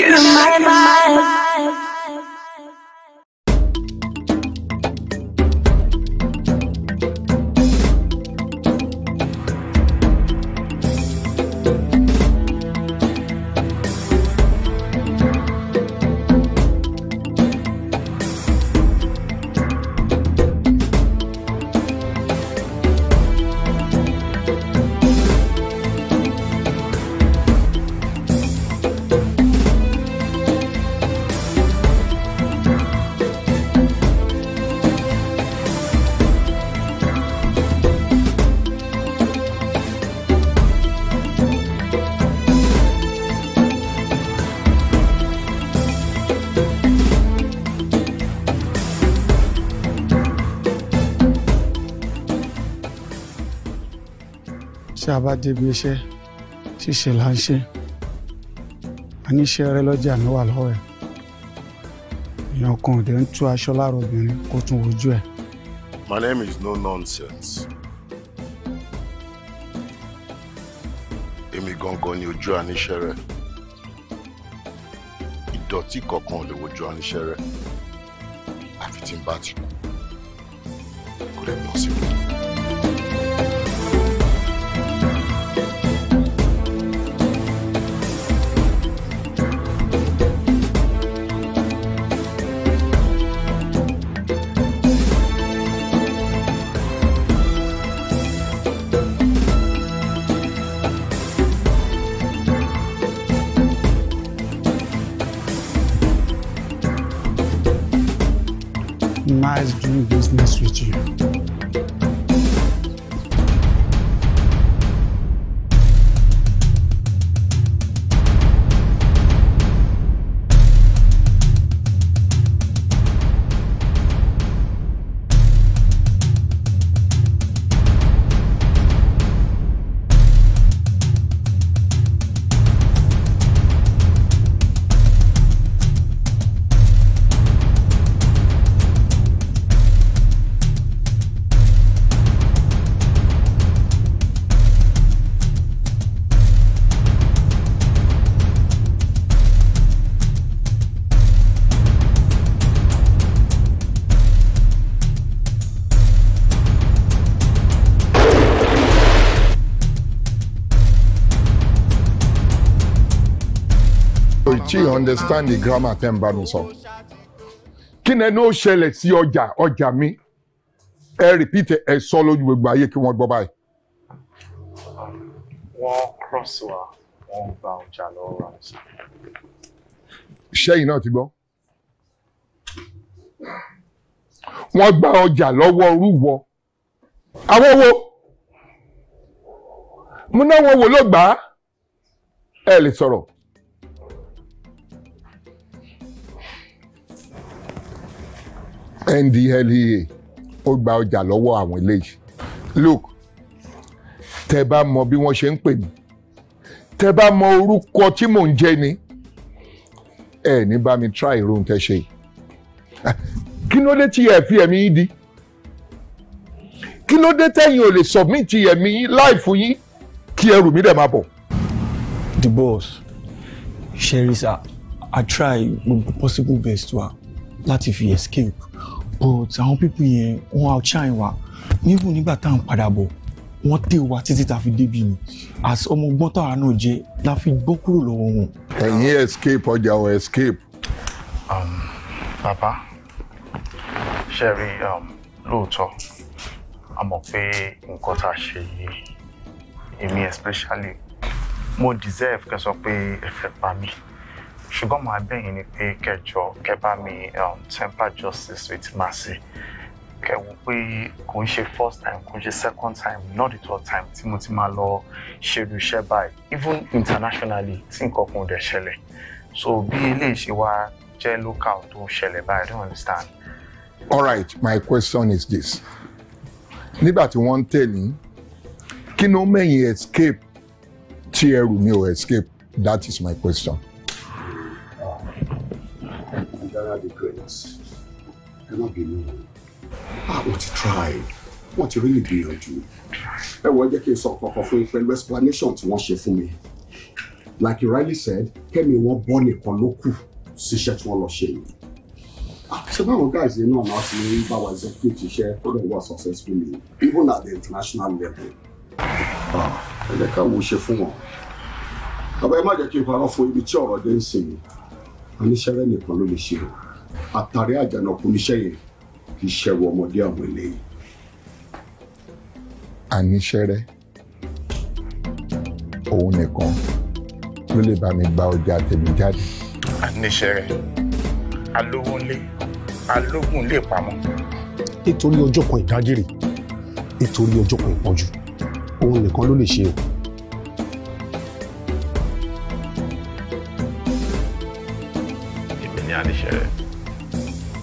Yes. a bá débi iṣẹ́ ṣíṣe là ń ṣe àníṣe rẹ lọ́jà mi wà lọ́wọ́ ẹ̀ èèyàn kan ò ń tú aṣọ láàárọ̀ obìnrin kó tún wojú ẹ̀. My name is no nonsense. èmi gangan ni ojú àníṣe rẹ ìdọ̀tí kankan ò lè wojú àníṣe rẹ àfi tí n bá ti kú. understand the grammar tẹ́ ń bá mi sọ. kí ni ẹni ó ṣẹlẹ̀ sí ọjà ọjà mi ẹ repeat ẹ sọ lójú gbogbo ayé kí wọ́n gbọ́ báyìí. wọ́n cross wa wọ́n gba ọjà lọ́wọ́ wa. sẹ́yìn náà ti gbọ́. wọ́n gba ọjà lọ́wọ́ rúwọ́ àwọn wo mo náà wọ́n wò ló gbà á ẹ lè sọ̀rọ̀. NDLEA ó gba ọjà lọ́wọ́ àwọn eléyìí look tẹ bá mọ bí wọ́n ṣe ń pè mí tẹ bá mọ orúkọ tí mò ń jẹ ni ẹ ní bá mi try irú tẹ ṣe yìí kí ló dé tí ẹ fi ẹ̀mí yín di kí ló dé tẹ̀yin ò lè submit ẹ̀mí yín láì fún yín kí ẹrù mi dẹ̀ máa bọ̀. the boss sherry sir i try possible best wa láti fi escape but àwọn pípù yẹn wọ́n outshine wa níbù nígbà tá à ń padà bọ̀ wọ́n tẹ̀ wá títí tá a fi débi ni as ọmọ ọgbọ́n táwa náà jẹ́ la fi gbọ́ kúrò lọ́wọ́ wọn. ẹ̀yin escape ọjà ò escape. Um, bàbá ṣẹ́rí um, lóòótọ́ a mọ̀ pé nǹkan tá a ṣe yìí èmi especially mo deserve kẹ́ sọ pé ẹ fẹ́ pa mí ṣùgbọ́n màá bẹ̀ yín ni pé kẹjọ kẹ bá mi um, temper justice with mercy kẹ wò pé kò ń ṣe first time kò ń ṣe second time not the third time tí mo ti máa lọ ṣerú iṣẹ́ báyìí even internationally tí nǹkan kan ò dẹ̀ ṣẹlẹ̀ so bí eléyìí ṣe wá jẹ́ local tó ń ṣẹlẹ̀ báyìí I don't understand. all right my question is this nígbà tí wọ́n ń tẹ̀lé kí ló mẹ́yìn escape tí ẹrù mi ò escape that is my question admire the greats ẹ má bínú wọn ah, try What you really do ẹ wọ jẹ́ kí n sọ kankan fún yín explanation to wọ́n ṣe fún like you rightly said kẹ́mi wọn bọ́ nìkan ló kù to tí wọ́n lọ ṣe yìí ah, ṣe báwọn guys yẹn náà máa ti ń bá wa execute iṣẹ́ tó success for me, even at the international level. Ah, jẹ́ ká wo ṣe fún wọn. bàbá ẹ má jẹ́ kí n parọ́ fún ibi tí ọ̀rọ̀ oníṣẹ́rẹ́ nìkan ló lè ṣe o àtàrí àjànàkú oníṣẹ́ yẹn kì í ṣẹ́wọ́ ọmọdé àwọn eléyìí. àníṣẹ́rẹ́ òun nìkan ló lè bá mi gba ọjà tèmi jáde. àníṣẹ́rẹ́ alówó ńlé alógún lè pamọ́. nítorí ọjọ́ kan ìdágìrì nítorí ọjọ́ kan ìpọ́njú òun nìkan ló lè ṣe o.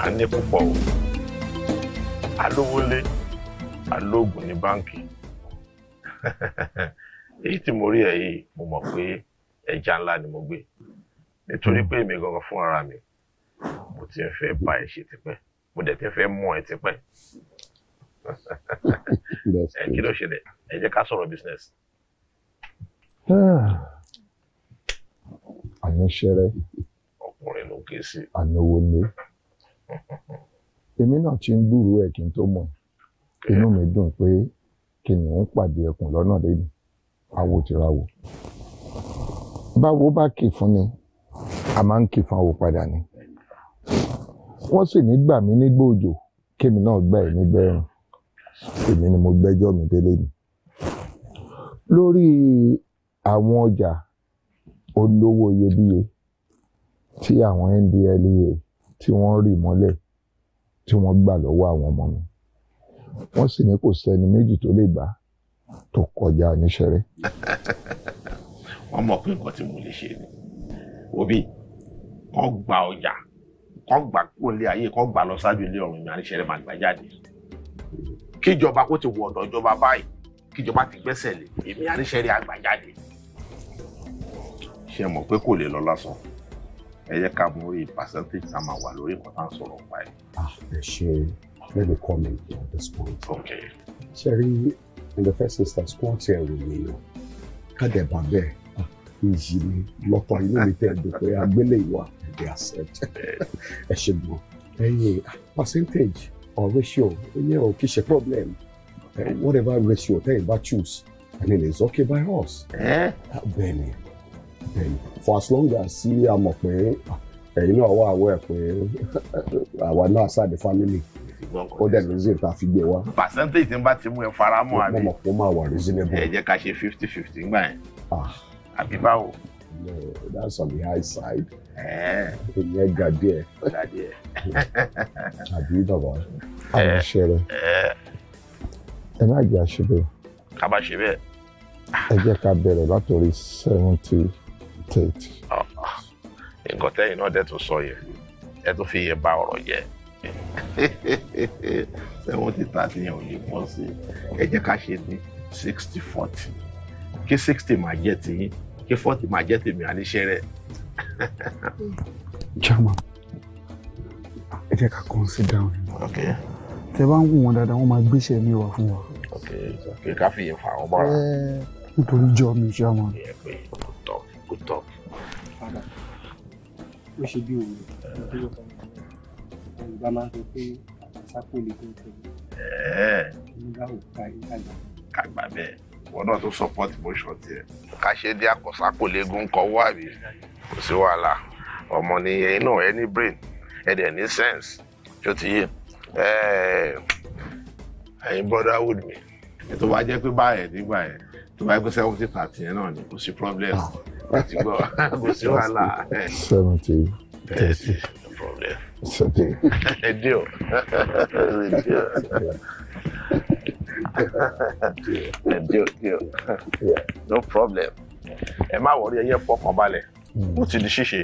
à ní púpọ̀ o alówólé alóògùn ní báǹkì èyí tí mo rí ẹ yìí mo mọ̀ pé ẹja ńlá ni mo gbé nítorí pé èmi gangan fún ara mi mo ti ń fẹ́ bá ẹ ṣe tipẹ́ mo dẹ̀ ti ń fẹ́ mọ̀ ẹ tipẹ́ ẹ kí ló ṣẹlẹ̀ ẹ jẹ́ ká sọ̀rọ̀ business. àníṣẹ́rẹ́ ọkùnrin ló ké sí. àníwọlé èmi náà ti ń gbúrú ẹ̀ kí n tó mọ̀ inú mi dùn pé kìnìún pàdé ẹkùn lọ́nà lẹ́nu awo tìra wo báwo bá kì fún ni a máa ń kì fún awo padà ni wọ́n sì ní gbà mí nígbà òjò kémi náà gbà ẹ̀ nígbà ẹ̀rùn èmi ni mo gbẹ́jọ́ mi délé ni lórí àwọn ọjà olówó iyebíye tí àwọn NDLEA tí wọ́n rì mọ́lẹ̀ tí wọ́n gbà lọ́wọ́ àwọn ọmọ mi wọ́n sì ní kò sẹ́ni méjì tó lè bá tó kọjá níṣẹ́rẹ́. wọ́n mọ̀ pé nǹkan tí mo lè ṣe ni òbí kàn gba ọjà kàn gbà kó lé ayé kàn gbà lọ sáájú ilé ọ̀run mi àníṣẹ́rẹ́ máa gbà jáde kíjọba kó ti wọ ọ̀dọ̀ ìjọba báyìí kíjọba ti gbẹ́sẹ̀ lé èmi àníṣẹ́rẹ́ àgbà jáde ṣé mọ̀ pé kò lè lọ lásán ẹ jẹ́ ká mú orí percentage tá a máa wà lórí nǹkan tá à sọ̀rọ̀ pa ẹ̀. Ah, ẹ ṣe let me comment on this point. okay. ṣe rí in the first instance kó tiẹ̀ rò mí o ká dẹ̀ bá bẹ́ẹ̀ iyì ah, mi lọ́kàn inú mi tẹ̀ dùn pé agbélé ìwà ẹ̀dẹ̀ accept ẹ ṣe gbọ́n ẹ̀yìn ah, percentage or ratio ìyẹn ò kìí ṣe problem eh, whatever ratio tẹ́yìn bá choose I mean it's okay by us. Eh? bẹ́ẹ̀ ni for as long as sí àmọ̀ pé ẹ̀yin náà wà àwọ̀ ẹ̀ pé àwa náà sáà di family ó dẹ̀ reason ta fi gbé wa. percentage ti ń bá ti mú ẹ fara mọ́ àbí. mo mọ̀ máa wà reasonable. ẹ jẹ́ ká ṣe fifty fifty ńgbà yẹn. àbí báwo. no that's on the high side. ìyẹn ga díẹ̀. ga díẹ̀. àbí bàbá àwọn iṣẹ́ rẹ̀ ẹ má jẹ́ àṣebẹ̀. ká bá ṣe bẹ́ẹ̀. ẹ jẹ́ ká bẹ̀rẹ̀ látòrí seventy content. Ah, nǹkan tẹ́yìn náà dẹ̀ tún sọ yẹn ẹ tún fi yẹn ba ọ̀rọ̀ yẹn sẹ́wọ́n ti ta sí yẹn ò lè pọ̀ sí ẹ jẹ́ ká ṣe ní sixty forty kí sixty máa jẹ́ tiyín kí forty máa jẹ́ tèmi àníṣe rẹ̀. jama ẹ jẹ́ ká kàn sí dáhùn yìí tẹ bá ń wù wọn dáadáa wọn máa gbéṣẹ́ mi wá fún wa. kí ká fi yẹn fà wọ́n eh, nítorí jọ mi jama. ó ṣe bí òwe yorùbá máa ń sọ pé sápò lè tó ń tẹ̀lé nígbà ò ká ìgbà lọ. kàgbà bẹ́ẹ̀ wọn náà tó support motion tiẹ̀ ká ṣe dé àkọsápò léegun kọwọ́ àbí kò sí wàhálà ọmọ ni ẹ̀yin náà ẹ ní brain ẹ dẹ̀ ní sense tó ti yé ẹ̀yin brotherhood mi tó bá jẹ́ pé báyẹn nígbà yẹn tó bá jẹ́ pé seventy thirty yẹn náà ni kò sí problem. Oh wọ́n ti gbọ́ kò sí wàhálà. seventy thirty problem. seventy. ẹ dé o ẹ dé o ẹ dé o no problem ẹ má wọrí ẹyẹ fọkàn balẹ̀ hmm. ó ti di ṣíṣe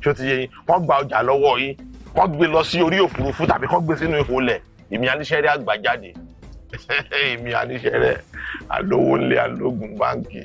tí ó ti yé yín wọ́n gba ọjà lọ́wọ́ yín wọ́n gbé lọ sí orí òfurufú tàbí wọ́n gbé sínú ihò lẹ̀ èmi aníṣẹ́rẹ́ àgbà jáde èmi aníṣẹ́rẹ́ alówó ńlẹ̀ alógun báńkì.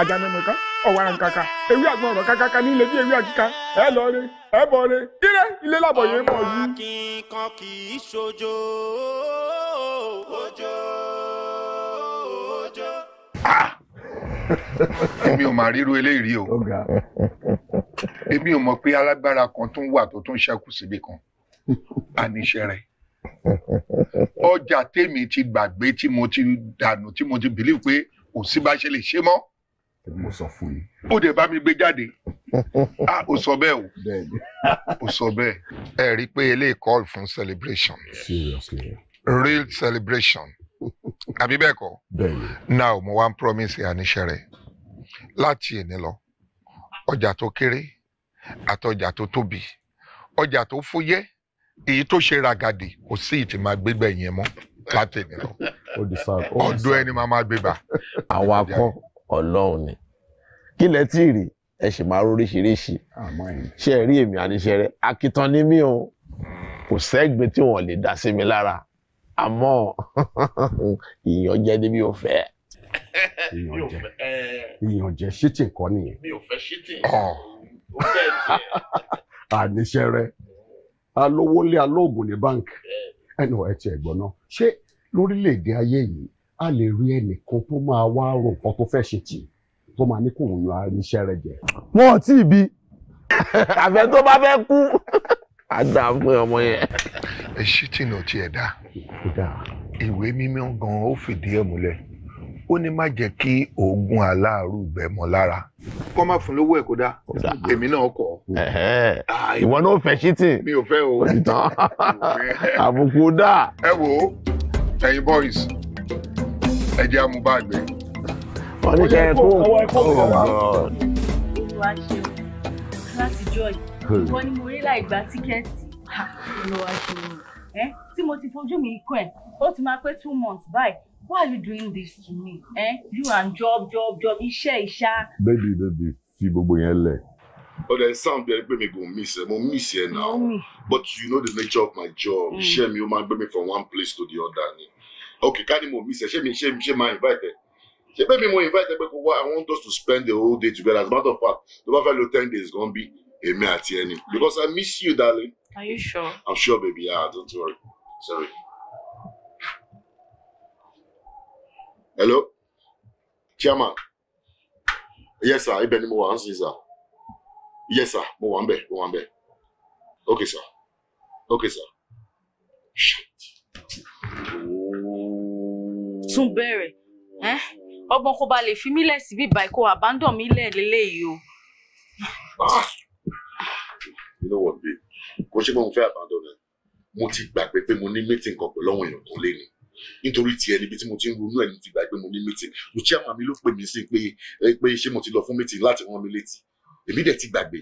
àjànàmọ̀ká ọ̀wàràn kàkà ewé àgbọn ọ̀rọ̀ kàkàkà ní ilé bí ewé àkíkà ẹ lọ re ẹ bọ ire ilé làbọ̀ yẹn pọ̀ yìí. ọmọ akínkan kì í ṣojo ojo ojo. Ah! èmi ò máa ríru eléyìí o èmi ò mọ̀ pé alágbára kan tó ń wà tó tún ṣẹ́kù síbi kan àníṣe rẹ̀ ọjà tèmi ti gbàgbé tí mo ti dànù tí mo ti bìlíw pé kò sí bá ṣe lè ṣe mọ́ mo sọ fún yín. ó dé bá mi gbé jáde ah ó sọ bẹ́ẹ̀ o ó sọ bẹ́ẹ̀. ẹ rí i pé eléyìí call fún celebration Seriously. real celebration àbí bẹ́ẹ̀ kọ́ now mo wá ń promise àníṣe rẹ̀ láti èní lọ ọjà tó kéré àtọjà tó tóbi ọjà tó fúyẹ́ èyí tó ṣe ràgàdì kò sí ìtì máa gbégbẹ yẹn mọ́ láti èní lọ ọdún ẹni máa máa gbé bá. àwọn akọ ọlọ́run ni kí lẹ tí ì rí ẹ sì máa róríṣiríṣi ṣe rí èmi àníṣe rẹ akitan ni mí o kò sẹ́gbin tí wọ́n lè dá sí mi lára àmọ́ ìyàn jẹ ni mi ò fẹ́. ìyàn jẹ ṣítì nǹkan nìyẹn. mi ò fẹ́ ṣítì àníṣe rẹ alówólé alóògùn ní báńkì ẹnu ẹ tiẹ̀ gbọ́ náà ṣé lórílẹ̀‐èdè ayé yìí a lè rí ẹnìkan tó máa wá rò nǹkan tó fẹ́ ṣe tì tó máa ní kò wọ́n yọ iṣẹ́ rẹ jẹ. wọn ò tí ì bí. àfẹ tó bá fẹ́ kú àgbà fún ọmọ yẹn. ẹ ṣí tìǹà tiẹ̀ dá ìwé mímọ́ gan-an ó fìdí ẹ̀ múlẹ̀ ó ní má jẹ́ kí oògùn aláàárù bẹ̀ mọ́ lára. kọ́ máa fún lówó ẹ̀ kó dá èmi náà kọ̀. Ah, ìwọ náà fẹ́ ṣítì. mi ò fẹ́ o. àbùkù dà. ẹ wo ẹ̀yin boys ẹ jẹ́ amúbàgbẹ́. wọ́n ní kẹ́ ẹ kó ọwọ́ ẹ̀kọ́ mi wà. ìwà ṣe láti jọ yìí wọ́n ní mo rí láì gba tíkẹ́ẹ̀tì ìlọ́wà tí mo ti fojú mi kọ́ ẹ̀ ó ti máa pé two months báyìí why are you doing this to me eh? you and job job job iṣẹ́ ìṣá. baby baby fi gbogbo yẹn lẹ̀ but then sound bẹ́ẹ̀ pé mi go miss ẹ mo miss ẹ now but you know the nature of my job mm. iṣẹ́ mi ó máa gbé mi from one place to the other ni okay can you move, miss ẹ ṣé mi ṣé mi ṣé máa invite ẹ ṣe pé mi mo i want us to spend the whole day together as a matter of fact tó bá fẹ́ is going to be a èmi àti any. Hmm. because i miss you darling. are you sure. i'm sure baby Yeah, don't worry sorry. hello chairman yes sir ibẹ̀ ni mo wà sir yes sir mo wà ń bẹ̀ mo okay sir okay sir. Shh. tún bẹ̀rẹ̀ ọgbọ́n kó ba lè fi mílẹ̀ síbí báyìí kó àbádàn mílẹ̀ lélẹ́yìí o. you know what babe kò ṣe pé mo fẹ́ àbádàn náà mo ti gbàgbé pé mo ní meeting kan pẹ̀lú àwọn èèyàn tó lé ni nítorí tiẹ̀ níbi tí mo ti ń ronú ẹ̀ ní ti gbàgbé mo ní meeting lùchí àmà mi ló pè mí sí pé pé ṣé mo ti lọ fún meeting láti rán mi létí èmi dẹ̀ ti gbàgbé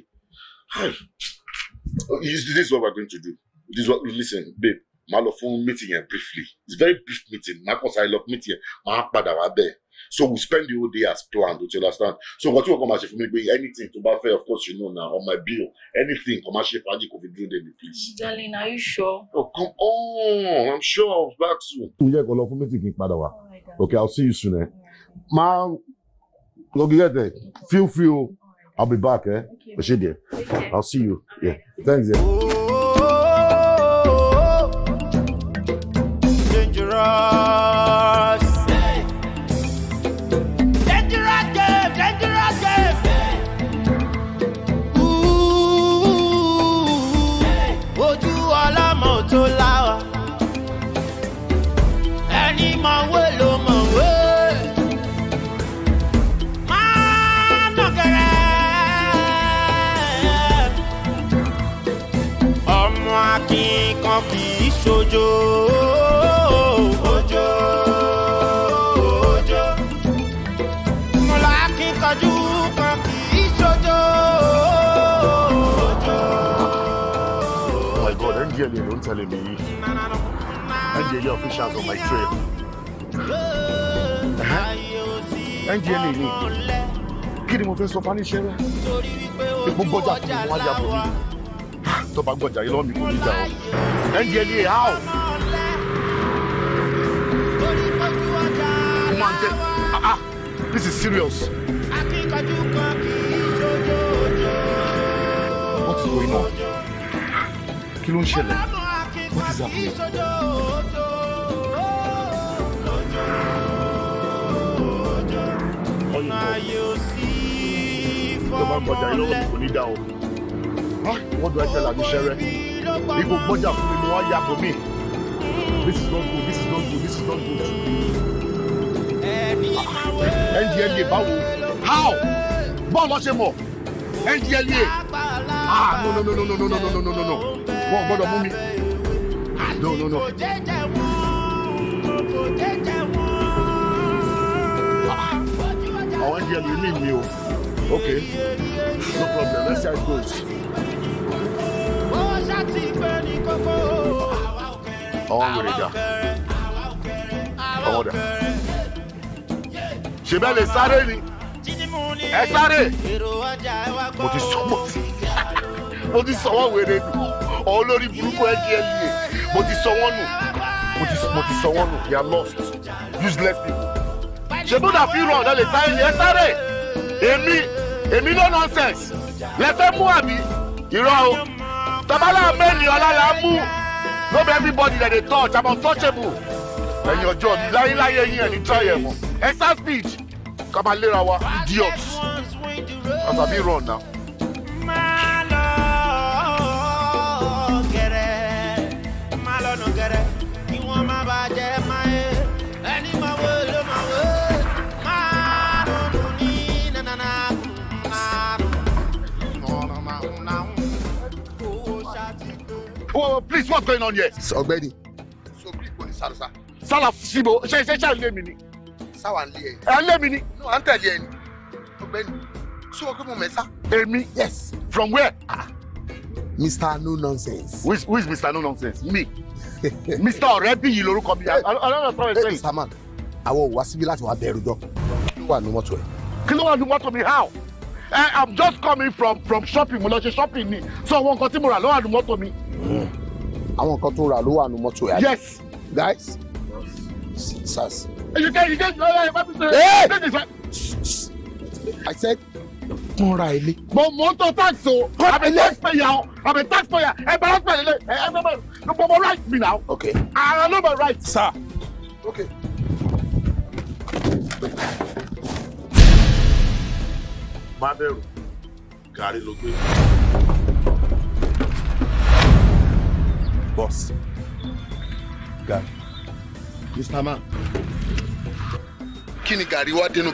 this is what we are going to do this is what listen babe máa lọ fún meeting yẹn briefly it's very brief meeting máa kàn sáré lọ fún meeting yẹn máa padà wá bẹ́ẹ̀ so we spend the whole day as planned don't you understand so nǹkan tí wọn kàn máa ṣe fún mi pé anything tó bá fẹ́ of course you know na on my bill anything kàn máa ṣe fàájì kò fi dúró dé mi please. darling are you sure. oh come on i'm sure i'll be back soon. ǹjẹ́ kò lọ fún meeting kí n padà wá oh okay i'll see you soon. Eh? máa lọ gẹ́gẹ́ tẹ̀ feel free o i'll be back. Eh? Okay. i'll see you. Yeah. thanks. Eh? sójó. Òjò òjò. Mo là Oh my God, NDLA ló ń tẹ̀lé mi yìí. NDLA officials on my trail. And ni kí ni mo fẹ́ sọ fáníṣẹ́ rẹ̀? Èpo gbọ́dọ̀ àti ìwọ́n ajá bò mí tó bá gbọ̀jà yìí lọ́wọ́ kò ní jà o ndla e how. ó máa ń ah ah this is serious. akíkanjú kan what's going on? kí ló ń ṣẹlẹ̀? what is happening? ọ̀nà yóò sí fọ́mọ́lẹ́ wọ́n dún ẹsẹ̀ làbí ṣẹrẹ igbó gbọ́jà fún mi ni wọ́n yà bọ̀ mí this is not good this is not good this is not good. ndla báwo how bọ́ọ̀lù ọ̀ṣẹ̀ mọ̀ ndla ah no no no no no no no no no no no wọ́n gbọ́dọ̀ mú mi ah no no no. I ndla ní mi o okay no problem let's see how it goes ọwọ́ wèrè dà ọwọ́ dà ṣe bẹ́ẹ̀ lè sáré ni ẹ sáré mo ti sọ mo ti mo ti sọ wọ́n wèrè nù ọ̀ lórí burúkú ẹ̀ díẹ̀ díẹ̀ mo ti sọ wọ́n nù mo ti mo ti sọ wọ́n nù they are lost useless people ṣe tó dàbí rọ̀ ọ̀dà lè sáré ni ẹ sáré èmi èmi no nonsense lẹ fẹ́ mú àbí irọ́ o babalá mẹ́ni ọ̀làlà mú no be everybody that they touch i'm untouchable And your job, lying, yín here and tẹ́yẹ̀ mọ́ ẹ̀ sá speed ká máa léra wa idiot as i be run now. oh, please what's going on here. so Benny, so please, sàrò sá. sálà síbo ṣe ṣe ṣe àlè mi ni. sáwà ń lé ẹ. àlè mi no à ń tẹ̀lé Benny, so ọkọ mọ mẹsà. èmi yes from where. Ah. mr no nonsense. who is, who is mr no nonsense me. mr ọ̀rẹ́bíyì lorúkọ mi eh, i don't understand what you're saying. mr man I ò wá síbí láti wàá bẹ̀rù jọ kí ló wà ní mọ́tò ẹ̀. kí ló wà ní mọ́tò how. Uh, I'm just coming from from shopping mo lọ ṣe shopping ni so I kan continue. mo rà lọ́wọ́ àdúmọ́tò mi Hmm. àwọn kan tó rà ló wà ní mọ́tò yàrá. yes. guys sars. èyíkẹ́ èyíkẹ́ ìjọba ẹ̀ bá mi sọ ẹ̀ ẹ̀ I said kún ra ilé. mo mo ń tọ tax o. kọ́ ilé. i'm a taxpayer o i'm a taxpayer ẹ bá taxpayer ilé ẹ ẹ bẹ́ẹ̀ ló bọ́ right mi now. okay. ara ló bọ̀ right. sir. okay. má bẹ̀rù gàrí ló gbé. boss. Gary. Mr. Man. Kí ni Gary wá dénú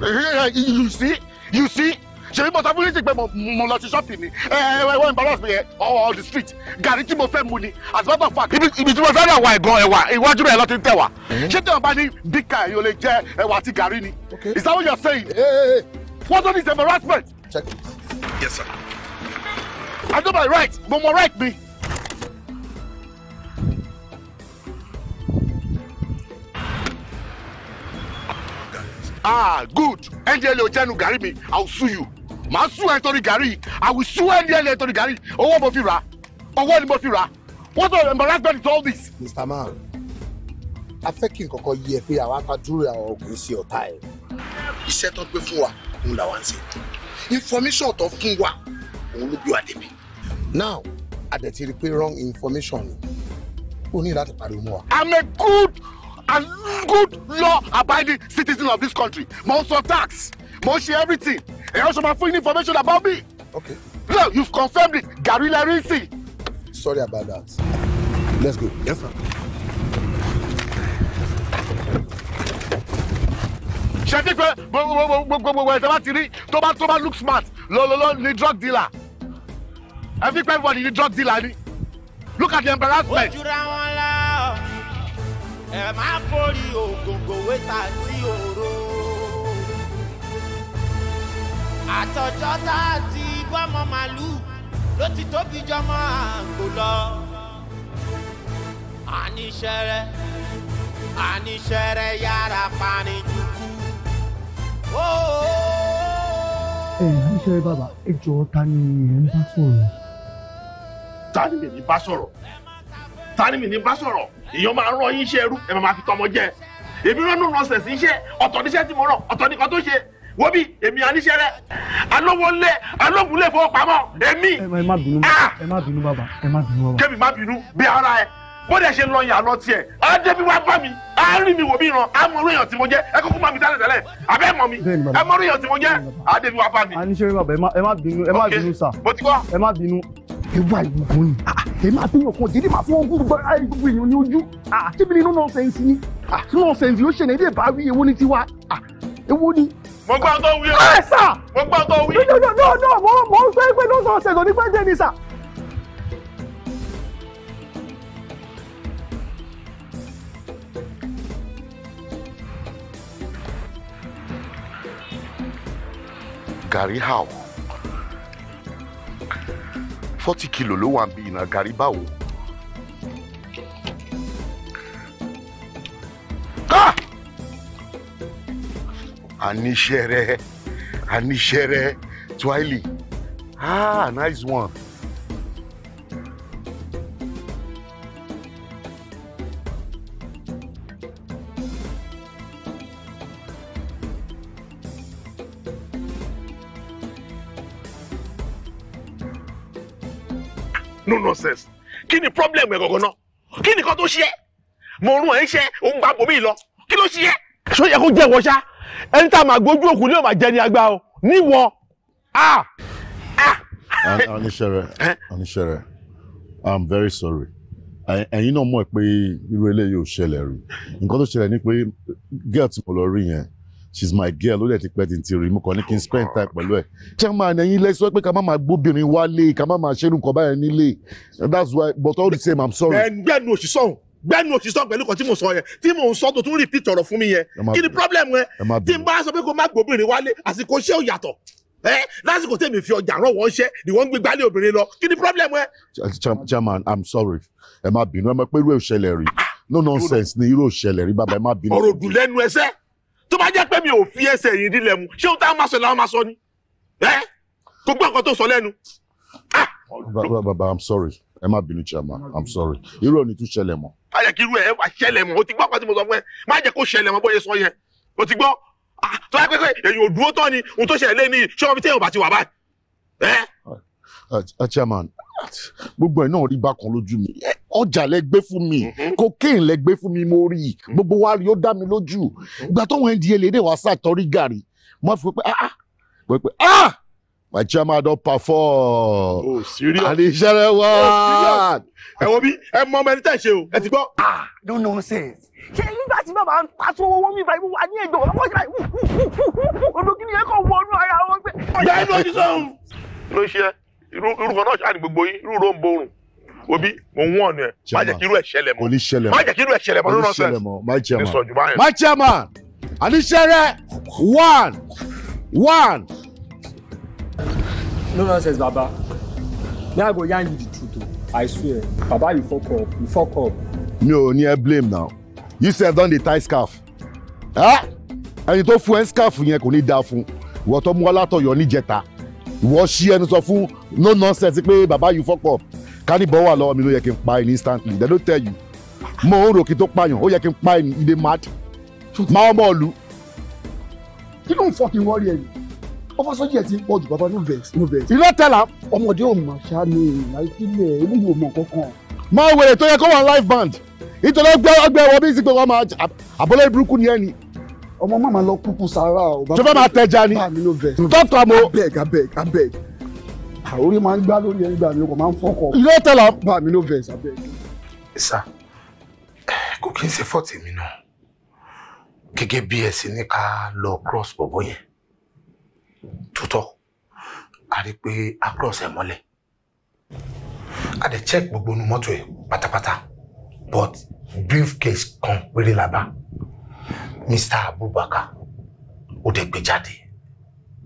eh, eh, eh, You see? You see? ṣèyí mo sọ fún yín sí pé mo lọ sí ṣọ́ọ̀pì mi ẹ ẹ wọ́n embarrass me yẹn on the street gàrí tí mo fẹ́ mu ni as a matter of fact ibi tí mo fẹ́ rà wá ẹ̀gàn ẹ̀wà iwájú rẹ̀ lọ́ti ń tẹ̀ wá ṣé tí wọ́n bá ní bíkà yóò lè jẹ ẹ̀wà àti gàrí ni is that what you are saying? Hey, hey, hey. What is embarrassment? Check it. Yes, sir. I know my rights, but my right be. ah good ndla ò jẹnu gàrí mi i will sue you màá sue ẹ nítorí gàrí i will sue ndla nítorí gàrí owó mo fi rà Oh what about fi rà what do embarrassment is all this. mr man I think kí n kọ́kọ́ yí ẹ pé àwa ta dúró àwọn ògùn You set up before tó gbé information of fún òun ló bí wà débi. now adẹ̀tí rí i pé wrong information ni ó ní láti pariwo mọ́ wa. i'm a good and good law abiding citizen of this country mo sọ tax mo ṣe everything èèyàn ṣe máa fún yín information about me. okay. Now you've confirmed it gari larisi. sorry about that let's go. yes sir. ṣe é ti pé gbogbo gbogbo ẹ̀sẹ̀ bá ti rí tó bá tó bá look smart lọ́lọ́lọ́ ni drug dealer ẹ fi pẹ́ everybody ni drug dealer ni look at the embarrassment. ojúra wọn la ẹ máa forí ògògò wẹ́tà tí òru àtọ̀jọ́ tá a ti bọ́mọ màlúù ló ti tóbi jọmọ àgbò lọ àníṣẹrẹ àníṣẹrẹ yára pani jùkú. ẹ àníṣẹrẹ bàbá ẹ jọ̀ọ́ ta ni ẹ ń bá sọ̀rọ̀ ta ni mi ní bá sọ̀rọ̀ ta ni bá sọ̀rọ̀ èèyàn máa rán yín iṣẹ́ ẹrú ẹ máa fi tọmọ jẹ èmi rọ́nù nọ́ọ̀sẹ̀sì iṣẹ́ ọ̀tọ̀ níṣẹ́ tí mo rán ọ̀tọ̀ nìkan tó ṣe wo bí èmi aníṣẹ́ rẹ alówólé alógunlé fowópamọ́ èmi ẹ má bínú bí ara ẹ bó dẹ̀ ṣe lọ yàn lọ tiẹ̀ á débi wá bá mi á mi wò mí ràn á orí èèyàn tí mo jẹ́ ẹ kúkú mọ mi tẹ́lẹ̀ tẹ́lẹ̀ àbẹ́ mọ mi ẹ mọ orí èèyàn tí mo jẹ́ á débi bá mi. àníṣe bàbá ẹ má bínú ẹ má bínú sà. mo ti kọ́. ẹ má bínú ìwà ìgbọ̀n ni èmi àti yín ọkàn dídí màá fún ogún gbọ́ gbogbo èèyàn ní ojú tíbi ah, ah. nínú nọ́ọ̀sẹ̀nsì ni ah, nọ́ọ̀sẹ̀nsì ló ṣẹlẹ̀ èdè bá wí èwo ni tiwa èwo ni. mo gbọ́ tó wí o. ẹ sà. mo gbọ́ tó wí. no no no no mo mo ń gbé pé nọ́ọ̀sẹ̀nsì òní pẹ́ńtẹ́ ni sà. Gary Howe forty kilo ló wà ń bí iná gàrí báwo. àníṣe rẹ twili ah nice one. no nonsense kí ni problem ẹ̀ gọ̀gọ̀ náà kí ni kan tó ṣe é mo rún ẹ̀ ń ṣe òun gba bòmí lọ kí ló ṣe é. ṣó yẹ kó jẹ́ wọ ṣá ẹni tá a máa gbójú òkú ni yóò máa jẹ agbá o níwọ̀n a. oníṣẹ́rẹ̀ oníṣẹ́rẹ̀ i'm very sorry ẹ̀yin náà mọ̀ pé irú eléyìí ò ṣẹlẹ̀ rí nǹkan tó ṣẹlẹ̀ ni pé gẹ́ẹ̀tì mo lọ rí yẹn she's my girl ó dẹ̀ ti pẹ́ tí n ti rí mo kàn ní kí n oh, spend time pẹ̀lú ẹ̀. chairman ẹ̀yin lẹ́sọ́ pé ká má máa gbóbìnrin wálé ká má máa ṣerú nǹkan báyẹn nílé that's why but all the same i'm sorry. gbẹ́nu òṣì sọ̀hún gbẹ́nu òṣì sọ̀hún pẹ̀lú kan tí mo sọ yẹn tí mo ń sọ tó tún repeat ọ̀rọ̀ fún mi yẹn kí ni problem yẹn tí n bá sọ pé kó má gbóbìnrin wálé àsìkò iṣẹ́ ò yàtọ̀ lásìkò tèmi fi ọjà rán wọn ṣẹ ni wọn gbé gbálẹ̀ obìnrin lọ kí ni problem ẹ. chairman i'm sorry ẹ má bínú ẹ mọ̀ pé irú òṣèlè rí no nonsense ni irú òṣèlè rí bàbá ẹ má bínú. ọ̀rọ̀ òdùn lẹ́nu ẹsẹ̀ tó bá jẹ́ pé mi ò fi ẹsẹ̀ yìí dílẹ̀ mu ṣé ohun táwọn máa sọ làwọn máa sọ ni ẹ kò gbọ́ nǹkan tó sọ lẹ́nu. Ah! baba i'm sorry ẹ má bínú chairman i'm sorry irú ò ní tún ṣẹlẹ̀ mọ́. má jẹ́ kí irú ẹ̀ wá ṣẹlẹ̀ mọ́ o ti gbọ́ ọkọ tí mo sọ fún ẹ má jẹ́ kó ṣẹlẹ̀ mọ́ bóyá sọ yẹn o ti gbọ́ ah! tó bá pẹ́pẹ́ èyàn ò dúró tán ni ohun tó ṣẹlẹ̀ ní ṣọ́ọ́bí téèyàn bá ti wà báyìí. Uh, uh, chairman gbogbo ẹ̀ náà rí bákan lójú mi ọjà lẹ gbé fún mi cocaine lẹ gbé fún mi mo rí i gbogbo wa rí ó dá mi lójú ìgbà tó wọn di eléyìí wá sàtọrí gàrí mo fi pé ah pé pé ah my chairman don perform oh serious àníṣẹ́rẹ́ wá. ẹ wo bí ẹ mọ ọmọ ẹni tẹ̀ ṣe o ẹ ti gbọ́. ah no nonsense ṣe nígbà tí bàbá ń pàṣẹ owó wọn mi báyìí mo wà ní ẹgbẹ́ wọn wọ́n ṣe báyìí odò kìnìyàn kan wọnú ara wọn pé. ọjà inú ojú sọ́hún ló ṣe é irú irú kan náà ṣáà ní gbogbo yín irú ro ń borun obi mo ń wọ̀n ẹ má jẹ́ kí irú ẹ̀ ṣẹlẹ̀ mọ́ má jẹ́ kí irú ẹ̀ ṣẹlẹ̀ mọ́ nínú ọ̀sẹ̀ ní sọ̀jù báyẹn. my chairman àníṣẹ́rẹ́ one one. no nonsense baba me i go yarn you the truth i swear baba you fok up you fok up. mi ò ní ẹ blame now you sef don dey tie scarf ah! ẹni tó fún ẹ scarf yẹn kò ní dáa fún ìwọ tó mú ọ látọ̀yọ́ níjẹta ìwọ ṣí ẹnu sọ fún no nonsense pé bàbá yìí fọ́pọ̀ kánìbọ̀ wà lọ́wọ́ mi ló yẹ kí n pa ẹni instantly they don't tell you mo ń rò kí n tó pààyàn ó yẹ kí n pa ẹni ìdè mad máa ọmọ ìlú. kí ló ń fọ́ kí n wọ́ọ̀rì ẹ̀yìn ọfọsọjì ẹ ti pọ̀ jù bàbá no vex no vex. iná tẹ̀lá. ọmọdé ò mọ̀ ṣá ni àìsílẹ̀ eléyìí ò mọ̀ kankan. máa wèrè tó yẹ kó wọn live band nítorí ọgbẹ́ ọgbẹ́ ọmọ mama lọ kúkú sára o. tó fẹ́ máa tẹja ni tọ́tù àmọ́. abeg abeg abeg àwòrán máa ń gbá lórí ẹni gbà mí o kò máa ń fọkọ. yóò tẹ̀ bá mi ló vex abeg. sà kò kí n ṣe fọ́ọ̀tì mi náà gẹ́gẹ́ bí ẹ ní ká lọ cross bọ̀bọ̀ yẹn tutọ́ a rí pé a cross ẹ̀ mọ́lẹ̀ a dẹ̀ check gbogbo nu mọ́tò ẹ̀ pátápátá but briefcase kan péré la bá. Mr. Abubakar ó dẹ̀ gbé jáde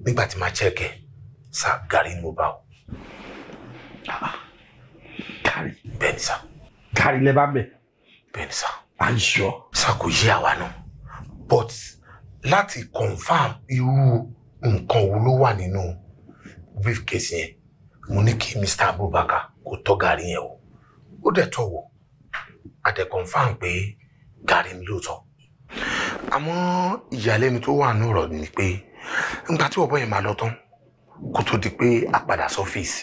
nígbà tí máa chẹ́kẹ̀ sir Gàrí ni mo bá o. Ah, ah. Gàrí. bẹ́ẹ̀ni sá. Gàrí lẹ́ bá bẹ̀. bẹ́ẹ̀ni sá. à ń sá kò yé àwa náà but láti confam irú nǹkan wo ló wà nínú briefcase yẹn mo ní kí Mr. Abubakar kó tọ́ Gàrí yẹn o ó dẹ̀ tọ́ wò a dẹ̀ confam pé Gàrí ni lóòótọ́ àmọ́ ìyàlẹ́nu tó wà nùrọ̀ ni pé nígbà tí ọ̀bọ yẹn máa lọ tán kó tó di pé a padà sọ́fíìsì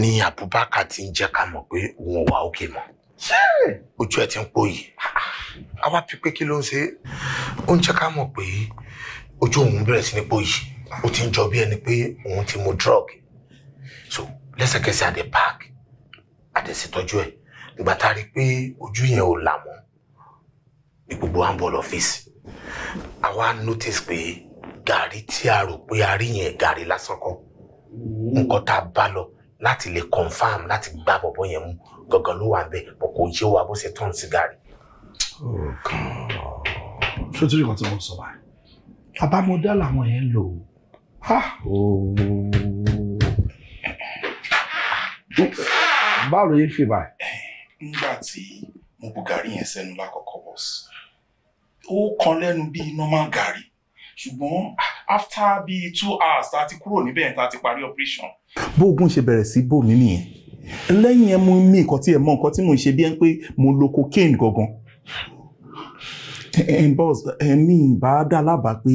ni Abubakar ti ń jẹ́ ká mọ̀ pé òun wà òkè mọ́ ojú ẹ̀ ti ń pò yìí a wá fi pé kí ló ń ṣe ó ń jẹ́ ká mọ̀ pé ojú òun bẹ̀rẹ̀ sí ní pò yìí ó ti ń jọ bí ẹni pé òun ti mu drug so lẹ́sẹ̀kẹsẹ̀ àdé park àdé ṣètọ́jú ẹ̀ nígbà tá a rí i pé ojú yẹn ò là mọ́ ni gbogbo wa ń bọ̀ àwa notice pé gàrí tí a rò pé a rí yẹn gàrí lásán kọ́ nǹkan tá a bá lọ láti lè confam láti gbá bọ̀bọ̀ yẹn mú gangan ló wà bẹ́ẹ̀ bọ̀ kò yé wa bó ṣe tán sí gàrí. Oh, ṣé o ti rí nǹkan tí wọ́n sọ báyìí àbámọ̀dá làwọn yẹn ń lò ó báwo ló yẹ fi báyìí. nígbà tí mo bu gàrí yẹn sẹ́nu lákọ̀ọ́kọ́ bọ́sì ó kan lẹ́nu bíi normal gàrí ṣùgbọ́n after bíi two hours tá a ti kúrò níbẹ̀ tá a ti parí operation. bóògùn ṣe bẹ̀rẹ̀ sí bò mí nìyẹn lẹ́yìn ẹ mú mi nǹkan tí ẹ mọ nǹkan tí mò ń ṣe bí ẹ ń pé mo lo cocaine gangan boss ẹ̀mí ìbá dá lábàá pé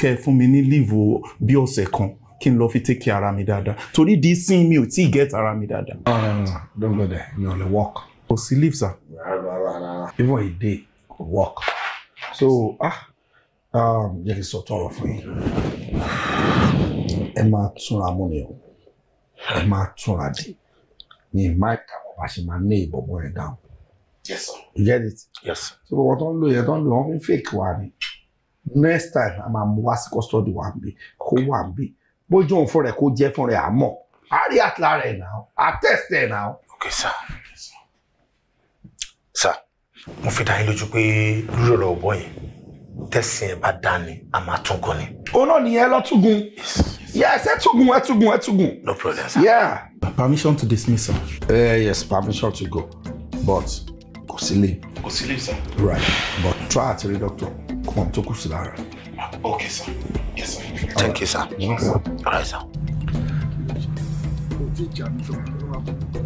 kẹ́ ẹ fún mi ní leave bí ọ̀sẹ̀ kan kí n lọ fi take care ara mi dáadáa torí di sin mi ò tí ì get ara mi dáadáa. no no don't go there you only dey work. kò sí leave sir. rárá rárá even a day go work so ah um, kí n sọ tọrọ fún yín ẹ máa túnra mú ni o ẹ máa túnra dé ní máìkà wọn bá ṣe máa ní ìbọ̀bọ̀ rẹ̀ dáhùn. yes sir. you get it. yes sir. so gbogbo tó ń lò yẹn tó ń lò wọn fi fake wa ni next time a máa mú wá sí custody wa ń bì kó wà ń bì bójú òun fún rẹ kó jẹ́ fún rẹ àmọ́ a rí àtìlára ẹ̀ náà a tẹ̀sí ẹ̀ náà. okay sir. sir mo fi dá yín lójú pé lórí ọ̀rọ̀ ọ̀bọ yẹn tẹ̀sìn ẹ̀ bá dá ni a máa tún gan ni. òun náà nìyẹn lọ túgun yes ẹ túgun ẹ túgun no problem sir. yeah. permission to dismiss sir. Uh, yes permission to go but kò sílé. kò sílé sir. right but try àti rí doctor kò mọ̀ tó kù sí lára. okay sir yes sir. thank you sir. all right sir.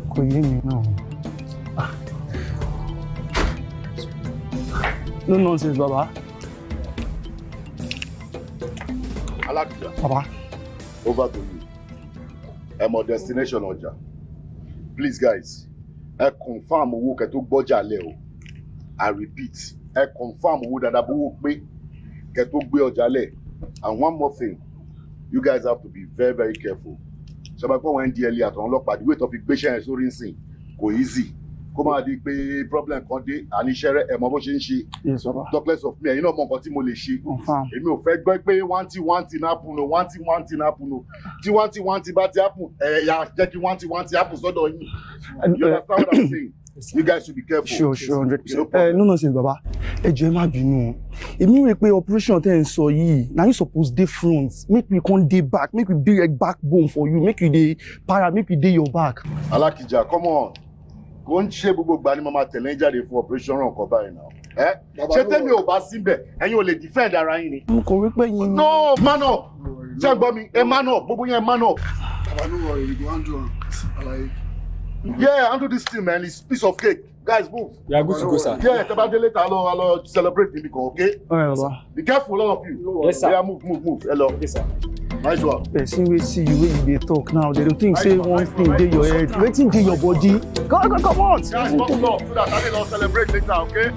kò yé mi náà. Ah no nonsense baba. alákìá. baba. over to you I'm mọ destination Oja. please guys I confirm owó kẹ́ tó gbọ́jà lẹ̀ o i repeat I confirm owó dáadáa bówó pé kẹ́ tó gbé ọjà and one more thing you guys have to be very very careful So my pé wọn ń di ẹlẹ e àtàwọn the weight of the patient yẹn sórí nsìn Go easy kó máa di pé problem kan dé àníṣẹ́rẹ́ ẹ̀mọ́ bó ṣe ń ṣe talkless of me ẹ̀yin náà mọ nǹkan tí mo lè ṣe èmi ò fẹ́ gbọ́ pé wáńtí wáńtí náà pùnú wáńtí wáńtí náà pùnú tí wáńtí wáńtí bá ti hapun ẹ̀yà jẹ́ kí wáńtí wáńtí hapun sọ́dọ̀ yín you uh, understand what I'm saying you guys should be careful. sure sure hundred percent ẹ eh, no nonsense baba ẹ jọ̀ọ́ ẹ má bínú èmi rò operation tẹ́ ẹ ń sọ yìí na you suppose dey front make we come dey back make we build a backbone for you make you dey para make you dey your back. Alakija come on kò ń ṣe gbogbo ìgbà ni mo máa tẹ̀lé ń jáde fún operation ràn kọ́ báyìí náà ẹ ṣé tẹ́mi ò bá síbẹ̀ ẹ̀yin ò lè defend ara yín ni. n kò rí pé yín no man up ṣé mi ẹ gbogbo yẹn man up. bàbá ló wọ ìrìgò andrew alaye. yeah handle this thing man it's piece of cake guys move. Yeah, are good to go sir. yeah it's about the later a lọ celebrate níbi kan okay. right, bàbá. be careful all of you. yes sir. yeah move move move hello. yes sir. nice one. person wey see you when you talk now they dey think say one thing dey your head wetin dey your body. go go come on. guys move, move, so that i dey celebrate later okay.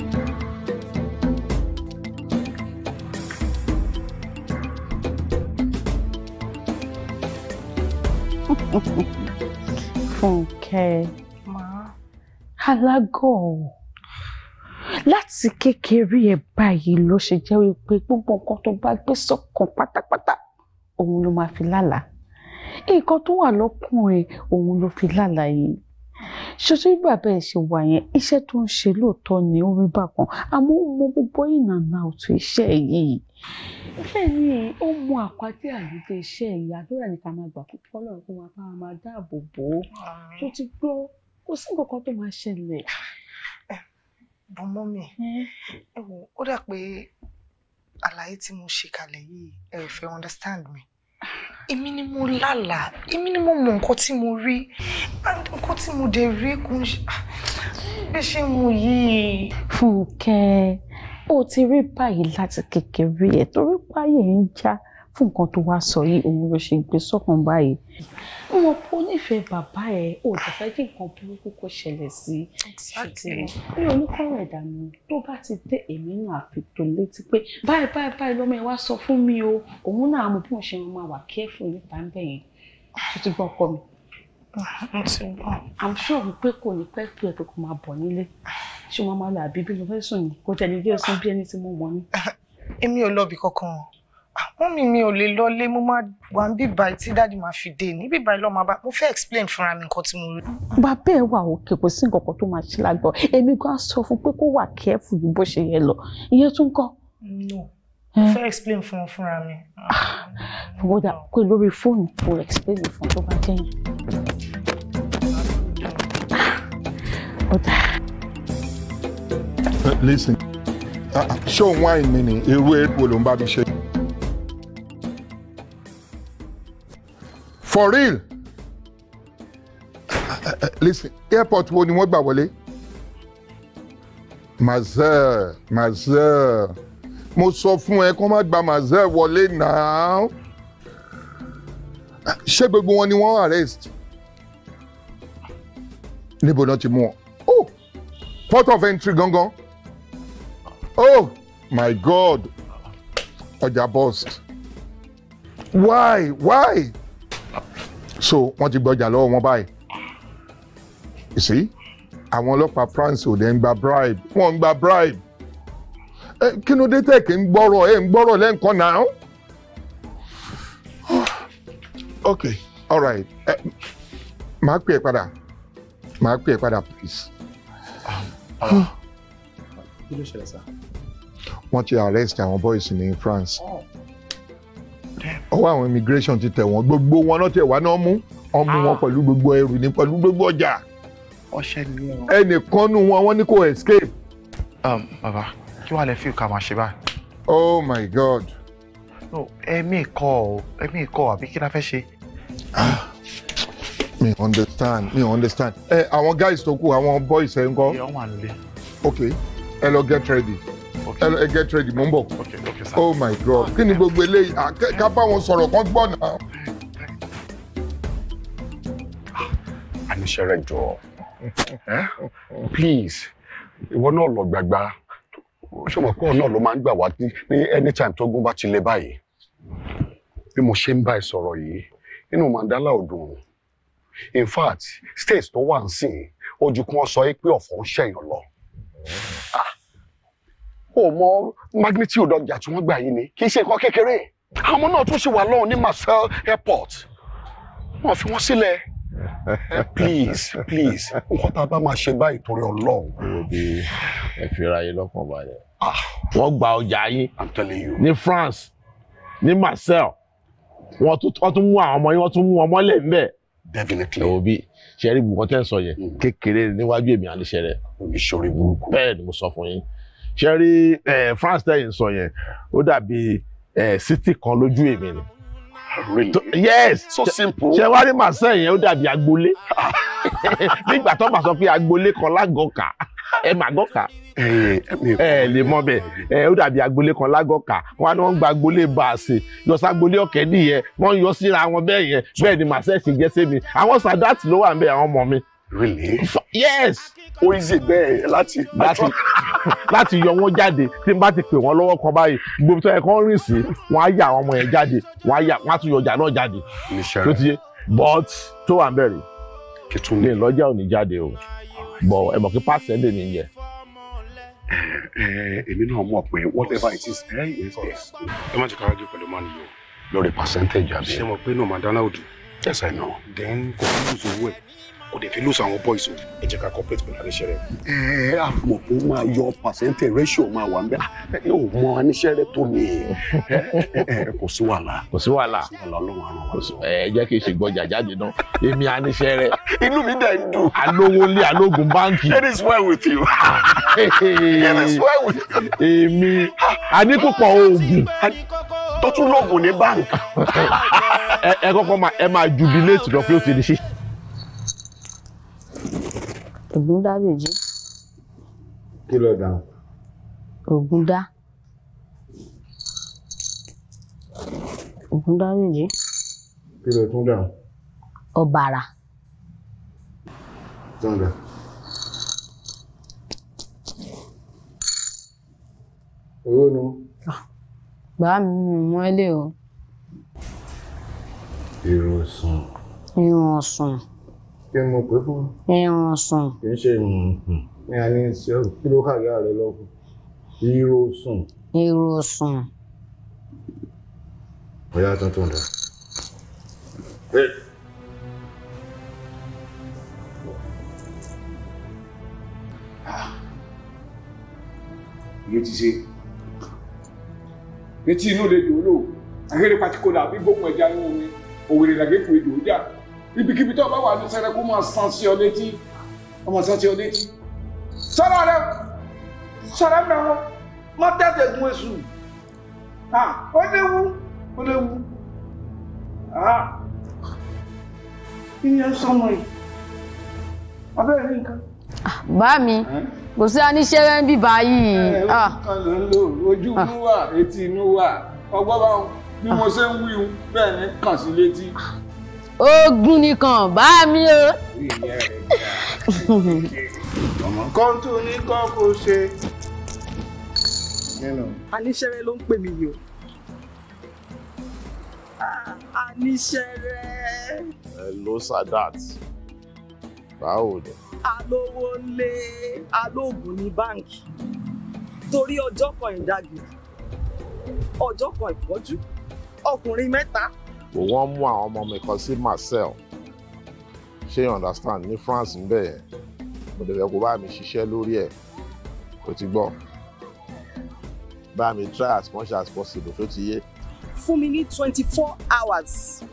Okay. alágọ̀ ọ̀hún láti kékeré ẹ báyìí ló ṣe jẹ́ wípé gbogbo nǹkan tó bá gbé sọ́kàn pátápátá òun ló máa fi lálàá nǹkan tó wà lọ́kùnrin òun ló fi lálàá yìí ṣoṣo ìgbà bẹ́ẹ̀ ṣe wà yẹn iṣẹ́ tó ń ṣe lóòótọ́ ni ó rí bákan àmọ́ ó mọ gbogbo ìnànà ọ̀tún iṣẹ́ yìí bẹ́ẹ̀ ni ó mọ àpáti àyíké iṣẹ́ yìí àdúrà ní ká máa gbà púpọ̀ lọ́rùn kó máa bá wa máa dáàbò bò ó tó ti gbọ́ kò sí nǹkan kan tó máa ṣẹlẹ̀. bọ́n mọ́ mi ẹ ó dà pé àlàyé tí mo ṣe kalẹ̀ yìí ẹ ò fẹ́ understand me èmi ni mo lálàá èmi ni mo mọ nǹkan tí mo rí nǹkan tí mo dé rí kò ń ṣe ah, bí ṣe mo yìí. fúnkẹ́ o ti rí báyìí láti kékeré ẹ̀ torí páyé ń já fún nǹkan tó wá sọ yìí òun ló ṣe gbé sọ́kàn báyìí. wọn kò nífẹ̀ẹ́ bàbá ẹ̀ ò dàgbà kí nǹkan burúkú kó ṣẹlẹ̀ sí ṣùgbọ́n mi ò ní kọ́rọ̀ ìdààmú tó bá ti dé èmi náà àfi létí pé báyìí báyìí báyìí lọ́mọ ẹ wá sọ fún mi o òun náà mo bí wọ́n ṣe máa wà kẹ́ẹ̀fù nípa ń bẹ̀yẹn ṣe ti gbọ́ ọkọ mi. mo ti gbọ́. i'm sure wípé kò ní pẹ́ pé ẹ̀pẹ́ kò máa bọ̀ nílé ṣé wọ́n máa lọ àbí bí mo fẹ́ sùn ní kó jẹ́ ilé ẹ̀sùn bí ẹni tí mo mọ̀ ní. èmi ò lọ ibì kankan àwọn mi mi ò lè lọlé mo máa wà ń bíbá tí dáàdì máa fi dé ní bíbá ilé ọmọ bá mo fẹ́ explain fúnra mi nǹkan tí mo rí. bàbá ẹ wà òkè kò sí nǹkan kan tó máa ṣe lágbọ èmi gan sọ fún pé kó wà kẹ́ẹ̀fù ju bó ṣe yẹ lọ ìyẹn tún kọ́. no mo fẹ́ explain fún wọn fúnra mi. bọ́dà ah, pé lórí fóònù kò explain fún tó bá jẹ́ yẹn. bọ́dà. Ah, listen ah, ṣé òun wáìnì ni irú ẹ̀ wo ló ń bá mi ṣe. for real listen airport wo ni wọ́n gbà wọlé mazel mazel mo sọ fún ẹ kó má gba mazel wọlé náà ṣé gbogbo wọn ni wọ́n arrest níbo náà ti mú wọn oh port of entry gangan oh my god ọjà burst why why so wọ́n ti gbọ́jà lọ́wọ́ wọn báyìí you see àwọn ọlọ́pàá France ò dẹ̀ ń gba bribe wọ́n ń gba bribe kí ló dé tẹ̀kì ń gbọ́rọ̀ ẹ̀ ń gbọ́rọ̀ lẹ́ǹkan náà ok all right màá pè é padà màá pè é padà please. Ah, ah. kí ló ṣẹlẹ̀ sá. wọ́n ti arrest àwọn boys ní France. Oh ọwọ́ àwọn immigration ti tẹ̀ wọ́n gbogbo wọn náà tẹ̀ wá náà mú ọmú wọn ah. pẹ̀lú gbogbo ẹrù ní pẹ̀lú gbogbo ọjà ẹnìkan nù wọn wọn ní kò escape. Um, bàbá kí wàá lè fi ìka máa ṣe báyìí. oh my god. no ẹ̀mí ìkọ́ ọ̀ ẹ̀mí ìkọ́ àbí kí la fẹ́ ṣe. Ah, mi understand mi understand ẹ eh, àwọn guys tó kù àwọn boys ẹ ń kọ́. ìyá ok ẹ lọ get ready ẹ get ready mo ń bọ̀ oh my god kí ni gbogbo eléyìí ká bá wọn sọ̀rọ̀ kan gbọ́ náà. Ah, àníṣe rẹ jọ please ìwọ náà lọ gbàgbà ṣé mo pọ̀ náà ló máa ń gbà wá ní anytime tó gún bá ti lè báyìí bí mo ṣe ń bá ẹ sọ̀rọ̀ yìí inú mandala ò in fact states tó wà ń sìn ojú kan sọ pé ọ̀fọ̀ ń ṣẹ̀yàn lọ. Ah o mọ magnitude ọjà tí wọ́n gbà yìí ni kì í ṣe nǹkan kékeré àwọn náà tún ṣe wà lọ́hùn ní Marseille airport wọ́n fi wọ́n sílẹ̀ eh, please please nǹkan tá a bá máa ṣe báyìí torí Ọlọ́run. ìròbí ẹ fi ra yín lọ́kàn balẹ̀ ah. wọ́n gba ọjà yín ní France ní Marseille wọ́n tún mú àwọn ọmọ yín wọ́n tún mú ọmọ lẹ̀ ńbẹ̀ definitely. ẹ wo bí sẹ́rí bùkún sọ yẹn hmm. kékeré níwájú èmi àníṣe rẹ̀. bẹ́ẹ̀ ni mo sọ fún yín ṣe rí France tẹ̀yìn sọ yẹn ó dàbí city kan lójú èmi ni. Really? yes. So simple. ṣe wá rí Marseille yẹn ó dàbí agboolé nígbà tó bá sọ pé agboolé kan lágọ̀ọ́kà ẹ máa gọ́kà ẹ lè mọ bẹ ẹ ó dàbí agboolé kan lágọ̀ọ́kà wọn ni wọn ń gba agboolé baàsì yọ sí agboolé ọ̀kẹ́ nìyẹn wọn yọ síra wọn bẹ́ẹ̀ yẹn bẹ́ẹ̀ ni Marseille ṣe jẹ́ sẹ́mi àwọn Sadat ló wà ń bẹ àwọn ọmọ mi. Really? Yes. Ó yí sí bẹ́ẹ̀ láti. Láti láti yọ wọn jáde tí n bá ti pè wọn lọ́wọ́ kan báyìí gbogbo tó yẹ kán rìn sí wọn á yà àwọn ọmọ yẹn jáde wọn á yà wọn á tún yọ ọjà náà jáde. Tó ti yé but tó wà ń bẹ̀rẹ̀ ní ìlọ́jà ò ní jáde o bọ̀ ẹ mọ̀ kí pàṣẹ dè ní yẹ. Èmi náà mọ̀ pé whatever it is ẹ eh, ẹ ẹ má jẹ́ ká rájú pẹ̀lú máa nìyọ lórí percentage àbí. Ṣé mo pé náà Madana Odu? Yes, I know. Then kò ní ìṣòwò ẹ̀ kò dẹ̀ fi lose àwọn boys o ẹ jẹ́ ká cooperate pẹ̀lú aníṣẹ́ rẹ. ẹ ẹ àmọ́ pé ó máa yọ percentage ratio máa wà nbẹ ẹ ò mọ aníṣẹ́ rẹ tó ní ẹ kò sí wàhálà. kò sí wàhálà ẹ jẹ́ kí n ṣe gbọ́jà jáde náà èmi aníṣẹ́ rẹ. inú mi dẹ̀ ń dùn. alówólé alógun báńkì. it is well with you. it is well with you. èmi aníkùkọ̀ oògùn. tó tún lóògùn ní báńkì. ẹ kọ́kọ́ máa ẹ máa jubilate lọ pé ó ti di ṣíṣe ògúndábèjì. kí ló dà? ògúndá ògúndábèjì. kí ló tún dà? ọ̀bàrà. tún dà. owó nu. gbàá ah, mi mú ẹ lé o. ìrọ̀sùn. ìrọ̀sùn kí mo pè fún. irun sùn. kì í ṣe ní a ṣe kí ló kàgé ààrẹ lọ́kùn. irun sùn. irun sùn. bóyá tuntun dà. ìyẹn ti ṣe etí inú lè dòó lò akéré pati kó la àbí gbóhùn ẹja ní omi òwèrè làgé kò ibikíbi tó bá wà ní sẹ́rẹ́ kó máa san sí ọ létí ọmọ san sí ọ létí. sọ́ra rẹ sọ́ra mẹ́wọ́n má tẹ̀sẹ̀ gun èṣù ó léwu ó léwu ìyẹn sọmọ yìí abẹ́rẹ́ ní nǹkan. Ah, bá mi kò sí aníṣẹ́rẹ́ ń bíbá yìí. ẹ ẹ ah. kan ló ń lò ojú inú wà etí inú wà ọgbọ́n bá wọn bí mo ṣe ń wí bẹ́ẹ̀ ni kàn sí létí ogun nìkan bá mi o. ọmọ kan tún ní kọ́ kó ṣe. aníṣẹ́rẹ́ ló ń pè mí yìí o. Ah, aníṣẹ́rẹ́. hello Sadat báwo ni. alówó ńlé alóògùn ní báǹkì torí ọjọ́ kan ìdágbére ọjọ́ kan ìpọ́jú ọkùnrin mẹ́ta bò wọ́n mú àwọn ọmọ mi kan sí Marseille ṣé you understand ní France ń bẹ̀ yẹn mo dẹ̀ fẹ́ kó bá mi ṣiṣẹ́ lórí ẹ̀ kò ti gbọ́ bá mi try as much as possible tó ti yé. fún mi ní twenty four hours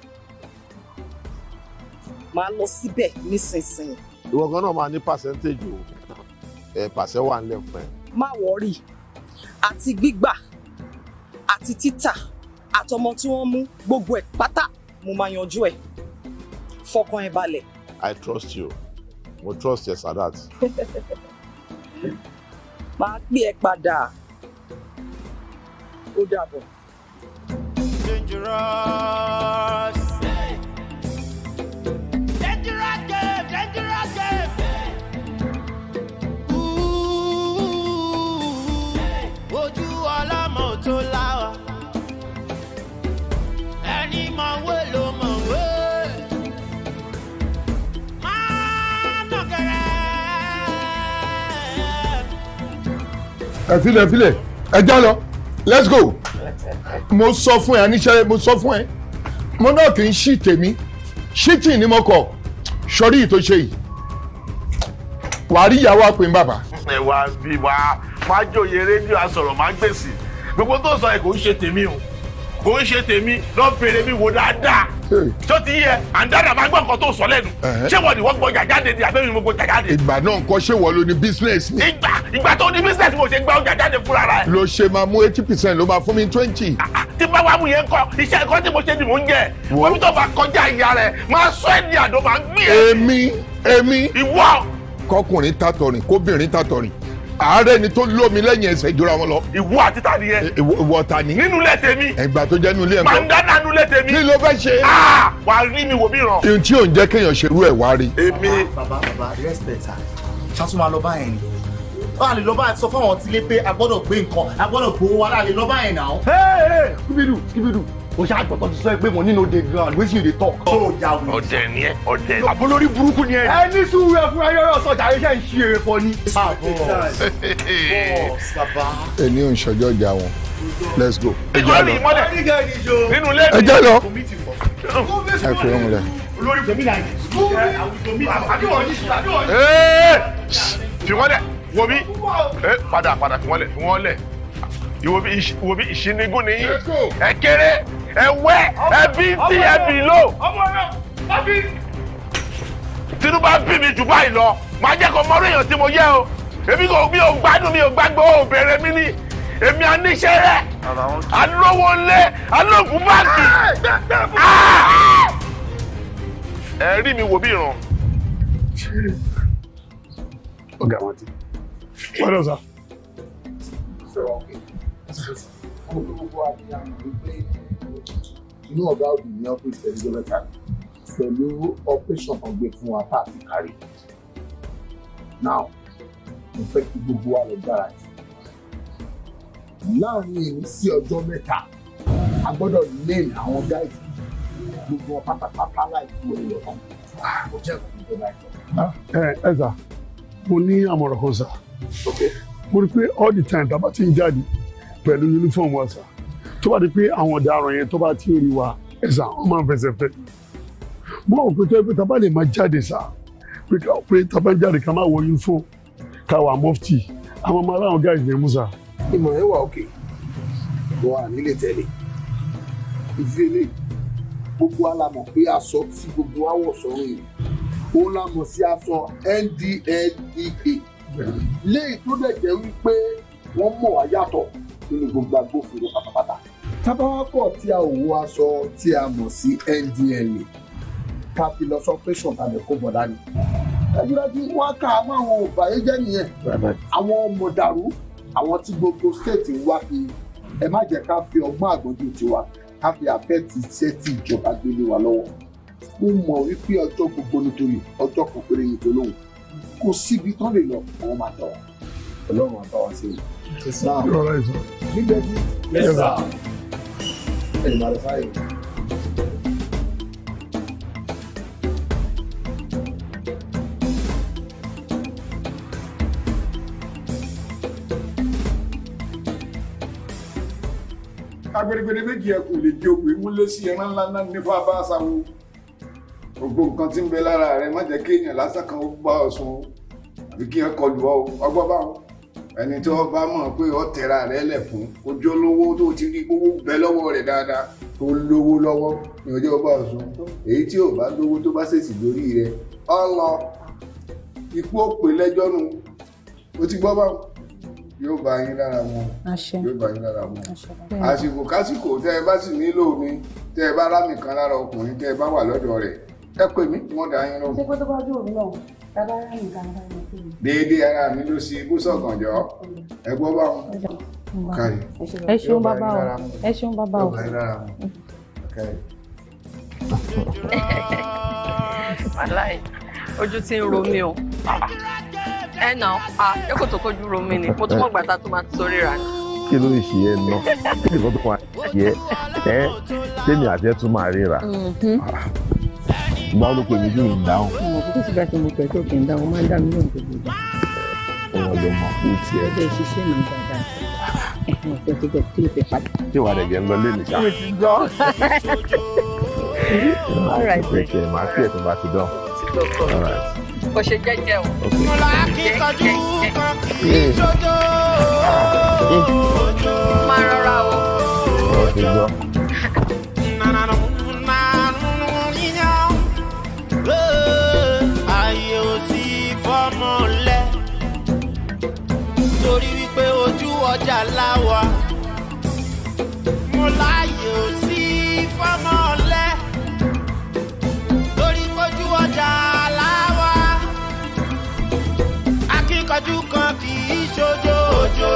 máa lọ síbẹ̀ nísinsìnyí. ìwọ gan náà máa ní percentage o ẹ pàṣẹ wà ń lẹ̀ fún ẹ. má wọrí àti gbígbà àti títà àtọmọ tí wọ́n mú gbogbo ẹ̀ pátá mo máa yanjú ẹ̀ fọkàn ẹ balẹ̀. I trust you mo trust yẹ Sadat. máa pè ẹ́ padà ó dàbọ̀. dangerous. dangerous game dangerous game. ojú ọlọ́mọ tó láwa. ẹ filẹ̀ filẹ̀ ẹ já lọ let's go mo sọ fún ẹ aníṣẹ́ mo sọ fún ẹ mo náà kì í ṣí tèmi ṣítì ni mo kọ sọrí ìtò ṣe yìí wàá ìyàwó àpè bàbá. ẹ wá bí wàá máa jòyè rédíò àsọ̀rọ̀ máa gbèsè gbogbo tó sọ ẹ kò ń ṣe tèmi o kò ń ṣe tèmi lọ́ọ́ fèrè mi wò dáadáa tó ti yẹ àǹdára máa gbọ́ nǹkan tó sọ lẹ́nu ṣé wọ́n ní wọ́n gbọ́ jàjáde ni àbẹ́mi mo gbọ́ jàjáde. ìgbà náà nǹkan ṣé wọ́n ló ní business ni. ìgbà ìgbà tó ní business mo ṣe gba ọjà jáde fúnra rẹ. ló ṣe máa mú eighty percent ló máa fún mi twenty. Ah, ah, tí bá wà mú yẹn kọ iṣẹ́ ẹ̀kọ́ tí mo ṣe ni mò ń jẹ wọ́n mi tó bá kọjá ìyá rẹ̀ máa sọ ẹ̀ ní àdó máa gbé. èmi èmi. ìwọ. kọkùnrin tatọrin kóbìnrin tatọrin ààrẹ ni tó lómi lẹ́yìn ẹsẹ̀ ìjọra wọn lọ. ìwọ àti ta ni yẹ. ìwọ ta ni. nínú ilé tèmi. ẹgbà tó jẹ́ nínú ilé ẹ̀kọ́. mandana nínú ilé tèmi. kí ló fẹ́ ṣe. Ah! wà á rí mi wò mí ràn. ohun tí ò jẹ́ kéèyàn ṣe irú ẹ̀ wá rí. èmi. bàbá bàbá respect ah ṣàtúmọ̀ máa lọ ni bá lè lọ sọ fún àwọn tí pé a gbé nǹkan a gbowó wa láàlè lọ bá náà o ṣe àgbọ̀tọ̀ ti sọ pé mo nínú de ground wetin you dey talk. tó ya wuli. ọdẹ ni ẹ ọdẹ ni. àbọ̀ burúkú ni ẹ. ẹ ní sùúrù ẹ fún ayọyọ sọjà iṣẹ ń ṣe é fọ ní. ẹni ò ń ṣọjọ́ ìjà wọn let's go. ẹjọ́ lọ nínú ilé lọ ẹ fi hàn lẹ. fi wọ́n lẹ̀ wo mi padà padà fi wọ́n lẹ̀ fi wọ́n lẹ̀ ìwo bí ìṣínígún ni yín ẹ kéré ẹ̀wẹ́ ẹbí tí ẹbí lò. tinubu á bí mi jù báyìí lọ màá jẹ́ kó mọ́rú èèyàn tí mo yẹ o èmi kò mi ò mi ò gbàgbọ́ mi ní èmi aníṣẹ́ rẹ̀ alówó lé alóògùn báàgì ah! ẹ rí mi wò bí ìran. ọgá wọn ti wọn lọ sá. sọ ọ́ inú ọ̀gá òbí ní ọ́fíìsì ẹ̀dígbẹ́ mẹ́ta pẹ̀lú operation kan gbé fún wa tá a ti kárí now mo fẹ́ kí gbogbo wa lọ gbára jù láàrin èyí sí ọjọ́ mẹ́ta a gbọ́dọ̀ nail àwọn gáìsì gbogbo wọn pátápátá láìpẹ́ ẹ̀yọ̀ kan kò jẹ́ kò ní tó láìpẹ́. ẹ ẹ zà mo ní àmọ̀ràn kan sà mo rí i pé all the time tá a bá ti ń jáde pẹ̀lú uniform wa sà tó bá di pé àwọn ọ̀daràn yẹn tó bá ti rí wa ẹ̀sà wọ́n máa ń fẹsẹ̀ fẹ́ mọ́ òkú tó yẹ pé tábà lè máa jáde sá pé tábà ń jáde ká máa wọ yín fún ká wà àwọn ọmọ aláwọ̀ gáà ìyẹn mú sá. ìmọ̀ ẹ wà òkè wà nílé tẹ̀lé ìdílé gbogbo alamọ̀ pé aṣọ tí gbogbo wa wọ̀ sọ́run yìí òun la mọ̀ sí aṣọ NDLEA léyìí tó dẹ̀ jẹ́ wípé wọ́n mọ̀ wá yàtọ̀ nínú gbogbo agbófinró pátápátá tábàwápọ̀ tí a ò wọ aṣọ tí a mọ̀ sí NDLEA ká fi lọ sọ pé ṣọ̀tàlẹ̀ kó bọ̀dá ni dájúdájú wọn ká àwọn àwọn òbáyéjẹ́ nìyẹn àwọn ọmọdàrú àwọn tí gbogbo state ń wá fi ẹ má jẹ́ ká fi ọgbọ́n àgbọ́jú tiwa ká fi àfẹ́ ti iṣẹ́ tí ìjọba gbélé wa lọ́wọ́ mo mọ̀ wípé ọjọ́ gbogbo nítorí ọjọ́ kan péré yìí tó lóhùn kò síbi tán lè lọ àwọn máa tọ̀ wá ọlọ́run àbáwá sí i. nígbà tí. A notified. agbẹ̀rẹ̀gbẹ̀rẹ̀ méjì ẹkùn lè jẹ òpè múlé sí ẹran ńlá náà nífà bá sáwó gbogbo nǹkan tí ń bẹ lára rẹ má jẹ́ kéèyàn lásán kan ó bá ọ̀sùn àbí kí ẹ kọlù ọgbọ́n báwọn ẹni tí wọ́n bá mọ̀ pé ọ tẹ̀ra rẹ lẹ̀ fún ojú olówó tó ti rí gbogbo bẹ lọ́wọ́ rẹ̀ dáadáa tó lówó lọ́wọ́ ní ọjọ́ ọba ọ̀sùn èyí tí ò bá lówó tó bá ṣèṣì lórí rẹ ọ lọ ikú òpè lẹ́jọ́ nù ó ti gbọ́ báwọn yóò bá yín lára mu yóò bá yín lára mu àsìkò kásìkò tẹ́ ẹ bá sì nílò mi tẹ́ ẹ bá rámì kan lára ọkùnrin tẹ́ ẹ bá wà lọ́dọ̀ rẹ̀ ẹ pè mí mo dà yín lọ. ṣé pé tó bá dùn mí náà bàbá rà mí kan bá yẹn pè mí. déédéé ara mi ló ṣe bó sọ̀gànjọ́ ẹ gbọ́ bá wọn. ọkàrí ẹ ṣeun bàbá o ẹ ṣeun bàbá o. ọkàrí. wàláì ojú ti ń ro mi o ẹ nà á ẹkọtọ kojú ro mi ni mo tún mọ gbàtà tó máa ti sórí ra ni kí ló ń ṣe ẹ ná kí nìkan tó kọ àṣìṣe ẹ ẹ tèmi àti ẹ tún máa ríra. Mm-hmm. Ah báwo ló pè mí bí mi dáhùn. mo kò sí bàtí mo pẹ̀tọ́ kì í dáhùn máa ń dá mi náà gbogbo ìgbà. ọmọ ọdọ mọ kú tiẹ. ọdọ ìṣiṣẹ́ mi dáadáa ẹ̀hún ọ̀pẹ tó gbọ́ kí ló fẹ́ pàdé. tí wàá dẹ̀gẹ̀ lọ lé nìkan. mo ti gbọ́. ọ̀rẹ́ màá fi ẹ̀sùn bá ti dán. kò ṣe jẹ́jẹ́ o. mo lọ akíkanjú kan kì í máa rọra o. ọ̀rẹ́ ti gbọ́. ọjà láwa mo láàyè ò sí fọmọ ọlẹ torí kojú ọjà láwa akíkanjú kan kì í ṣojo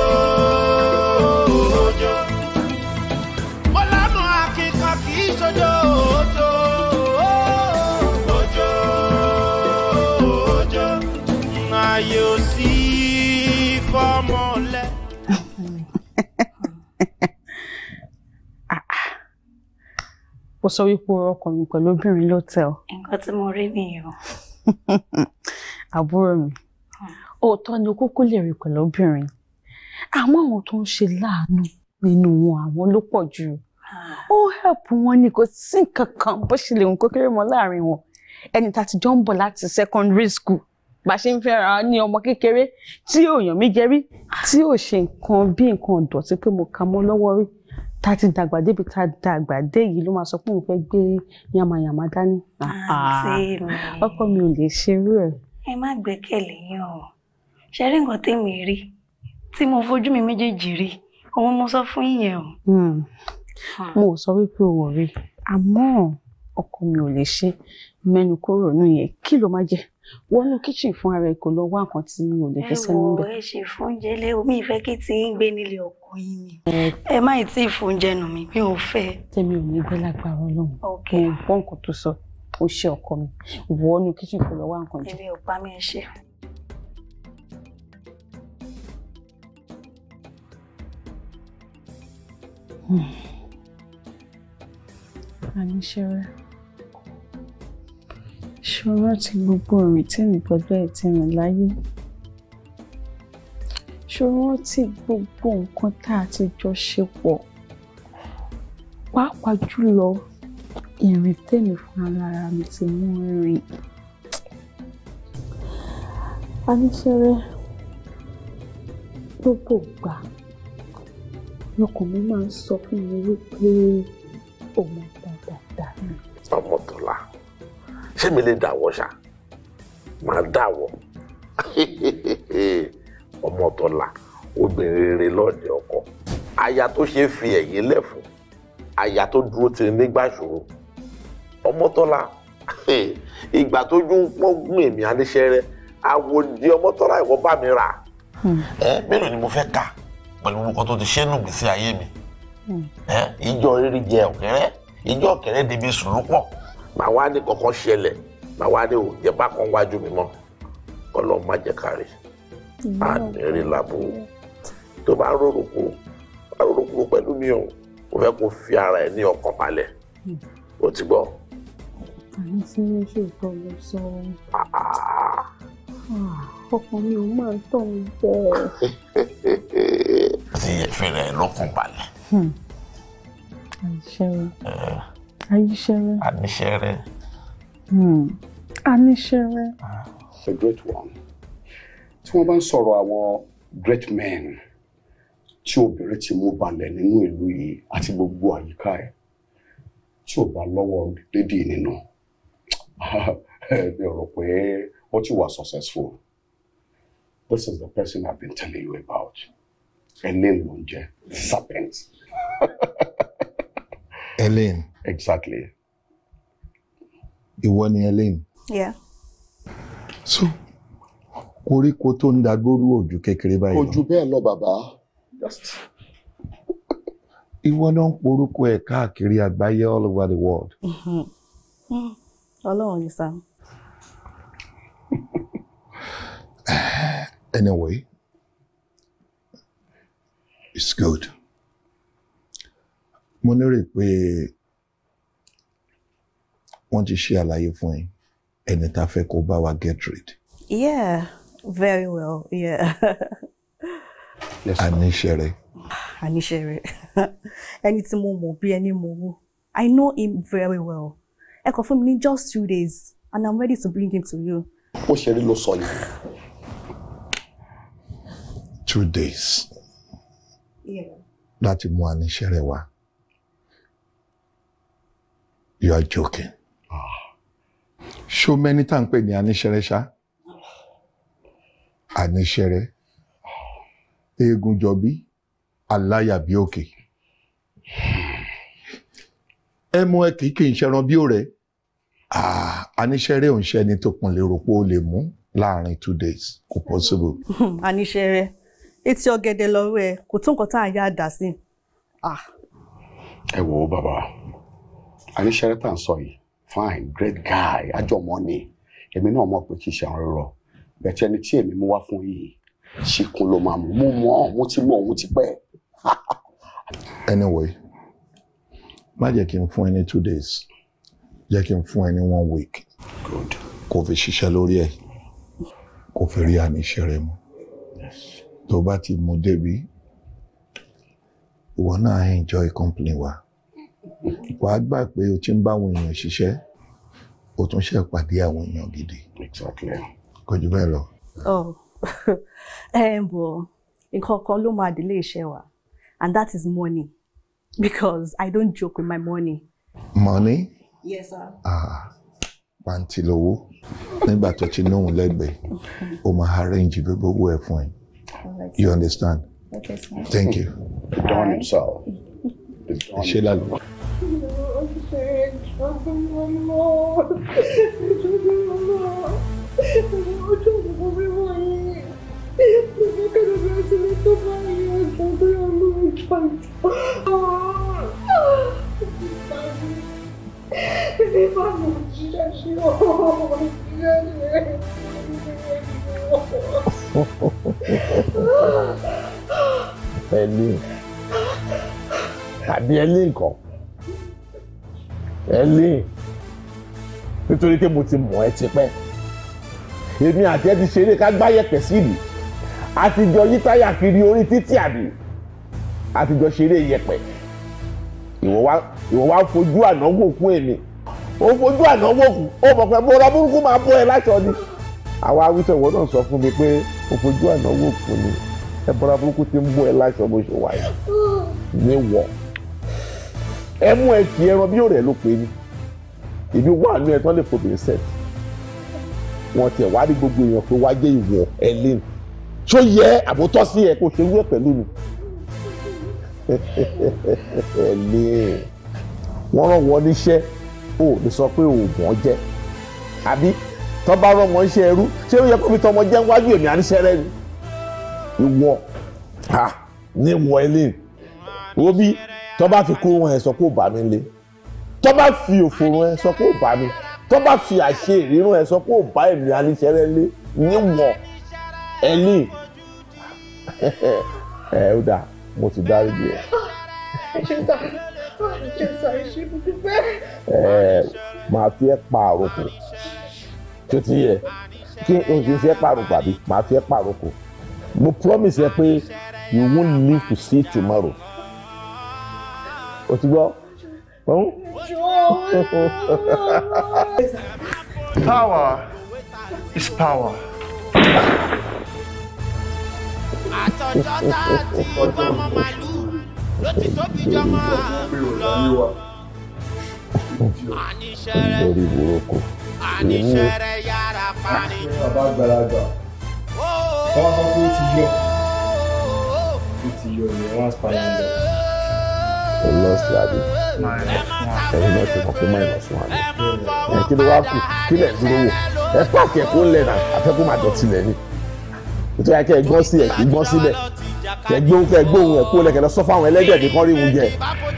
ó sọ wípé orọ ọkọ mi pẹ̀lú obìnrin lọ́tẹ̀l. nǹkan tí mo rí nìyẹn o. àbúrò mi hmm. òótọ́ ni kúkú lè rí pẹ̀lú obìnrin àmọ́ àwọn tó ń ṣe láàánú nínú wọn àwọn ló pọ̀ jù hmm. ó help wọn ni kò sí nǹkan kan bó ṣe lè hùn kékeré mọ́ láàrin wọn ẹni tá ti jọ ń bọ̀ láti secondary school bá ṣe ń fẹ́ra ní ọmọ kékeré tí òòyàn mi jẹ rí tí ò ṣe nǹkan bí nǹkan ọ̀dọ̀ tí pé mo kà mọ́ lọ́wọ́ rí tá a ti dàgbà débi tá a dàgbà dé yìí ló máa sọ pé òun fẹ́ gbé yamayama dání. ọkọ mi ò lè ṣerú ẹ̀. ẹ má gbẹ́kẹ̀lé yín o ṣe rí nǹkan tèmi rí tí mo fojú mi méjèèjì rí òun mo sọ fún yín o. Hmm. mo ò sọ wípé o ò rí àmọ́ ọkọ mi ò lè ṣe mẹ́nu kúrò nù yẹn kí ló máa jẹ́ wọnú kitchen fún ara ẹ kò lọ wá nǹkan tí mi ò lè fẹsẹ̀ níbẹ̀. ẹ wo ẹ ṣe fún jẹlẹ omi ìfẹ́ kí ti ń gbé nílé ọkọ ọkọ yín ni. ẹ má ì tí ì fún oúnjẹ nù mi ò fẹ́. tèmi ò ní gbé lágbára Ọlọ́run mo gbọ́ nǹkan tó sọ ó ṣe ọkọ mi wọ inú kíchìn kò lọ wá nǹkan jẹ. èmi ò pa mí ẹ hmm. ṣe. àníṣẹ́rẹ́ ṣọ́ra ti gbogbo ìrìn tí mi gbọ́dọ̀ ẹ̀ tí mi láyé ṣòro tí gbogbo nǹkan tá a ti jọ ṣe pọ̀ pàápàá jùlọ ìrìn tèmi fún alára mi ti mú rìn. aníṣẹ́rẹ́ gbogbo ìgbà lọkàn mi máa ń sọ fún mi wípé òun dáadáa ni. ọmọdọ̀la ṣé mi lè dàwọ̀ ṣá máa dàwọ̀. ọmọ tọ́lá obìnrin rere lọ́ọ̀dẹ ọkọ aya tó ṣe é fi ẹ̀yìn lẹ́fún aya tó dúró ti nígbà ìṣòro ọmọ tọ́lá ìgbà tójú ń pọ́ngún èmi aníṣẹ́rẹ́ àwòdì ọmọ tọ́lá ìwọ bá mi rà hmm. ẹ mélòó ni mo fẹ́ kà pẹ̀lú orúkọ tó ti ṣe nù gbèsè ayé mi hmm. ẹ ìjọ rírí jẹ ọ̀kẹ́rẹ́ ìjọ ọ̀kẹ́rẹ́ débi sùlùpọ̀ màá wá ní kọ̀ọ̀kan ṣẹlẹ̀ màá wá ní òjẹ̀pá kan wájú mi mọ́ kọ́lọ́ má jẹ́ kárí àdẹ́rìn làbò tó bá rorokò bá rorokò pẹ̀lú mi o mo fẹ́ kó fi ara ẹ̀ ní ọkàn balẹ̀ o ti gbọ́. àní tí wọ́n ṣe ìtọ́ sọ ah. ọkàn mi ò máa tọ̀ ń bẹ́ẹ̀. ti ìfẹ́rẹ̀ lọ́kàn balẹ̀. Hmm. àìṣẹ́rẹ́ àìṣẹ́rẹ́ eh. àníṣẹ́rẹ́ àníṣẹ́rẹ́. the hmm. ah. great one tí wọ́n bá ń sọ̀rọ̀ àwọn great men tí obìnrin ti mú balẹ̀ nínú ìlú yìí àti gbogbo àyíká ẹ̀ tí ò bá lọ́wọ́ lédè nínú mi ò rò pé wọ́n ti wà successful this is the person I've been telling you about Elaine ló ń jẹ́ serpent. Elaine. Exactly. Ìwọ ni Elaine. Yeah. So koríko tó ń dagbóru ojú kékeré báyìí lọ. ojú bẹ́ẹ̀ lọ bàbá. ìwọ náà ń porúkọ ẹ̀ káàkiri àgbáyé all over the world. Mm-hmm. Mm. ọlọ́run ni sá. anyway it's good. mo lérò pé wọ́n ti ṣe àlàyé fún ẹ ẹni tá a fẹ́ kó bá wa get rid. yeah. Very well, yeah. Anishere. Anishere. ẹni tí mo Be any ẹni I know him very well. I kàn fún mi just two days and I'm ready to bring him to you. Ó ṣe rí ló Two days. Yeah. Láti mú Anishere wá. You are joking. Ah. Show many times à Anishere ṣá? àníṣẹrẹ eégún jọbí aláyàbí òkè ẹ mú ẹ kìí kì í ṣẹran bí ó rẹ àníṣẹrẹ ò ń ṣe ẹni tó pọn lè rò pé lè mú láàrin two days kò possible. àníṣẹrẹ etí ọ̀gẹ̀dẹ̀ lọ́wọ́ ẹ kò tó nǹkan tá à ń yá àdá sí. ẹ wo bàbá àníṣẹrẹ tá à ń sọ yìí fine great guy àjọmọ ni èmi náà mọ̀ pé kì í ṣe àwọn rírọ bẹ̀tẹ̀ ẹni tí èmi mú wá fún yìí ṣìkun ló máa mú mọ́ òun ti mú òun ti pẹ́. anyway má jẹ́ kí n fún ẹ two days jẹ́ kí n fún ẹ one week good kò fi ṣiṣẹ́ lórí ẹ̀ kò fi rí àmì rẹ mu tó bá ti mú débi ìwọ náà enjoy company wa wàá gbà pé o ti ń bá àwọn èèyàn ṣiṣẹ́ o tún ṣe pàdé àwọn èèyàn gidi. exactly kò jù bẹ́ẹ̀ lọ. ẹ oh. ẹ eh, bọ̀ nǹkan kan ló máa délé iṣẹ́ wa and that is money because I don't joke with my money. money. yes sir. ah pàǹtí lówó nígbà tó ti lóhùn lẹ́gbẹ̀ẹ́ ó máa arrange gbogbo owó ẹ̀ fún ẹ you understand okay, thank you. the don himself the don. ṣé lálẹ́. Thank you. eu te meto mai eu contra eu nu canto. Nítorí pé mo ti mọ̀ ẹ́ tipẹ́. Èmi àti ẹ ti ṣeré ká gbá sí ìlú àtijọ́ yí táyà kiri orí títì àbí àtijọ́ ṣeré yẹpẹ̀ ìwọ wá fojú ànáwó kún èmi ó fojú ànáwó kún ó mọ̀ pé mo rọ burúkú máa bọ́ ẹ láṣọ ni àwa awísọ ìwọ náà sọ fún mi pé ó fojú ànáwó kún ni ẹ bọ́ra burúkú ti ń bọ́ ẹ láṣọ bó ṣe wáyé ní wọ ẹ mú ẹ kì í ẹran bí òrè ló pé ni ìbí wà nú ẹ tán lè fòbìrì sẹ́ẹ̀tì wọn tiẹ̀ wá rí gbogbo èèyàn pé wá jẹ́ ìwọ ẹ léyìn ṣó yẹ àbótọ́ sí ẹ kó ṣe wú ẹ pẹ̀lú mi ẹlẹ wọ́n rán wọn níṣẹ́ o lè sọ pé oògùn ọjẹ́ àbí tó bá rán wọn iṣẹ́ ẹrú ṣé ó yẹ kó fi tọmọ jẹ́ wájú èmi à ń ni ìwọ ha ní ìwọ ẹlẹ́yìn wo bí tó bá fi kó wọn ẹ sọ pé ó bá mi lé tó bá fi òfòrò ẹ sọ pé ó bá mi tó bá fi àṣe ìrírùn ẹ sọ pé ó bá èmi à ń ṣẹ́rẹ́ lé níwọ̀ ẹlẹ́yìn ẹ ó dà mo ti dáríjì ẹ. ẹ máa fi ẹ pa àròkò tó ti yẹ kí n kì í fi ẹ pa àròkò àbí máa fi ẹ pa àròkò promise ẹ pé you won't live to see tomorrow o ti gbọ́. Power is power àtọ̀jọ́ tá a ti bọ́mọ màlúù ló ti tóbi jọmọ àrùn lọ. àníṣẹ́rẹ́ àníṣẹ́rẹ́ yára pani. ọwọ́ kan tó ti yọ tó ti yọ ni wọ́n á spani lọ. Olọ́sí àbí ẹ̀yin náà ti mọ̀ pé máa ń lọ sún àná. Ẹ kí ló wá kù kílẹ̀ dúró wò ẹ pààkì ẹ̀kọ́ ńlẹ̀ náà àfẹ́kù máa dọ̀tí lẹ̀ ni tó yẹ kẹ́ ẹ gbọ́n sí ẹ kì í síbẹ̀ kẹ́ gbóhùn kẹ́ gbóhùn ẹ kó lẹ kẹ́ lọ sọ fún àwọn ẹlẹ́dẹ̀ kí kán rí wọn jẹ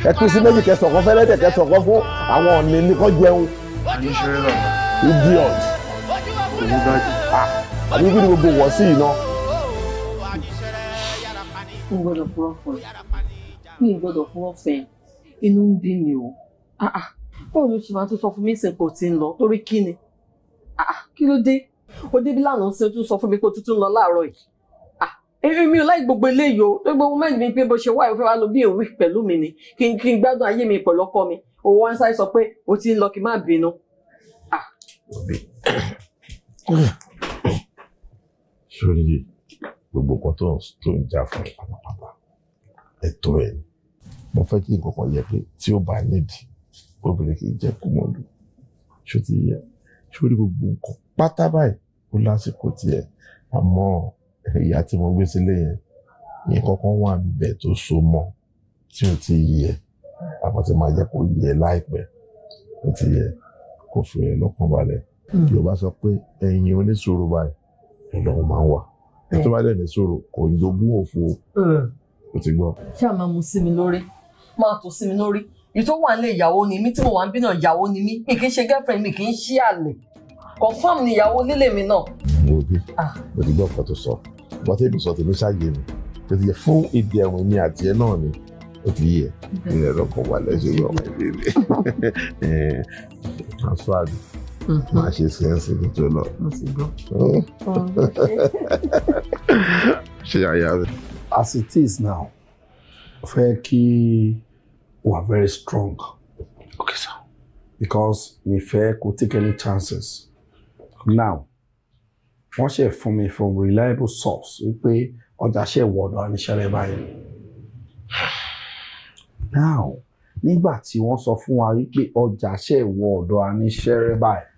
ẹ kú sí méjì kẹ́ sọ̀kan fún ẹlẹ́dẹ̀ kẹ́ sọ̀kan fún àwọn ọ̀nì ní kán jẹun. idiot ah, àbí kí gbogbo wọ̀ sí iná. n gbọ́dọ̀ fún ọ̀fẹ́ n gbọ́dọ̀ fún ọ̀fẹ́ inú ń bí mi o ah, ah. báwo ló ṣe máa tó sọ fún mi ìsìnkú ti ń lọ torí kí ni kí ló dé ó débi lánàá sí o tún sọ fún mi pé o tuntun lọ láàárọ̀ yìí èmi ò láì gbogbo eléyìí o gbogbo mo mẹ́rin mi pé bó ṣe wá ìwé wa lọ bí èwe pẹ̀lú mi ni kí n kí n gbádùn ayé mi pẹ̀lú ọkọ mi òun wá ń sáré sọ pé o ti ń lọ kí n má bínú. sórí gbogbo nǹkan tó tó ń jà fún pátápátá ẹ̀tọ́ ẹ̀ mo fẹ́ kí nǹkan kan yẹ pé tí ó bá nídìí obìnrin kì í jẹ́ kó mọ̀ lù ṣó yẹ sórí gbogbo nǹkan pátá báyìí ó lásìkò tiẹ̀ àmọ́ ìyá tí mo gbé sílé yẹn yẹn kọ́kọ́ wà bẹ̀ tó so mọ́ tí ò ti yẹ àmọ́ tí máa jẹ́ kó yẹ láìpẹ́ ó ti yẹ kó fi rẹ̀ lọ́kàn balẹ̀ yorùbá hmm. sọ pé ẹ̀yin oníṣòro báyìí ọlọ́run máa ń wà ẹ bá dẹ̀ níṣòro kò ń jogún òfo ó hmm. ti gbọ́. ṣé àmọ́ mu sí mi lórí máa tò sí mi lórí èyí wà nílé ìyàwó ni mí tí mo wà ń bínú ìyàwó ni mí mi kì í ṣe girlfriend mi kì í ṣe àlè confam ni ìyàwó líle mi náà. mo bí ah. mo ti gbọ́ ọ̀pọ̀ tó sọ bọ́ tẹ́lẹ̀ sọ tèmi ṣáàyè mi tó ti yẹ fún ìdí ẹ̀wọ̀n mi àti ẹ náà ni ó ti yẹ ilẹ̀ mm-hmm. ọkọ̀ wà lẹ́sẹ̀ yọ ọmọ ìlú rẹ̀ aṣáájú eh, mm-hmm. máa ṣe sẹ́ǹsì tó lọ. ṣe àyà rẹ. as it is now fẹ́ kí we are very strong. okay sir. because we fẹ́ kó take any chances now wọ́n ṣe fún mi from reliable source wípé ọjà ṣe wọ̀dọ̀ àníṣẹ́rẹ́ báyìí now nígbà tí wọ́n sọ fún wa wípé ọjà ṣe wọ̀dọ̀ àníṣẹ́rẹ́ báyìí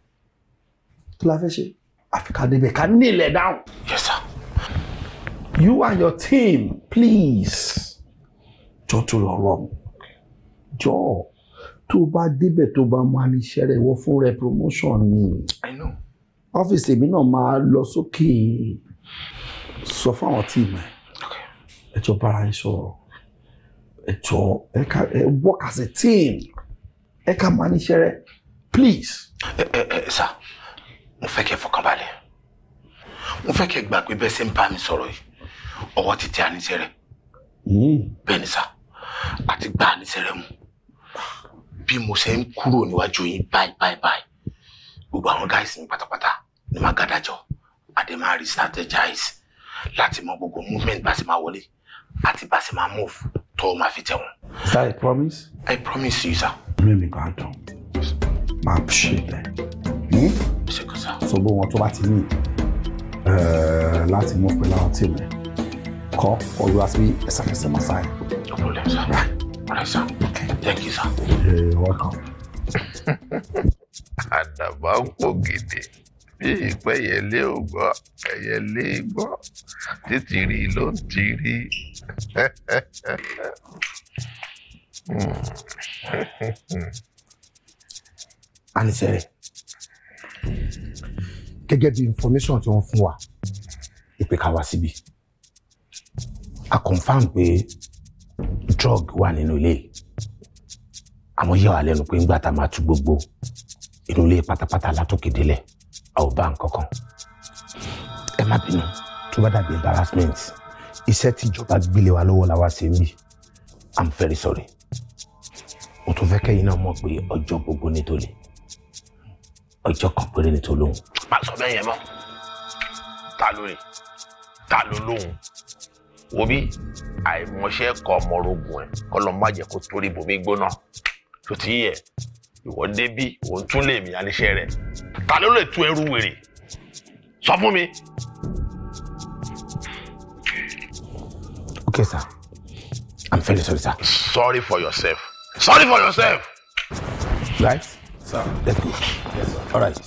kí la fẹ́ ṣe àfikà débẹ̀ ká nílẹ̀ dáhùn. yes sir. you and your team please jọ tó lọ rọrùn jọ tó bá débẹ̀ tó bá máa ní iṣẹ́ rẹ̀ wọ́n fún rẹ promotion ni. i know ọ́fíìsì mi náà máa lọ sókè sọ fún àwọn tíìmù ẹ̀ ẹjọ́ bára ẹ sọ̀rọ̀ ẹjọ́ ẹ ká ẹ work as a team ẹ ká máa níṣẹ́ rẹ please. ẹ ẹ ẹ sá mo fẹ́ kẹ́ fọkànbalẹ̀ mo fẹ́ kẹ́ gbà pé bẹ́ẹ̀ ṣe ń bá mi sọ̀rọ̀ yìí ọwọ́ ti tẹ àníṣe rẹ̀ hmm. bẹ́ẹ̀ ni sá àti gba àníṣe rẹ̀ mu bí mo ṣe ń kúrò níwájú yín báyìí báyìí báyìí gbogbo àwọn gáàsì mi pátápátá ni màá gàdájọ́ àdé máa rí strategize láti mọ gbogbo movement bá ṣe máa wọlé àti bá ṣe máa move tó o máa fi tẹ̀wọ̀n. Is that a promise? I promise you sir. inú mi kàn dùn máa ṣe tẹ hmm? so bó wọn tó bá ti ní eh, láti move pẹ̀lú àwọn tíìmù kọ́ ọ̀rọ̀ àti bí ẹsẹ̀fẹsẹ̀ máa sáyẹn. No problem sir. Right. All right, sir. Okay. Thank you, sir. You're welcome. Àdàbà ń gidi bí ìpẹ́yẹlé ò gbọ́ ẹ̀yẹlé gbọ́ títìrì ló ń tìrì. anisẹ̀rẹ̀ gẹ́gẹ́ bí information tí wọ́n fún wa ìpè ká wá síbi a confam pé drug wà nínú ilé àmọ́ yà wá lẹ́nu pé ńgbà tá a máa tú gbogbo inú ilé pátápátá látòkè délẹ̀ a ò bá nǹkan kan ẹ má bínú tó bá dàbí embarrassment iṣẹ́ tíjọba gbélé wa lọ́wọ́ la wá ṣe ń bì i'm very sorry mo tún fẹ́ kẹ́yìn náà mọ̀ pé ọjọ́ gbogbo ni tó le ọjọ́ kan péré ni tó lóhùn. má sọ bẹ́ẹ̀ yẹn mọ́ ta ló rè ta ló lóhùn wo bí àìmọ̀ṣẹ́ kọ ọmọ orogun ẹ̀ kọ́ lọ́ọ́ má jẹ́ kó torí bòmí gbóná tó ti yẹ ìwọ débí òun tún lè mí aníṣẹ́ rẹ̀ ta ló lè tú ẹrú wèrè sọ fún mi. okay sir i'm very sorry sir. sorry for yourself sorry for yourself. right sir let's go yes, sir. all right.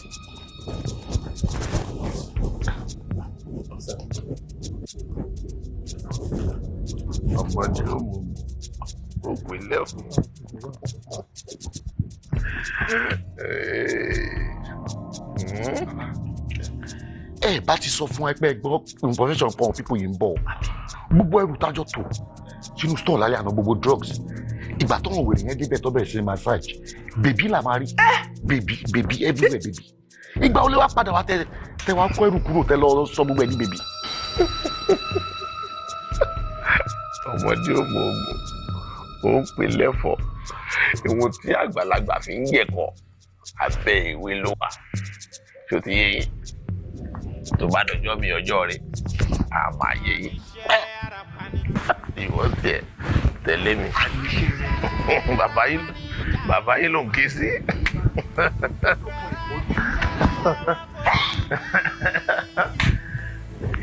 ọmọdé ló mú un ògbélé fún un ẹ bá ti sọ fún ẹgbẹ́ gbọ́ information pọ̀ people yìí ń bọ̀ gbogbo ẹrù tájọ tó sínú store lálẹ́ àná gbogbo drugs ìgbà tó ń wèrè yẹn débẹ̀ tó bẹ̀rẹ̀ sí massage bèbí là máa rí bèbí bèbí everywhere bèbí ìgbà olè wa padà wá tẹ tẹ wá kó ẹrù kúrò tẹ lọ sọ gbogbo ẹ ní bèbí. ọmọdé ò mọ ògùn pè lẹ́fọ̀ọ́ ìwọ̀n tí àgbàlagbà fi ń yẹ̀kọ̀ abẹ́ ìwé ló wà tó ti yé yín tó bá dọjọ́ mi ọjọ́ rẹ̀ á máa yé yín ìwọ tiẹ̀ tẹ̀lé mi bàbá yín bàbá yín ló ń ké sí.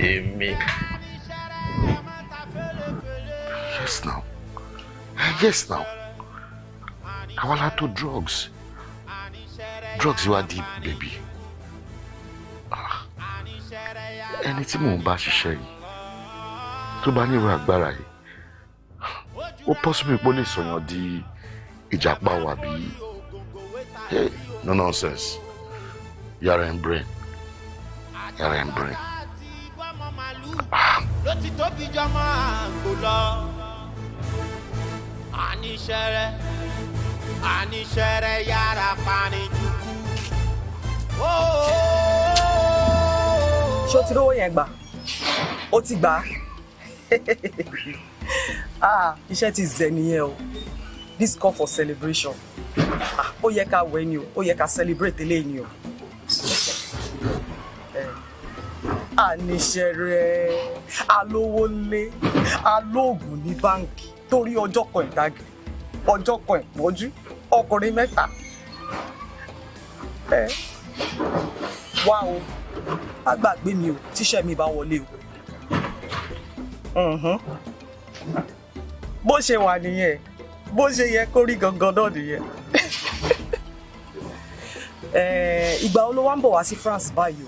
Èmi. Yes now. Yes now àwa la tó drugs drugs wa di bèbí ah. ẹni tí mò ń bá ṣiṣẹ́ yìí tó bá nírú agbára yìí ó possible pé ó lè sọyàn di ìjàpá wà bí hey no nonsense yàrá ń brain yàrá ń brain. Ah. ló ti tóbi jọmọ àgbò lọ àníṣe rẹ. Anishere yara pani juku. Oh, oh, oh, Ṣé o ti rówó yẹn gbà? O ti gbà Ah, Iṣẹ́ ti zẹ̀ nìyẹn o. This call for celebration. Ah, ó yẹ ká wẹ̀ ni o, ó yẹ ká celebrate eléyìí ni o. Àníṣẹrẹ eh, alówólé alóògùn ní báǹkì torí ọjọ́ kan ìdágìrì ọjọ́ kan ìpọ́njú ọkùnrin mẹ́ta ẹ wá o má mi o tíṣẹ́ mi bá wọlé o bó ṣe wà nìyẹn bó ṣe yẹ kó rí gangan náà nìyẹn ìgbà wo ló wá ń bọ̀ wá sí France báyìí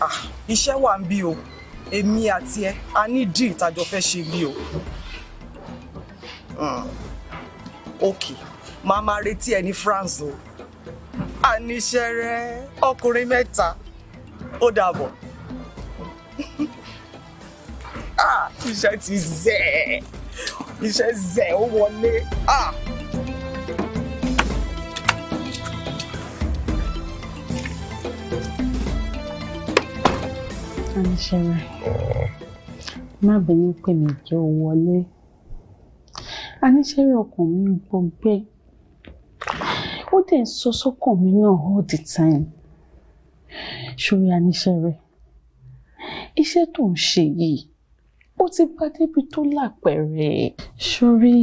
o ah, iṣẹ́ wà ń bí o èmi àti ẹ a ní díì tàjọ fẹ́ ṣe bí o. Hmm. okay màá máa retí ẹ ní France o àníṣẹrẹ ọkùnrin mẹ́ta ó dàbọ̀ ah, iṣẹ́ ti zẹ̀ iṣẹ́ zẹ̀ ó wọlé. Ah. Anishere, má bínú pé mi jẹ́ owó wọlé a ní sẹ́rí ọkàn mi ń gbọgbẹ́ ó dẹ̀ ń sọ sọ́kàn mi náà all the time ṣòro àníṣe rẹ iṣẹ́ tó ń ṣe yìí ó ti bá débi tó lápẹ̀rẹ̀ sórí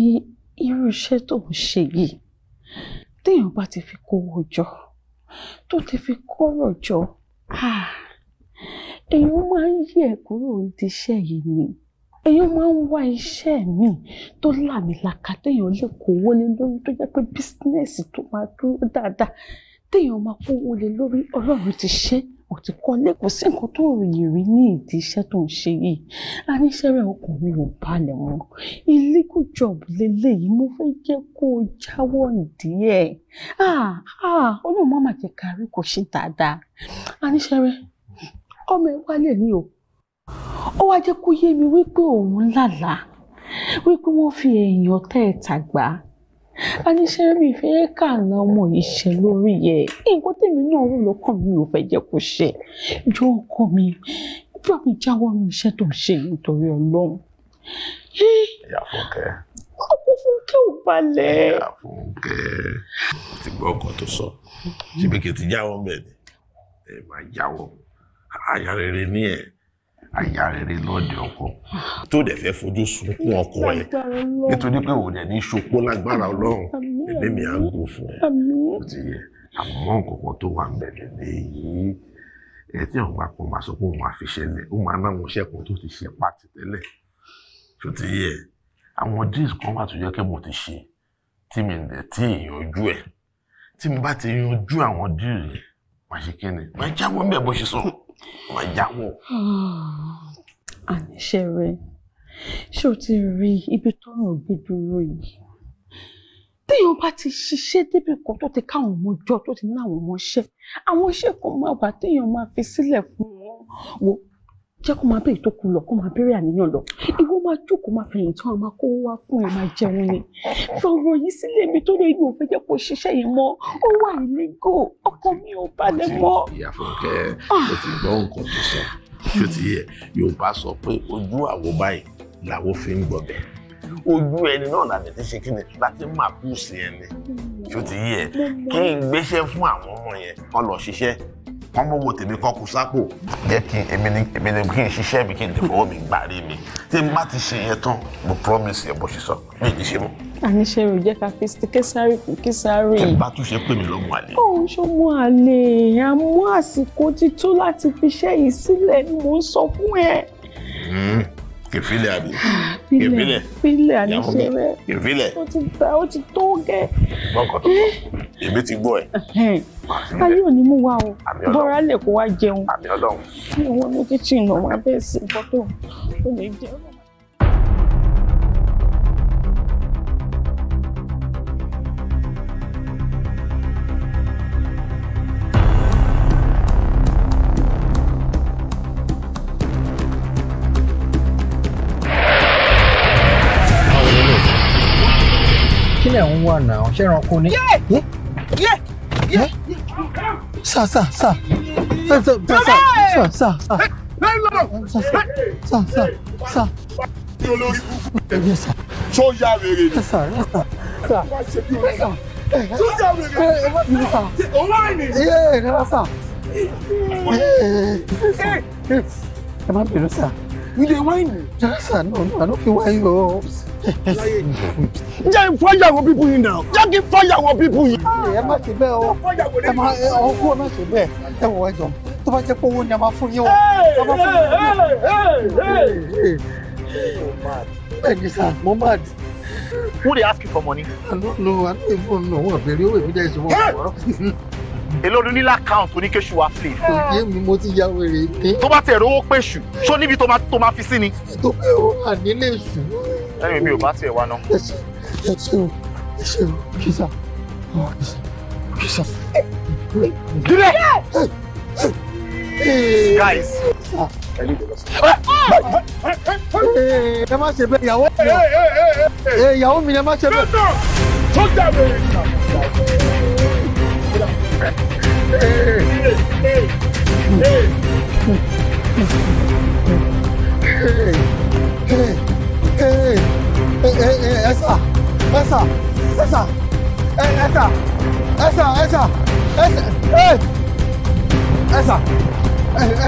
irú iṣẹ́ tó ń ṣe yìí téèyàn bá ti fi kówó jọ tó ti fi kọ́rọ̀ jọ ah, èèyàn máa ń yẹ̀ kúrò nídìí iṣẹ́ yìí ni èèyàn máa ń wá iṣẹ́ mi tó làmìlàkà téèyàn lè kówó lé lórí tó jẹ́ pé bísínẹ́sì tó máa dúró dáadáa téèyàn máa kówó lé lórí ọlọ́run ti ṣe ó ti kọ́lé kò sí nǹkan tó rìn rí ní ìdí iṣẹ́ tó ń ṣe yìí a ní iṣẹ́ rẹ̀ ọkàn mi ò balẹ̀ mọ́ illegal job lélẹ́yìí mo fẹ́ jẹ́ kó o jáwọ́ díẹ̀ ah, ah, ọlọ́run má má jẹ́ kárí kò ṣe dáadáa a ní iṣẹ́ rẹ̀ ọmọ ẹ wálé ni o ó wá jẹ́ kó yé mi wípé òun lálàá wípé wọ́n fi èèyàn tẹ́ẹ̀ta gbà á aníṣẹ́ mi fẹ́ kà lọ ọmọ yìí ṣe lórí ẹ̀ nǹkan tèmi náà rò lọ́kàn mi ò fẹ́ jẹ́ kó ṣe jọ ọkọ mi gbà mí jáwọ́ nínú iṣẹ́ tó ń ṣe nítorí ọlọ́run. ìyá fúnkẹ́. ọkọ fúnkẹ́ ò balẹ̀. ìyá fúnkẹ́ ti gbọ́ ọkọ tó sọ ṣíbi kìí ti jáwọ́ bẹ́ẹ̀ ni ẹ máa jáwọ́ àyà ní ẹ̀ aya rere lọ́ọ̀dẹ ọkọ tó dẹ̀ fẹ́ fojú sunkún ọkọ ẹ̀ nítorí pé òun dẹ̀ ní ṣokó lágbára ọlọ́run ẹ̀mí à ń gò fún ẹ ó ti yẹ àmọ́ nǹkan tó wà ń bẹ̀rẹ̀ léyìí ẹ tí àwọn akọ máa sọ pé òun máa fi ṣẹlẹ̀ ó máa náwọn iṣẹ́ kan tó ti ṣe pàtì tẹ́lẹ̀ tó ti yẹ àwọn díìs kan wà tó yẹ kí mo ti ṣe tí mi dẹ̀ tí ìyanjú ẹ̀ tí mo bá ti yanjú àwọn díìs yẹn máa ṣe kí wọ́n yáwó. Ah, àníṣe rẹ ṣé o ti rí ibi tọ́rọ̀ gbé dúró yìí téèyàn bá ti ṣiṣẹ́ débi kan tó ti káwọn ọmọ jọ tó ti ní àwọn ọmọ iṣẹ́ àwọn iṣẹ́ kan máa wà téèyàn máa fi sílẹ̀ fún wọn wò jẹ́ kó máa bẹ́ẹ̀ tó kú lọ kó máa bẹ̀rẹ̀ àníyàn lọ ìwọ máa jókòó máa fẹ̀yìn tán máa kó wá fún ẹ máa jẹun ni fọ̀rọ̀ yìí sílé mi tó lè mi ò fẹ́ jẹ́ kó ṣiṣẹ́ yìí mọ́ ó wà nígò ọkọ mi ò balẹ̀ mọ́. ìyá fúnkẹ́ o ti gbọ́ nǹkan tó sọ tó ti yẹ yorùbá sọ pé ojú àwo báyìí làwo fi ń gbọ̀bẹ̀ ojú ẹni náà làbẹ̀ ti ṣe kí ni láti máa kú sí ẹni tó ti yẹ kí n gbéṣẹ́ fún àwọn ọmọ yẹn kó lọ ṣiṣẹ́ kọ́mọ́wò tèmi kọ́ kù sápò jẹ́ kí èmi ni èmi ni kí n ṣiṣẹ́ mi kí n lè mi gbà mi tí n bá ti ṣe yẹn tán mo promise ẹ bó ṣe sọ mi ì ní ṣe mọ́. àníṣe rò jẹ́ ká fi késàrì kù késàrì. tí n bá tún ṣe pè mí lọ́mú àlè. ó ń ṣọmọ àlè àmọ́ àsìkò ti tó láti fi iṣẹ́ sílẹ̀ ni mò ń sọ fún ẹ. Hmm kèfílẹ̀ àbí kèfílẹ̀ kèfílẹ̀ àníṣe rẹ kèfílẹ̀ ó ti gbà ó ti tó gẹ́. gbọ́kàn tó èmi ti gbọ́ ẹ̀. ayé ò ní mú wa o bọ́ra lè kó wa jẹun àwọn méjèèjì ìnáwó abẹ́ ìsìnkú tó ò lè jẹun. ṣe ẹranko ni. sà sà sà sà sà sà sà sà sà sà sà. ṣó yá rere ni. sà sà sà sà. ṣó yá rere ni. owó rẹ̀ ni. ẹ ẹ rárá sà. ẹ má bẹ̀rù sà you dey whine me. jasa no i no fit whine you. jẹ́ n fọ́ yàwó pípú yìí náà jẹ́ kí n fọ́ yàwó pípú yìí. ẹ má ṣe bẹ́ẹ̀ o ẹ má ọkọ má ṣe bẹ́ẹ̀ ẹ wọ ẹ jọ tó bá jẹ́ pé owó ni a máa fún yín o a máa fún yín o. bẹ́ẹ̀ni sá mo máa dì. who dey ask you for money. i no know i no even know wọn bèrè owó èmi dẹ́ sọ wọn èlòrú nílá count oníkéṣù wa play. òye mi mo ti ya wèrè dé. tó bá tẹ̀ rówó péṣù ṣó níbi tó máa tó máa fi sí ni. tó bẹ́ẹ̀ o wà nílé èṣù. ẹ̀yin mi ò bá tiẹ̀ wá náà. ẹ ṣe o ẹ ṣe o kìsà kìsà. dídé. guys. ẹ má ṣe bẹ́ẹ̀ ìyàwó mi ìyàwó mi ẹ má ṣe bẹ́ẹ̀. tó dàbẹ̀. Ẹ̀sà ẹ̀sà ẹ̀sà ẹ̀sà ẹ̀sà ẹ̀sà ẹ̀sà ẹ̀sà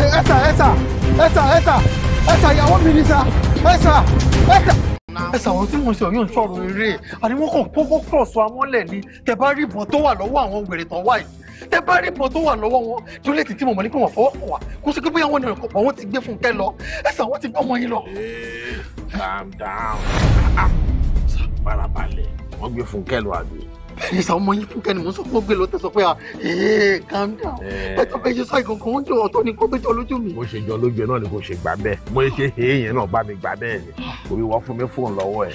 ẹ̀sà ẹ̀sà ẹ̀sà ẹ̀sà ìyàwó mi ni sa ẹ̀sà ẹ̀sà ẹsẹ̀ àwọn tí wọ́n ṣe òyìn sọ̀rọ̀ eré àníwọ̀n kókó kọ̀ọ̀sọ amọ́lẹ̀ ni tẹ bá rí ìbọn tó wà lọ́wọ́ àwọn wèrè tán wáyé tẹ bá rí ìbọn tó wà lọ́wọ́ wọn tí ó lè ní pé wọ́n fọwọ́ kàn kó sí pé bóyá wọn nìyẹn kọ̀ọ̀pọ̀ wọn ti gbé Fúnkẹ́ lọ ẹsẹ̀ àwọn ti gbọ́ ọmọ yín lọ. calm down ah, ah, farabalẹ̀ wọ́n gbé Fúnkẹ́ lọ àbí ẹ̀sà ọmọ yín fúnkẹ́ ni mò ń sọ fún ọgbẹ́ ló tẹ̀sọ pé ẹ̀ẹ́ ah, eh, calm down eh. ẹ̀tọ́ bẹ́ẹ̀ ṣe sáì kankan oúnjẹ ọ̀tọ̀ ni kó bẹ́ẹ̀ jọ lójú mi. mo ṣe jọ lójú ẹ náà ni kò ṣe gbà bẹ́ẹ̀ mo ṣe èèyàn náà bá mi gbà bẹ́ẹ̀ ni kò wíwọ́ fún mi fóònù lọ́wọ́ ẹ̀.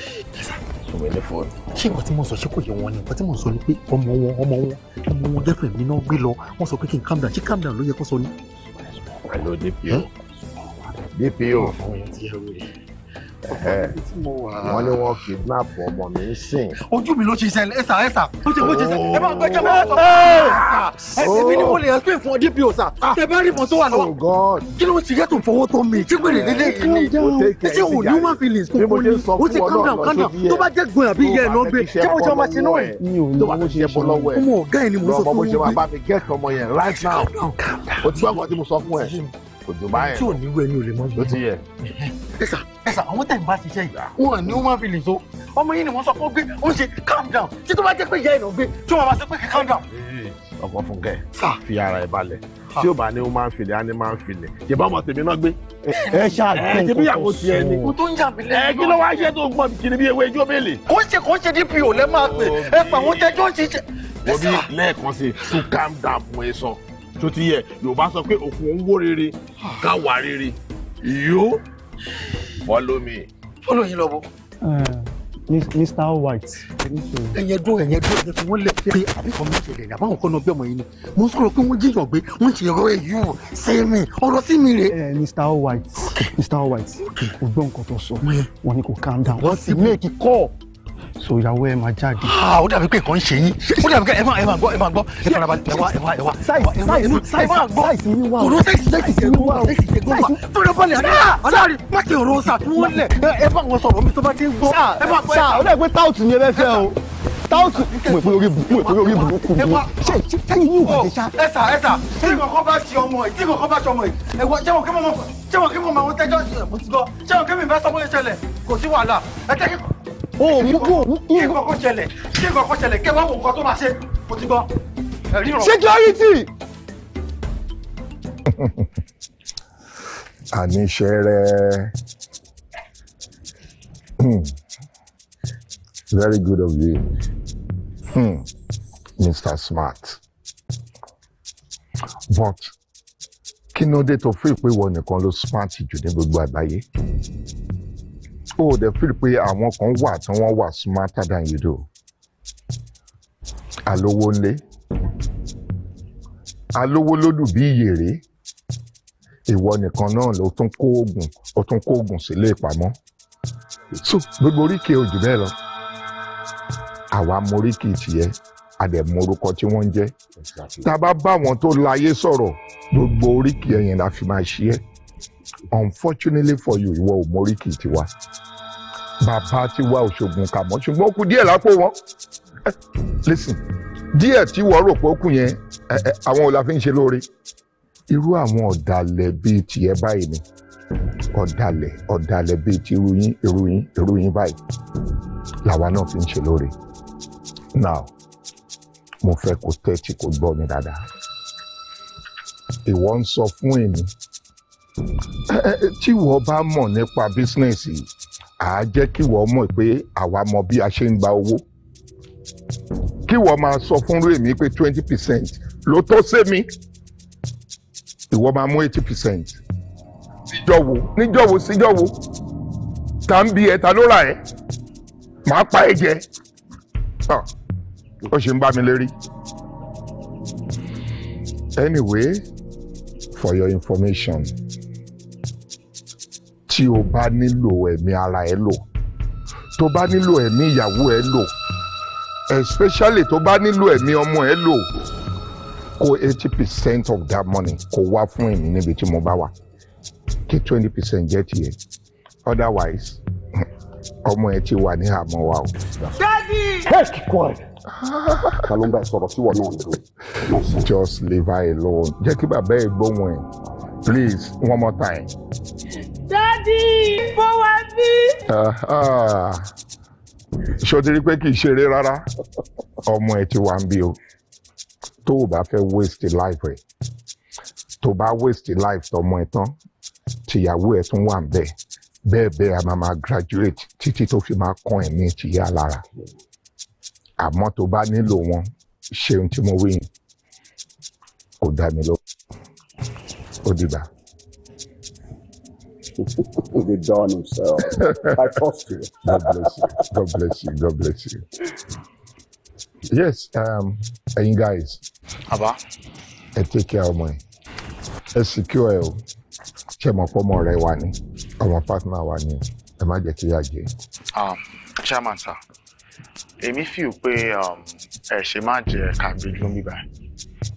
fún mi ní fóònù. ṣé ìwọ tí mo sọ ṣé kò yẹ wọn ni ìwọ tí mo sọ ni pé ọmọ wọn ọmọ wọn ọmọ wọn gẹ́fẹ̀ mi náà gbé lọ wọ́n sọ pé kí n calm down ṣé calm down ló yẹ kó sọ ni. hello DPO DPO wọ́n ní wọ́n kidnap ọmọ mi ń sìn. ojú mi ló ṣe ṣẹlẹ̀ ẹ̀sà ẹ̀sà ó ṣe wọ́n ṣe ṣe ẹ bá gbé jẹ́ báyà sọ mi. ni mo lè oh! explain fún ọdí bí o ah! ẹ bá rí ìbọn tó wà lọ. Oh, kí ló ń ṣe yẹ́tò fowó tó mi tí gbèrè nílé yìí ni ẹ ṣe wò human feelings tó kún ní o ti calm down calm down tó bá jẹ́ gbọ́n àbí yẹ ẹ̀ lọ gbé mo ṣe ọmọ ṣe ẹ̀. ọmọ ọ̀gá ẹ̀ ni mo sọ fún kò jù bá yẹn lọ tí ò ní wú ẹni ò lè mọ bí. ló ti yẹ. ẹsà ẹsà àwọn tẹ̀ ń bá ṣiṣẹ́ yìí wọn ní wọn fi lè so ọmọ yìí ni wọ́n sọ fún gbé ó ń ṣe calm down tí tó bá jẹ́ pé ìyá ẹ̀ náà gbé tí wọ́n máa sọ pé calm down. ọkọ Fúnkẹ́ fi ara ẹ balẹ̀ tí ó bá ní ó máa ń filẹ̀ á ní máa ń filẹ̀ ṣèbá ọmọ tèmi náà gbé. ẹ ṣe bí ìyàwó ẹ ní. o tó ń yà mí lẹ́yìn. ẹ kí ló wá ṣe tó ń gbọ́n kiri bí ewé ijó bèlè. kò ṣe kò ṣe dpo é pàwọn tẹjọ́ ń ṣiṣẹ́. wọ́n bí to calm down mo ẹ tó ti yẹ yorùbá sọ pé òkun ń wó rere ká wà rere yó follow me. follow yín lọ bọ. Eh, Mr. White. ẹyẹ dún ẹyẹ dún ẹyẹ tí wọn lè pe àbíkọ mi ṣẹlẹ̀ ní àbáwọn kan náà bí ọmọ yìí ni mo ń sọ̀rọ̀ pé wọn jiyàn gbé wọn ṣe ẹ̀rọ èyí o sẹmi ọ̀rọ̀ sí mi rè. Eh, Mr. White Mr. White kò gbọ́ nǹkan tó sọ wọn ni kò calm down wọn sì make call so ẹ máa jáde. ó dàbí pé nǹkan ń ṣe yín ó dàbí pé ẹ máa ẹ máa gbọ́ ẹ máa gbọ́ ẹ fara balẹ̀ ẹ wá ẹ wá ẹ wá. ṣáìsì ṣáìsì yín wà o ṣáìsì yín wà o ṣáìsì yín wà o fara balẹ̀ ọ̀dà ọ̀dà rí má ti rò sà tí wọ́n lẹ̀ ẹ bá wọn sọ̀rọ̀ mi tó bá ti ń gbọ́. ṣá ó dàbí pé táùtù ni ẹ bẹ fẹ́ o táùtù mo ìpè orí mo ìpè orí burúkú mi ṣe ṣẹ́yìn yóò bàjẹ́ ṣá. ẹ sà ẹ sà tí kòkó bá ṣe ọmọ yìí tí kòkó bá ṣe ọmọ yìí ẹ wá jẹ́wọ́n kí mo mọ̀ jẹ́wọ́n kí mo mọ̀ àwọn tẹ́jọ́ ṣe mo ti gbọ́ jẹ́wọ́n kí mi bá sọ́mọ́ yẹn ṣẹlẹ̀ kò sí wàhálà ẹ jẹ́ kí o mú kó mú. kí nǹkan kan ṣẹlẹ̀ kí nǹkan kan ṣẹlẹ̀ kẹ́ wá wo security. àníṣe rẹ hmm. very good of you Mr. Hmm. Smart but kí ló dé tó fi pé ìwọ nìkan ló smart jù ní gbogbo àgbáyé o ò dẹ̀ feel pé àwọn kan wà tí wọ́n wà smarter than you do alówó ńlé alówó lódù bí ìyèrè ìwọ nìkan náà ló tún kó oògùn ó tún kó oògùn sílé ìpamọ́ so gbogbo oríkè ojú bẹ́ẹ̀ lọ àwa moríkì tiẹ̀ àdẹ̀morúkọ tí wọ́n ń jẹ́ tá a bá bá àwọn tó láyé sọ̀rọ̀ gbogbo oríkì ẹ̀yìn la fi máa ṣe é unfortunately for you ìwọ ò móríkì tiwa bàbá tiwa òṣogùn kà mọ́ ṣùgbọ́n ó kù díẹ̀ lápò wọn eh, listen díẹ̀ tí wọ́n rò pé ó kù yẹn eh, eh, àwọn ò la fi ń ṣe lóore irú àwọn ọ̀dàlẹ̀ bíi tìẹ báyìí ni ọ̀dàlẹ̀ ọ̀dàlẹ̀ bíi ti irú yín irú yín irú yín báyìí làwa náà fi ń ṣe lóore now mo fẹ́ kó tẹ́tí kó gbọ́ mi dáadáa ìwọ ń sọ fún èmi tí wọ́n bá mọ̀ nípa bísínẹ́sì àá jẹ́ kí wọ́n mọ̀ pé àwa mọ̀ bí a ṣe ń gba owó kí wọ́n máa sọ fún rèmi pé twenty percent ló tó sẹ́mi ìwọ máa mú eighty percent síjọ́ wo níjọ́ ta ń bi ẹ ta ló rà ẹ màá pa ẹ jẹ ó ṣe ń bá mi lérí. Anyway, for your information tí o bá nílò ẹ̀mí ara ẹ lò tó bá nílò ẹ̀mí ìyàwó ẹ lò especially tó bá nílò ẹ̀mí ọmọ ẹ lò kó eighty percent of that money kó wá fún èmi níbi tí mo bá wà kí twenty percent jẹ́ tiẹ̀ otherwise ọmọ ẹ ti wà ní àmọ́ wa o. daddy. take quiet. kalonga sọ̀rọ̀ sí wọn náà. just leave her alone jẹ́ kí bàbá ẹ gbóhùn ẹ̀. Please, one more time. Daddy, mo wá bí. Ṣòdìrí pé kì í ṣeré rárá. Ọmọ ẹ ti wá ń bí o. Tó o bá fẹ́ waste life rẹ̀. Tó bá waste life tọmọ ẹ tán. Tìyàwó ẹ tún wà ń bẹ̀. Bẹ́ẹ̀ bẹ́ẹ̀ a máa máa graduate títí tó fi máa kàn ẹ̀ ní tìyá lára. Àmọ́ tó bá nílò wọn, ṣeun tí mo wí yìí kò dá mi lọ ó dìgbà. the Don himself. I trust you. God bless you. God bless you. God bless you. Yes, um, ẹ̀yin guys. Aba, I take care of my, Ẹ secure ẹ o. Ṣé mo pọ́ partner wà ní? Ẹ má jẹ́ kí um, Chairman sir, èmi feel pé um, ẹ ṣe má jẹ ẹ̀ka ìgbẹ́jú ń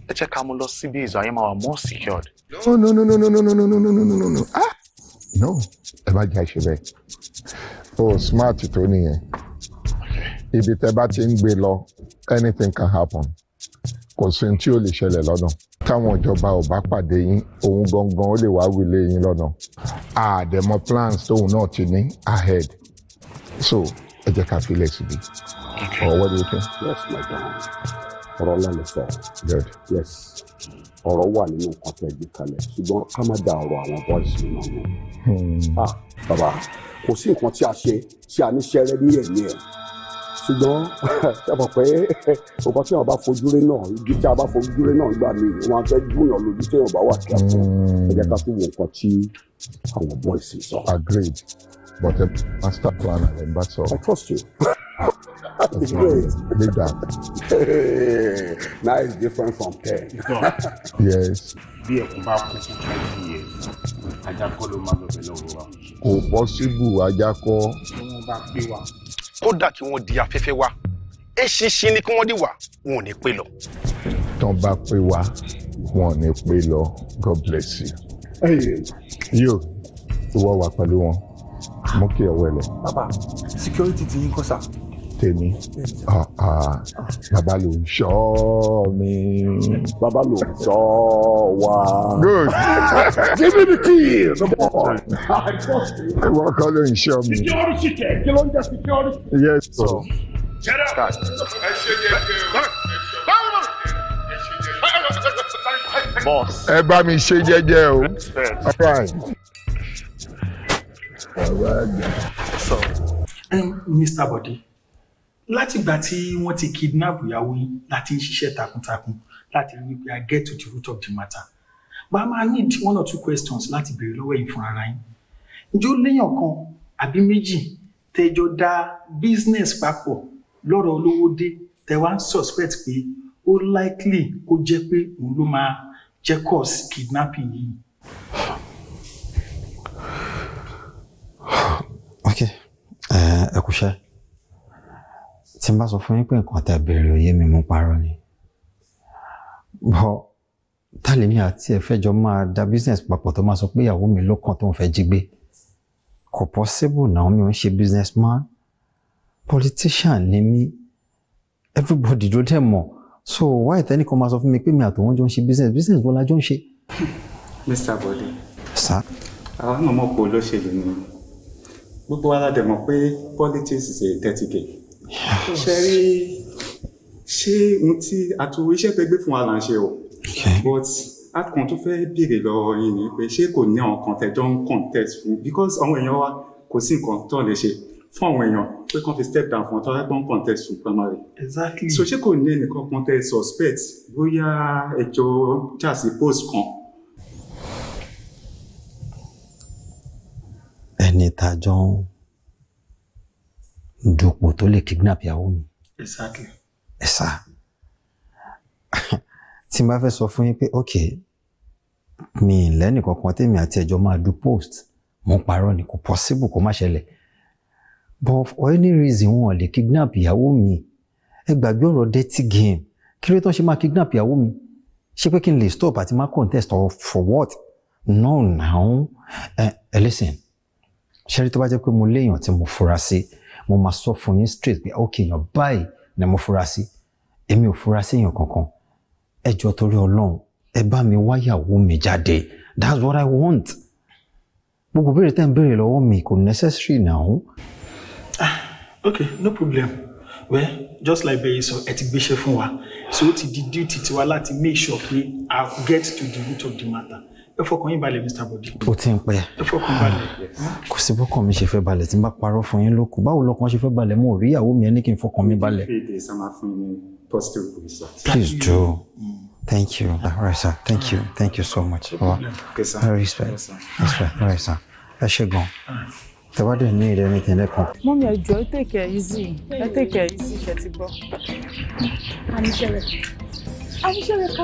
ẹ jẹ́ ká mú lọ síbi ìzọ ayé máa wà more secured. no no no no no no no no no no no no ah no ẹ bá jẹ́ àṣẹ bẹ́ẹ̀ o smart tó nìyẹn ibi tẹ́ bá ti ń gbé lọ anything can happen kò sí tí ó lè ṣẹlẹ̀ lọ́nà táwọn ìjọba ò bá pàdé yín òun gangan ó lè wá wílé yín lọ́nà àdèmọ plans tóun náà ti ní ahead so ẹ jẹ́ ká fi lẹ̀ síbi. Okay. Or oh, what do you think? Yes, my darling ọ̀rọ̀ ńlá sọ yes ọ̀rọ̀ wà nínú nǹkan tẹ́ gbé kalẹ̀ ṣùgbọ́n ká má da ọ̀rọ̀ àwọn bọ́ọ̀sì náà nù. bàbá kò sí nǹkan tí a ṣe tí a ní ṣẹrẹ ní ẹ̀mí ẹ̀ ṣùgbọ́n ẹ pé nǹkan tí wọn bá fojú rí náà ibi tí a bá fojú rí náà gbà mí wọn fẹ́ gbúyàn lójú tí wọn bá wà kí a fún ẹ jẹ́ ká tún wo nǹkan tí àwọn bọ́ọ̀sì sọ. agreed but uh, master plan and ambassador. i trust you. It's great. Big time. now it's different from 10. yes. Bí ẹkùn bá kú sí twenty years, ajakọ́ ló máa lọ́bẹ̀ wa. Kò pọ́síbù ajakọ́. Tí wọ́n di afẹ́fẹ́ wa, eṣinṣin ni kí wọ́n dì wá, wọn ò ní pé lọ. Tán bá pé wa, wọn ò ní pé lọ. God bless you. Yóò, ìwọ wà pẹ̀lú wọn, mú kí ọwọ́ ẹ lọ. Bàbá, security ti yín kọ́ sá tèmi bàbá ló ń ṣọ́ mi. bàbá ló ń ṣọ́ wa. good give me the key. ìwọ kọ́ ló ń ṣọ́ mi. security kẹ̀ kí ló ń jẹ́ security. yes sir. jẹ́rẹ̀ ẹ ṣe bá mi ṣe jẹ́jẹ́ o. So, um, Mr. Body látìgbà tí wọ́n ti kidnap ìyàwó yín láti ń ṣiṣẹ́ takuntakun láti rí wípé i get to the root of the matter bá a máa need one or two questions láti béèrè lọ́wọ́ yín fún ara yín ǹjọ́ léèyàn kan àbí méjì tẹjọ dá business papọ̀ lọ́rọ̀ olówó dé tẹ wá ń suspect pé ó likely kó jẹ́ pé òun ló máa jẹ́ cause kidnapping yìí. ok eh, ẹ kú ṣe tí n bá sọ fún yín pé nǹkan tẹ́ bèrè òye mi mú parọ́ ni bọ́ tálẹ́mí àti ẹ̀fẹ́jọ máa da business papọ̀ tó máa sọ pé ìyàwó mi lọ́kàn tó ń fẹ́ jí gbé kò possible náà mi ò ń ṣe businessman politician ni mí everybody ló dẹ̀ mọ̀ so why tẹ́ni kan máa sọ fún mi pé mi àtòun jọ ń ṣe business business wọn la jọ ń ṣe. Mr. Bode. sa. àwa náà mọ̀ pé olóṣèlú ni gbogbo wa la dẹ̀ mọ̀ pé politics is a dirty game ṣe rí ṣé ohun tí àtò iṣẹ́ tẹ gbé fún wa là ń ṣe o but atkan tó fẹ́ béèrè lọ́wọ́ yín ni pé ṣé kò ní àwọn kan tẹjọ́ ń contest fún because àwọn èèyàn wa kò sí nǹkan tó lè ṣe fún àwọn èèyàn pé kàn fi step down fún ọ tó fẹ́ gbọ́n contest fún primary. exactly so ṣé kò ní ẹnìkan kan tẹ suspect bóyá ẹjọ́ jàsí post kan. ẹni tá a jọ ń dupò tó lè kidnap ìyàwó mi. exactly. ẹ sá tí n bá fẹ́ sọ fún yín pé ok mi ì lẹ́nì kankan tèmi àti ẹ̀jọ́ máa du post mo ń parọ́ ni kò possible kó má ṣẹlẹ̀ but for any reason wọn lè kidnap ìyàwó mi ẹ gbàgbé ọ̀rọ̀ dirty game kí ló tán ṣe máa kidnap ìyàwó mi ṣé pé kí n lè stop àti má contest or for what no now ẹ eh, listen ṣe rí tó bá jẹ́ pé mo léèyàn tí mo fura sí. Si mo máa sọ fún yín straight pé ok èèyàn báyìí ni mo fura sí èmi ò fura sí èèyàn kankan ẹ torí Ọlọ́run ẹ bá mi wáyàwó mi jáde that's what I want gbogbo béèrè tẹ́ ń béèrè lọ́wọ́ mi kò necessary now. ah ok no problem well just like bẹ́ẹ̀ sọ ẹ ti gbéṣẹ́ fún wa so ó ti di duty tiwa láti make sure pé i get to the root of the matter ẹ fọkàn yín balẹ̀ mr bodi. ó ti ń pẹ́. ẹ fọkàn balẹ̀. kò sí bọ́kàn mi ṣe fẹ́ balẹ̀ tí n bá parọ́ fún yín lókun báwo lọ́kàn ṣe fẹ́ balẹ̀ mo rí ìyàwó mi ẹni kí n fọkàn mi balẹ̀. please do mm. thank you ah, all right sir thank you ah. thank you so much. I respect respect all right sir ẹ ṣe gan ah. tẹwádé ní ìrẹ ní tẹlẹ kan. mú mi ẹjọ ẹ tẹkẹ easy ẹ tẹkẹ easy ṣe ti gbọ́ àṣìṣe rẹ ká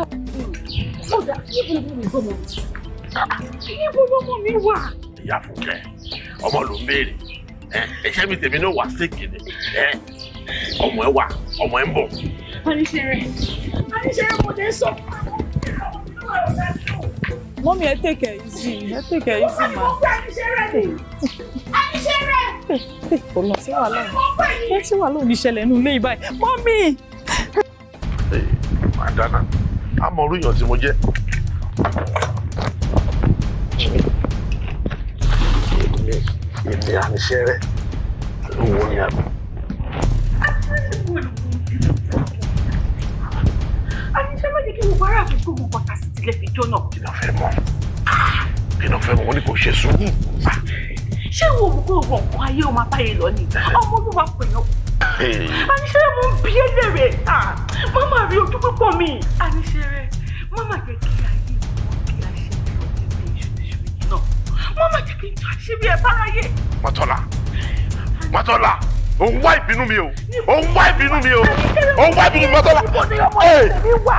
ọ̀dà níbo ni mo gbọ́mọ níbo lọ́mọ mi wà. ìyá fúnkẹ́ ọmọ ló ń béèrè ẹ̀ṣẹ́ mi tèmi náà wà sí ìkéde ọmọ ẹ wà ọmọ ẹ ń bọ̀. àṣìṣe rẹ àṣìṣe rẹ kò dé sọ mọ́mí ẹ take it easy ẹ take it easy ma. mo fẹ́ àníṣe rẹ ni àníṣe rẹ. kò lọ sí wàhálà ẹ sí wàhálà òní ṣẹlẹ̀ nínú ilé yìí báyìí mọ́mí máa dáná àmọ́ orú èèyàn tí mo jẹ́. ètè àníṣẹ́ rẹ̀ ló wọ ní àgbà. àníṣẹ́ má jẹ́ kí gbogbo ara àfikún gbogbo ọ̀tá sí tilẹ̀ fi jóná. kí ló fẹ́ mọ̀ kí ló fẹ́ mọ̀ wọ́n ní kò ṣe sùúrù. ṣé wo gbogbo nǹkan ayé o máa báyìí lọ ni ọmọ olúwa pè náà àníṣẹ́rẹ́ mo ń bí ẹlẹ́rẹ̀ mama rí ojú púpọ̀ mi. àníṣẹ́rẹ́ mama jẹ́ kí ayé wọn kí a ṣe bí ọtí bí iṣu iṣu yìí náà mama jẹ́ kí n tó àṣírí ẹ̀ báráyé. mọ́tọ́lá mọ́tọ́lá ò ń wá ìbínú mi o ò ń wá ìbínú mi o ò ń wá ìbínú mi mọ́tọ́lá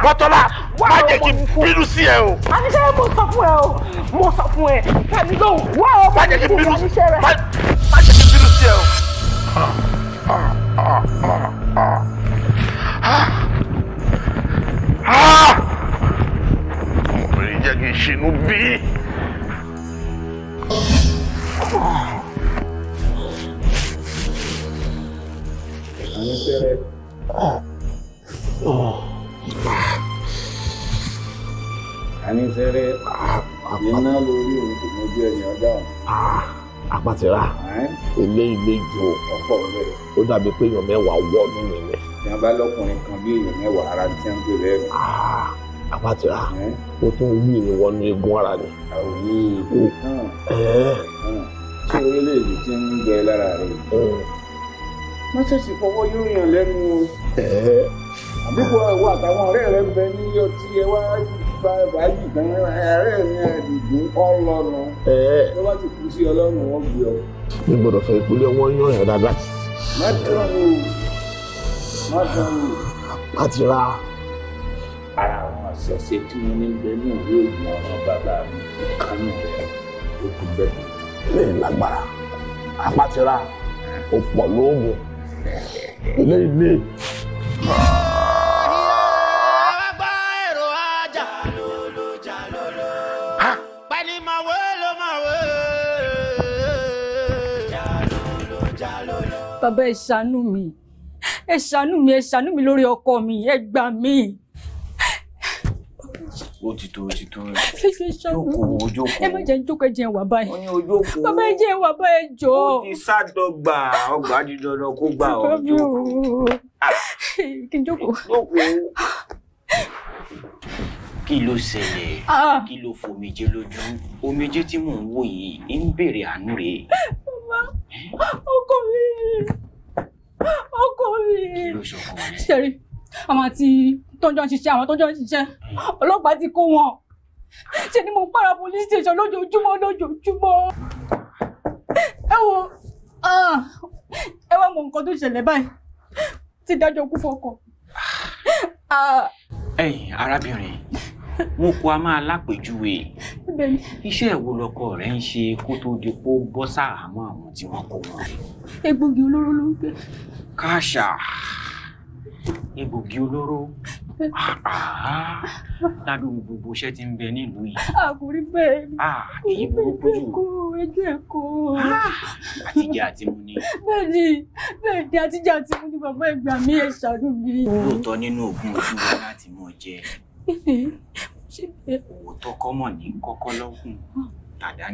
mọ́tọ́lá má jẹ́ kí n bínú sí ẹ o. àníṣẹ́rẹ́ mo sọ fún ẹ o mo sọ fún ẹ kẹ́mi ló wá ọmọ mi kúrò àníṣẹ́rẹ́. má jẹ́ kí n bínú sí ẹ o. ọmọbìnrin jẹ́ kí n ṣinú bí. anisẹ́rẹ́ iná lórí òkú mojú ẹ̀yìn ọjà ọ̀hún apatira ilé ilé ju ọ̀pọ̀ rẹ̀ ó dàbí pé èèyàn mẹ́wàá wọ́ nínú ilé tí wọn bá lọkùnrin kan bí èèyàn mẹ́wàá ara tí wọn ń pè lẹ́rù. àwa ti ra o tún wí ìwọnú egun ara ni. àwọn yìí kò tán tí orílẹ̀-èdè ti ń gbẹ lára rẹ̀. wọ́n ṣèṣì fọwọ́ yóò yàn lẹ́nu o. dípò ẹ̀wọ̀ àtàwọn ọ̀rẹ́ rẹ̀ ń bẹ ní ọtí ẹ wá fa fàájì kan ẹ̀rẹ́ mi àdìgún ọlọ́nu. tó bá ti kú sí ọlọ́run wọn gbé ọ. mi gbọ́dọ̀ fẹ́ ìpínlẹ̀ wọn yàn yàn dáadáa. má dùn ún o àti ra. ara àwọn àṣẹṣe tí mo ní bẹ ní ìwé ìgbìmọ̀ ọ̀ràn bàbá mi kánú rẹ̀ ó kú bẹ́ẹ̀. lẹ́yìn lágbára apá ti ra ó pọ̀ lóògùn ilé ilé. Bàbá ẹ ṣàánú mi ẹ ṣàánú mi ẹ ṣàánú mi lórí ọkọ mi ẹ gbà mí. ó ti tó ó ti tó jókòó jókòó ẹ má jẹ́ jókòó ẹ jẹ́ wà báyìí bàbá ẹ jẹ́ wà báyìí jọ. ó ti sádọgba ọgbà di dandan kó gbà ọ ah. jókòó. kí n jókòó. jókòó kí ló ṣẹlẹ̀ ah. kí ló fòmijé lójú omijé tí mò ń wò yìí ń béèrè àánú rèé. ọkọ mi ọkọ mi ṣẹ̀rí àwọn àti tọ́jọ́ ń ṣiṣẹ́ àwọn tọ́jọ́ ń ṣiṣẹ́ ọlọ́pàá ti kó wọn ṣe ni mo ń para police station lójoojúmọ́ lójoojúmọ́ ẹ wo ẹ wá mọ nǹkan tó ṣẹlẹ̀ báyìí ti dájọ́ kú fọkọ. ẹ̀yin arábìnrin wọn kò a máa lápèjúwe iṣẹ́ ìwo lọkọ rẹ̀ ń ṣe kó tó di pé ó bọ́ àwọn tí wọ́n kó wọn. egbògi olóró ló ń gbé káàṣà egbògi olóró ládùn gbogbo iṣẹ́ tí ń bẹ nílùú yìí. àkùrí bẹ́ẹ̀ ni èyí burúkú jù ẹjọ́ ẹ̀kọ́. àtijọ́ àti mu ni. bẹ́ẹ̀ni bẹ́ẹ̀ni àtijọ́ àti mu ni bàbá ẹgbà mi ẹ̀ ṣàánú mi. lóòótọ́ nínú oògùn ojú wa láti mọ̀ jẹ. owó tọkọ mọ̀ ní kọ́kọ́ lọ́kùn tàdá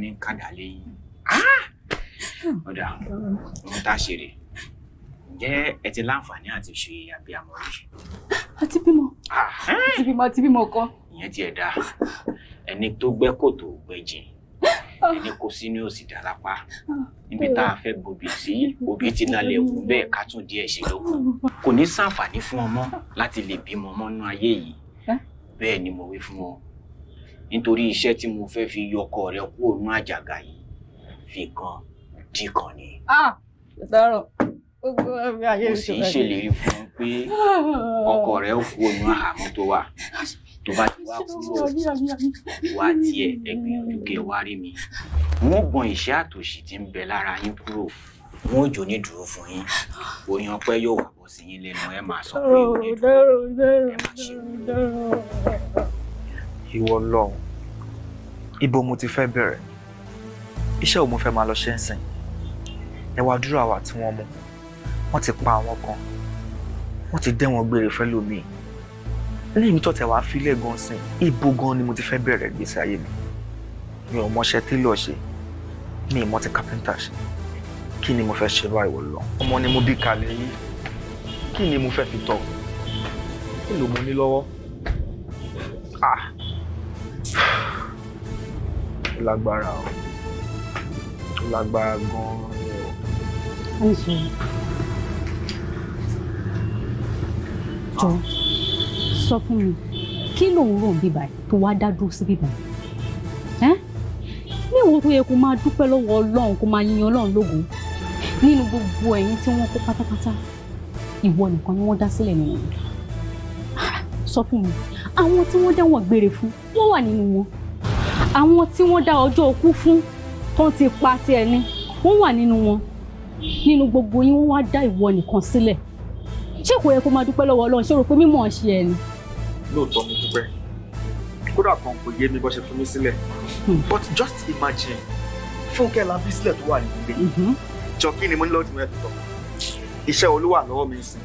lẹ́yìn. ọ̀dà ohun tá a ṣe rèé ǹjẹ́ ẹ ti láǹfààní àti ṣe abiyamọ rí. àti bímọ àti bímọ àti bímọ kan. ìyẹn tiẹ̀ dá ẹni tó gbẹ́ kòtò gbẹ́jìn ah. ẹni kò sí ní òsì dálápá ah. níbi tá a fẹ́ gbòbì sí òbí tí nalẹ̀ wù bẹ́ẹ̀ ká tún díẹ̀ ṣe lókun kò ní sàǹfààní fún ọmọ láti lè bímọ mọ́nú ayé yìí eh? bẹ́ẹ̀ ni mo wí fún ọ nítorí iṣẹ́ tí mo fẹ́ fi yọkọ rẹ kúrò nú àjàgà yìí fi kan dì kan ni. ah dárò kò sì ń ṣèlérí fún un pé ọkọ rẹ ó fún òun àhámọ́ tó wà tó bá ti wá kúrò wá tiẹ̀ ẹgbìyànjú kẹ wá rí mi wọ́n gbọ̀n ìṣẹ́ àtòṣì tí ń bẹ lára yín kúrò wọn ò jò ní dúró fún yín oyan pẹ yóò wà bọ sí yín lẹ́nu ẹ máa sọ pé ò ní dúró ẹ máa ṣe. ìwọ lọ́hùn ibo mo ti fẹ́ bẹ̀rẹ̀ iṣẹ́ ò mo fẹ́ máa lọ ṣe ń sìn ẹ wá dúró àwa tí wọ́n mú wọ́n ti pa àwọn kan wọ́n ti dẹ́ wọn gbére fẹ́ lómi lẹ́yìn tó tẹ̀ wá filẹ̀ gan sìn ibo gan ni mo ti fẹ́ bẹ̀rẹ̀ gbèsè ayé mi mi ò mọṣẹ́ télọ̀ ṣe mi ì mọ ti kápẹ́ńtà ṣe kí ni mo fẹ́ ṣe báyìí wọ̀ lọ ọmọ ni mo bí kalẹ̀ yìí kí ni mo fẹ́ fi tọ̀ kí ló mo ní lọ́wọ́ ah ó lágbára o ó lágbára gan-an ni o. jọ sọ fún mi kí lòun rò ń bíbà tó wá dá dúró sí bíbà ní ìwọ tó yẹ kó máa dúpẹ́ lọ́wọ́ Ọlọ́run kó máa yin Ọlọ́run lógo nínú gbogbo ẹ̀yin tí wọ́n kó pátápátá ìwọ nìkan ni wọ́n dá sílẹ̀ nínú ah, sọ fún mi àwọn tí wọ́n dẹ́wọ̀n gbére fún wọ́n wà nínú wọn àwọn tí wọ́n dá ọjọ́ òkú fún tó ti pa ti ẹni wọ́n wà nínú wọn nínú gbogbo yín wọ́n wá dá ìwọ nìkan sílẹ̀ kò yẹ kó máa dúpẹ́ lọ́wọ́ ọlọ́run ṣé o rò pé mímọ̀ ṣe ẹ̀ ni. lóòótọ́ mo dúpẹ́ kódà kan kò yé mi bó ṣe fún mi sílẹ̀ hmm. but just imagine fúnkẹ́ la fi sílẹ̀ tó wà nílé mm-hmm. jọ̀kí ni mo ní lọ́dún ẹ̀ tó iṣẹ́ olúwa lọ́wọ́ mi sí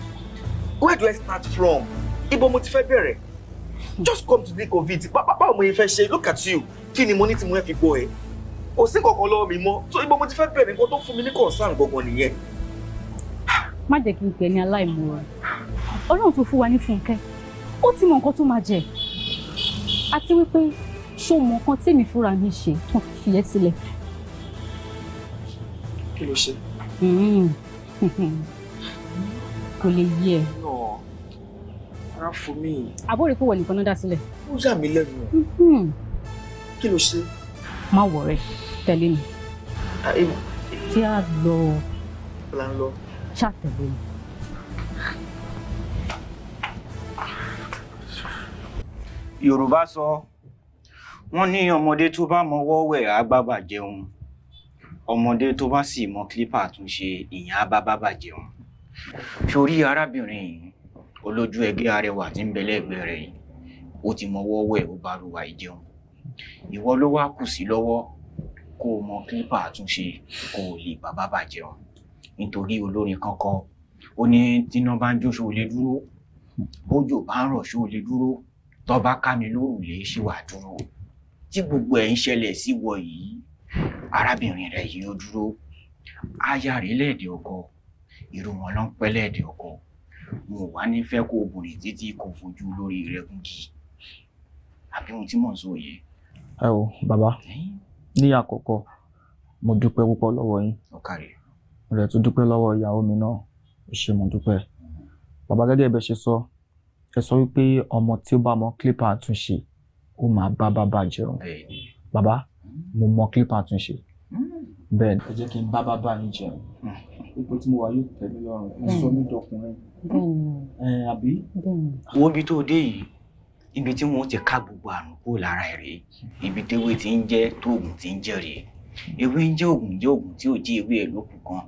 where do I start from ibo mo ti fẹ́ bẹ̀rẹ̀ hmm. just come to think COVID. it báwo mo fẹ́ ṣe look at you kí ni mo ní tí mo fẹ́ fi gbọ́ ẹ kò sí kankan lọ́wọ́ mi mọ́ so ibo mo ti fẹ́ bẹ̀rẹ̀ nǹkan tó fún mi ní concern gangan nìyẹn má jẹ́ kí n pè ní aláìmoore ọlọ́run tó fún wa ní fúnkẹ́ ó ti mọ nǹkan tó máa jẹ àti wípé ṣó mọ nǹkan tèmi fúnra mi ṣe tó fi ẹ́ sílẹ̀. kí ló ṣe. Hmm. kò lè yí ẹ. ara fún mi. àbúrò ìpínwọ̀ nìkan ló dá sílẹ̀. ó yà mí lẹ́nu. Hmm. kí ló ṣe. má wọ̀ rẹ̀ tẹ̀lé mi. kí a lọ. la lọ ṣàtẹ̀lé mi. yorùbá sọ wọ́n ní ọmọdé tó bá mọwọ́ wẹ̀ àgbàbà jẹun ọmọdé tó bá sì mọ clipper àtúnṣe ìyẹn àbábàbà jẹun sórí arábìnrin yìí olójú ẹgbẹ́ arẹwà tí ń bẹ lẹ́gbẹ̀ẹ́ rẹ̀ yìí ó ti mọwọ́ wẹ̀ ó bá ruwa ìjẹun ìwọ ló wá kù sí lọ́wọ́ kó o mọ clipper àtúnṣe kó o lè bàbá bàjẹun nítorí olórin kan kọ ó ní tíná bá ń jó ṣó lè dúró bójò bá ń rọ̀ ṣó lè dúró tọ́ba ká mi lórùlé ṣì wà dúró tí gbogbo ẹ̀ ń ṣẹlẹ̀ sí wọ yìí arábìnrin rẹ̀ yìí ó dúró aya rèé lẹ́ẹ̀dẹ̀ ọkọ irú wọn ló ń pẹ́ lẹ́ẹ̀dẹ̀ ọkọ mo wá ní fẹ́ kó obìnrin títí kò fojú lórí rẹ̀ gúngi àbí ohun tí mò ń sọ yìí. ẹ o bàbá ní àkọ́kọ́ mo dúpẹ́ púpọ̀ lọ́wọ́ yín. ọ̀kàrẹ̀ mo rẹ̀ tún dúpẹ́ lọ́wọ́ ìyàwó mi náà ó ṣe mo dúpẹ́ bàbá gẹ́gẹ́ bẹ́ẹ̀ ṣe sọ ẹ sọ wípé ọmọ tí ó bá mọ clipper àtúnṣe ó máa bá bàbá jẹun bàbá mo mọ clipper àtúnṣe hmm. bẹ́ẹ̀ ni. ẹ jẹ́ kí n bá bàbá yín jẹun hmm. ipò tí mo wà yóò tẹ̀ mí lọ́rùn ẹ sọ mí dọkùnrin àbí. wo ibi tó dé yìí ibi tí wọn ti ká gbogbo àrùn kúrò lára ẹ rèé ibi téwé ti ń jẹ tóògùn ti ń jẹ rèé ewé ń jẹ òògùn jẹ òògùn tí ò jí ewé ẹ lókun kan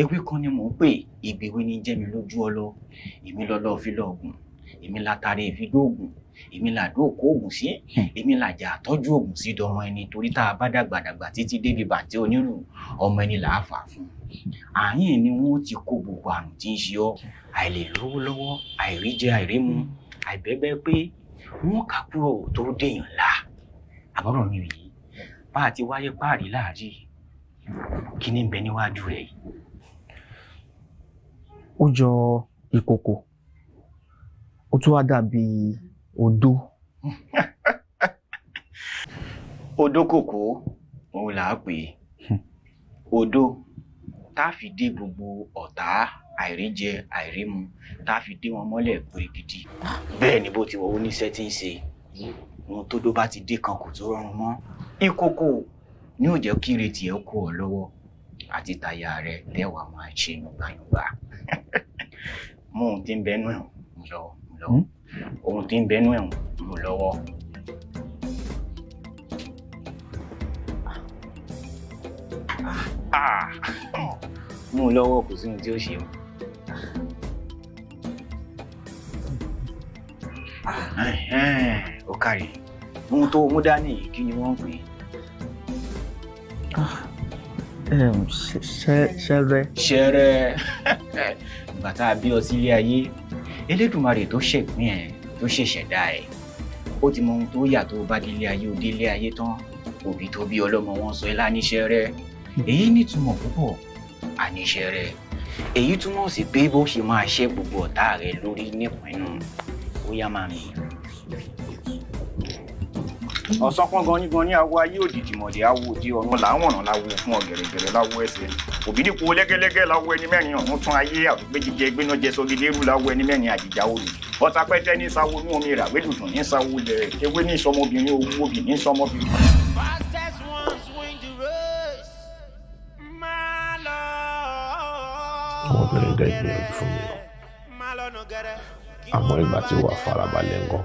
ewé kan ni mò ń pè ìgbèwé ní jẹ́mi lójú ọlọ èmi lọ́lọ́ fi lọ́ọ̀gùn èmi látàrí ìfidóògùn èmi làdó òkó ògùn sí èmi làjà àtọ́jú ògùn sí dọmọ ẹni torí tá a bá dàgbàdàgbà títí débi bàtí onírù ọmọ ẹni là á fà fún àyìn ni wọn ti kó gbogbo àrùn tí ń ṣe ọ àìlè lówó lọ́wọ́ àìríjẹ àìrímu àìbẹbẹ pé wọn kà kúrò tó dèèyàn la àbọ̀rọ̀ mi yìí bá a ti wáyé páàrí láàrí kí ni bẹ níwájú rẹ yìí ó jọ ìkòkò ó tún wá dàbí odó. odó kòkó òun là á pè é odó tá a fi dé gbogbo ọ̀tá àìríjẹ àìrímu tá a fi dé wọn mọ́lẹ̀ pérégidì bẹ́ẹ̀ ni bó ti wọ oníṣẹ́ tí ń ṣe ohun tó dó bá ti dé kan kò tó rọrùn mọ́ ìkòkò ni yóò jẹ́ kí ìrètí ẹ kó ọ lọ́wọ́ àti táyà rẹ lẹ́wàá máa ṣe yùngbàyùngbà mú ohun tí ń bẹnu ẹ̀ mú lọ́wọ́ mú lọ́wọ́ hmm? ohun tí ń bẹnu ẹ̀ mú lọ́wọ́. Ah. Ah. mú lọ́wọ́ kò sí ohun tí ó ṣe mú. Ah. ó kárí ohun tó mú dání kí ni wọ́n ń pè é. Ehm, ṣẹrẹ. ṣẹrẹ ìgbà tá a bí ọ sílé ayé elédùnmarè tó ṣègbín ẹ tó ṣẹ̀ṣẹ̀dá ẹ ó ti mọ ohun tó yà tó ayé ó ayé tán òbí tó bí ọlọ́mọ wọn sọ ẹ láníṣẹ́ rẹ èyí nítumọ̀ púpọ̀ àníṣẹ́ rẹ èyí túmọ̀ sí pé bó ṣe máa ṣe gbogbo ọ̀tá rẹ lórí nípinnu ó yá máa mìíràn ọ̀sán pọ́n gan nígan ní awo ayé òdìdì mọ̀dé awo òde ọ̀run làwọ̀ràn lawo fún ọ̀gẹ̀rẹ̀gẹ̀rẹ̀ lawo ẹsẹ̀ òbídìpọ̀ lẹ́gẹ́lẹ́gẹ́ lawo ẹni mẹ́rin ọ̀run tún ayé àdúgbò jíjẹ gbéná jẹ sọgidérú lawo ẹni mẹ́rin àjìjà olù ọ̀tàpẹ́tẹ́ ní sawo inú omi rà wẹ́dùdùn ní sawo lẹ̀ ewé ní sọmọbìnrin owó ní sọmọbìnrin. fastest ones win fún mi àmọ́ ìgbà tí wàá farabalẹ̀ gan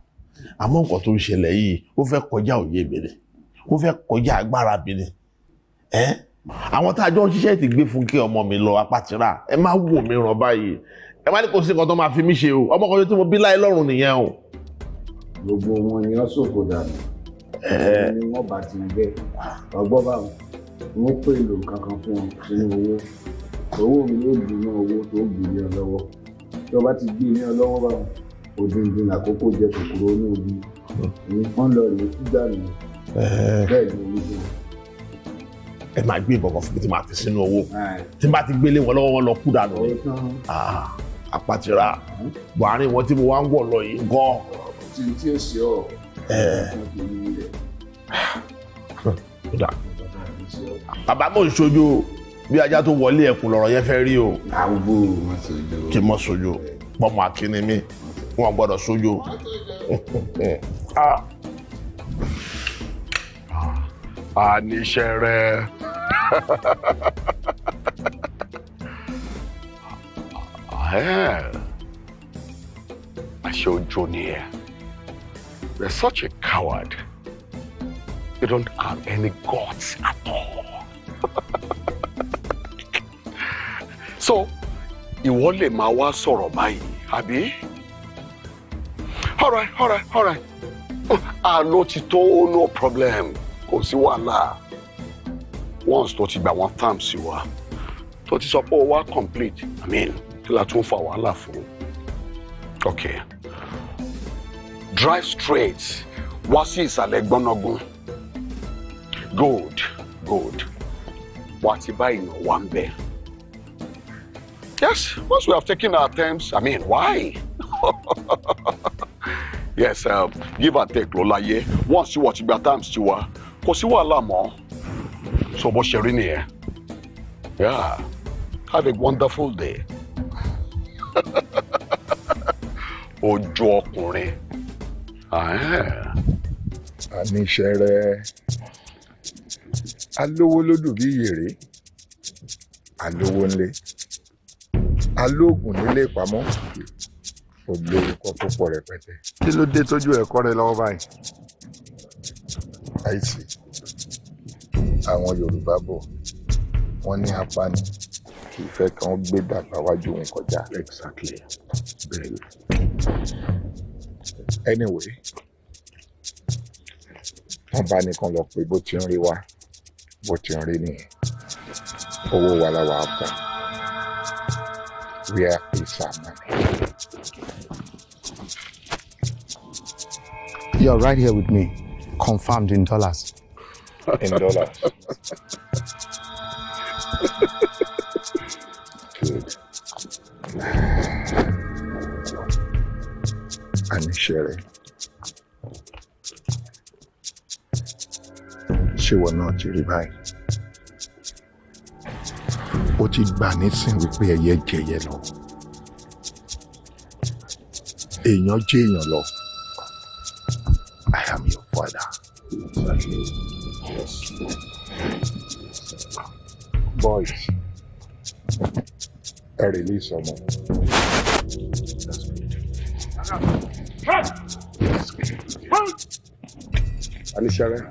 àmọ́ nǹkan tó ń ṣẹlẹ̀ yìí ó fẹ́ kọjá òye mi ni ó fẹ́ kọjá agbára mi ni ẹ́ àwọn tá a jọ ń ṣiṣẹ́ ti gbé fún kí ọmọ mi lọ apátìrà ẹ má wò mí ràn báyìí ẹ má ní kò sí nǹkan tó máa fi mí ṣe o ọmọ kan tí mo bí láì lọ́rùn nìyẹn o. gbogbo wọn ni wọn ṣòfò dànù ni wọn bá ti gbẹ ọgbọ́n báwọn wọn pè lò kankan fún wọn sínú owó owó mi yóò dùn náà owó tó gbìn ní ọ lọ́wọ́ tí wọn bá ti gbìn ní ọ lọ́wọ́ báwọn odundun àkókò jẹ kòkòrò ní omi wọn lọ rèé sígbà mi bẹ́ẹ̀ ni omi tó ẹ máa gbé ìbọ̀kọ̀ fún mi tí máa fi sínú owó tí n bá ti gbélé wọn lọ́wọ́ wọn lọ kú dànù ni apatira ah, buhari wọn tí mo wá ń wọ̀ lọ yìí gan. tí tí ó ṣe ọ bàbá mò ń ṣojú bí ajá tó wọlé ẹkùn lọ̀rọ̀ yẹn fẹ́ rí o. kí n mọ pọmọ akínní mi wọn gbọ́dọ̀ sójú. àníṣe ah. ah. ah, rẹ àṣẹ eh. ojú ni ẹ you are such a coward you don't have any guts at all. so ìwọ lè máa wá sọ̀rọ̀ báyìí àbí all right all right all right àná ti tó oh, no problem kò sí wàhálà once tó ti gba one time sí wa tó ti sọ pé ó wá complete i mean kí la tún fa wàhálà fún ok drive straight wá sí ìsàlẹ̀ gbọ́nọ́gún good good wá ti bá èèyàn wá ń bẹ̀. yes once we have taken our attempts i mean why. yes um, give and take ló láyé wọ́n sì wọ́n ti gba times ti wa kò sí wàhálà mọ́ so bó ṣe rí nìyẹn yeah have a wonderful day ojú ọkùnrin ah, eh. àníṣe rẹ alówó lódù bí yèrè alówó ńlẹ alóògùn nílé ìpamọ́ tó gbé orúkọ tó rẹpẹtẹ. kí ló dé tójú ẹ̀kọ́ rẹ lọ́wọ́ báyìí. àìsí àwọn yorùbá bọ̀ wọ́n ní apani kì í fẹ́ kí wọ́n gbé dàgbà wájú òun kọjá. exactly bẹ́ẹ̀ anyway wọ́n bá nìkan lọ pé bó ti ń rí wa bó ti ń rí nìyẹn owó wa la wà á gbà wíyá pèsè àmàlẹ́. You're right here with me, confirmed in dollars. In dollars. Good. And Sherry. Ṣé wọ náà ti rí báyìí? Ó ti gbà nísìn wípé ẹyẹ jẹyẹ lọ. Èèyàn jẹ́ èèyàn lọ. I am your father. Boys, I release someone. That's Aníṣẹ́rẹ́,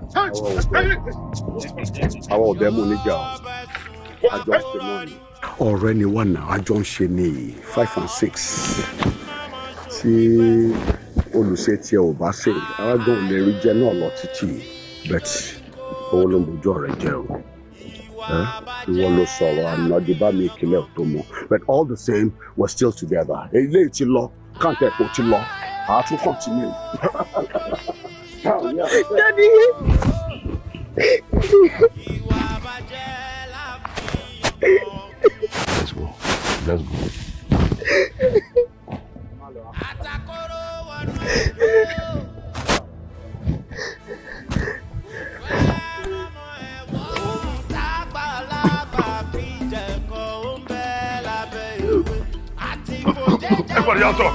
àwọn ọ̀dẹ mú níjà ọ̀, àjọ ṣe náà ni. Ọ̀rẹ́ ni wà náà, àjọ ń ṣe ní five and six. Tí olùṣe tiẹ̀ ò bá ṣe arágùn ò lè rí jẹ náà lọ títì bẹ́ẹ̀ owó ló ń bójú ọ̀rẹ́ jẹ o ìwọ ló sọ̀rọ̀ àná di bá mi ìkìlẹ̀ tó mọ̀ but all the same we're still together ilé ti lọ káńtà ẹ̀kọ́ ti lọ àá tún continue. Daddy. Let's go. Let's go. Everybody answer.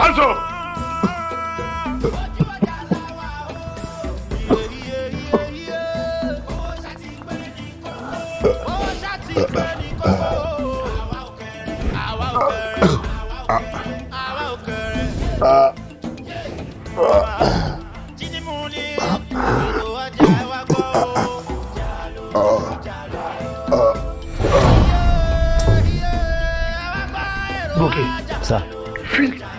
Answer. Uh, Gòkè. Sà. Fíìlì.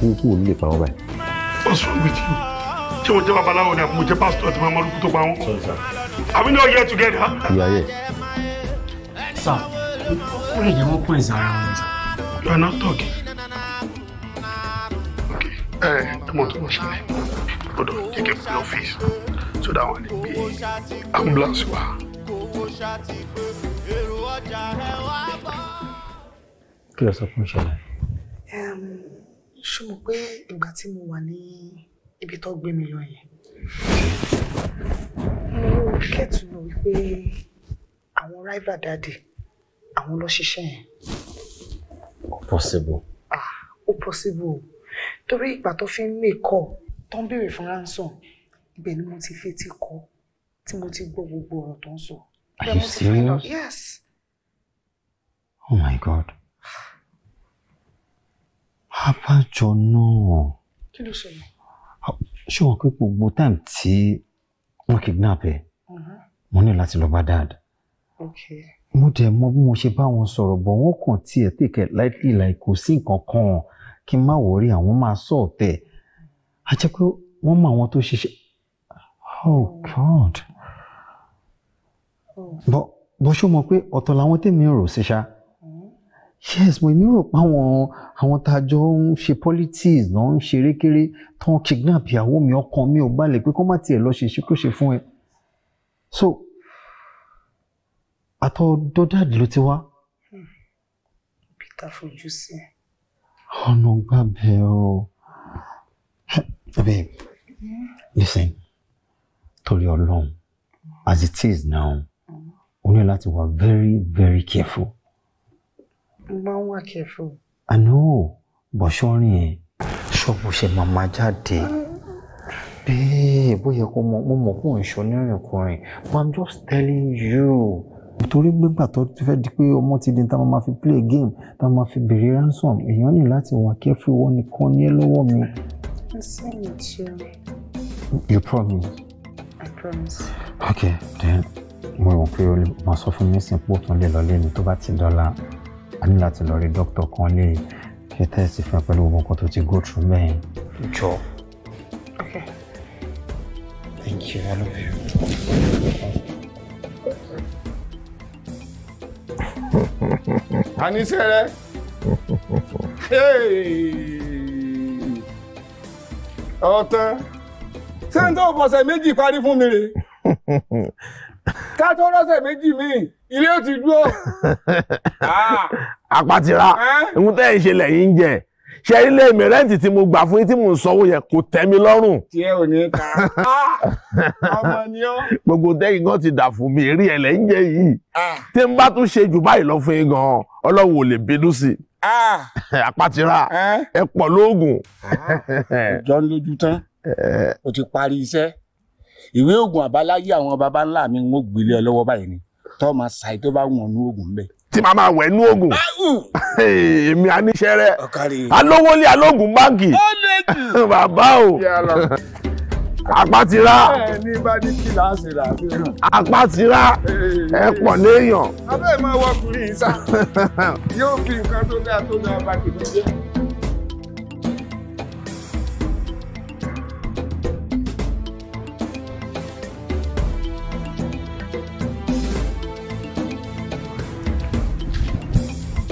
kí wòlíì lè pa wọn báyìí. what's wrong with you ṣé mo jẹ́ babaláwo ni àbí mo jẹ́ pásítọ̀ tí mo máa lókùtò pa wọn. are we not here together. we are sir ó lè jẹ́ wọ́n pọ̀ ẹ̀sán ara wọn. you are not talking. okay ẹ ẹ mọ̀ tó mọ̀ ṣẹlẹ̀ gbọ́dọ̀ jẹ́ kẹ́ fi ọ́fíìsì so that one lè gbé ambulance wa. kí ló sọ fún ṣẹlẹ̀ ṣó mọ̀ pé ìgbà tí mo wà ní ibi tó gbé mi lọ yẹn mo kẹ́tù mọ̀ wípé àwọn rival daddy àwọn lọ yẹn. possible. ah ó possible torí ìgbà tó fi ń mèkọ́ tó ń béèrè fún ransom ibẹ̀ ni mo ti fetí kọ́ tí mo ti gbọ́ gbogbo ọ̀rọ̀ tó ń sọ. Are you serious? Yes. Oh my God abájọ náà. kí ló ṣẹlẹ̀. Ah, ṣé wọn pé gbogbo time tí wọn kidnap ẹ uh-huh. mo ní láti lọ bá dad. mo dẹ̀ mọ bí mo ṣe bá wọn sọ̀rọ̀ bọ̀ wọ́n kàn tiẹ̀ tèkẹ́ láìpẹ́ láì kò sí nǹkan kan kí n má wọrí àwọn máa sọ ọ̀tẹ̀ a jẹ́ pé wọ́n mọ àwọn tó ṣiṣẹ́ oh, oh god bọ́ bọ́ ṣó mọ̀ pé ọ̀tọ̀ làwọn tèmi ń rò sí ṣáá yes mo ní rò pé àwọn àwọn tá a jọ ń ṣe politics náà ń ṣe rékéré tán kidnap ìyàwó mi ọkàn mi ò balẹ̀ pé kó má tiẹ̀ lọ ṣe ṣíkúṣe fún ẹ so àtọ̀dọ̀ dáàdì ló ti wá. peter fojú sí. ọ̀nà gbàgbé o babe listen torí ọlọ́run as it is now o ní láti wà very very careful mo máa ń wà kẹfù. àná bọ̀ṣọ́rin ẹ̀ ṣọ́ọ̀bù ṣe máa máa jáde bẹ́ẹ̀ bóyá kó mọ mo mọ̀ kó n ṣọ nírìnkùnrin but i'm just telling you. torí gbégbà tó fẹ́ di pé ọmọ ti di táwọn máa fi play game táwọn máa fi béèrè ransom èèyàn ní láti wà kẹfù wọn nìkan ní ẹ lọ́wọ́ mi. I send it to you. You promise? I promise. Okay, then mo rò pé o máa sọ fún mi sí pé o tún lè lọ lé mi tó bá ti dọ́là a ní láti lọ rí dókítà kan lè ṣe tẹ́sì fún ẹ pẹ̀lú gbogbo nǹkan tó ti go through mẹ́yìn. jọ okay thank you i love you. a ní sẹ́rẹ́ ọ̀tán ṣé n tó fọ̀sẹ̀ méjì parí fún mi rè ká tó rọ́ṣẹ̀ méjì míì ilé ò ti dúró. Ah. àpàtìrà eh? ohun tẹ́ ẹ̀ ń ń jẹ ṣe ilé mi rẹ́ǹtì tí mo gbà fún yín tí mò ń sanwó yẹn kò tẹ́ mi lọ́rùn. tiẹ̀ ò ní ká ah. ọmọ ni ó. gbogbo tẹ́yìn gan ti dà fún mi eré ẹ̀ lẹ́yìn jẹ́ yìí ah. tí n bá tún ṣe jù báyìí lọ fún yín gan Ọlọ́run ò lè bínú sí i àpàtìrà eh? ẹ pọ̀ lóògùn. ìjọ ń lójú tán eh. o ti parí iṣẹ́ ìwé oògùn àbáláyé àwọn baba ńlá mi ń gbélé ọ lọ́wọ́ báyìí ni tó máa ṣàì tó bá wọn nú oògùn ń tí màá máa wẹ̀ nú oògùn èmi àníṣe rẹ alówólé alóògùn báǹkì bàbá o apá ti ẹ pọ̀ léèyàn. abẹ́ẹ̀ máa wọkùnrin yìí sá yóò fi nǹkan tó dáa tó dáa bá kìí jẹ́.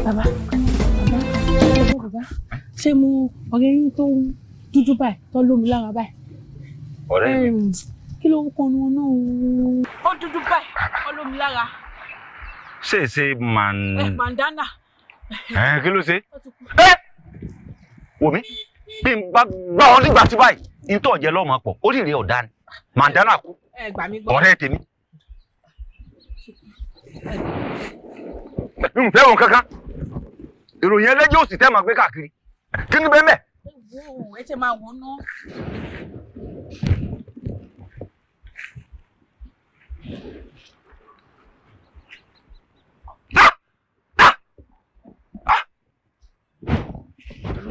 bàbá bàbá ṣé mo ọ̀rẹ́ yín tó ń dúdú báyìí tó lómi lára báyìí. ọ̀rẹ́ mi. kí ló ń kọnu náà. ó dúdú báyìí ó lómi lára. ṣé ṣe màn. ẹ eh, màndánà. ẹ kí ló ṣe. ẹ eh! wò mí bí n bá gbá ọ nígbà tí báyìí ntọ́ ọ̀jẹ̀ lọ́mọ pọ̀ ó sì rí ọ̀dà ni màndánà kú ọ̀rẹ́ tèmi. mi ò fẹ́ wọn kankan ìròyìn ẹlẹ́jọ́ òsì tẹ́ máa gbé káàkiri kí ni bẹ́ẹ̀ bẹ́ẹ̀. ẹ ti máa wọnú.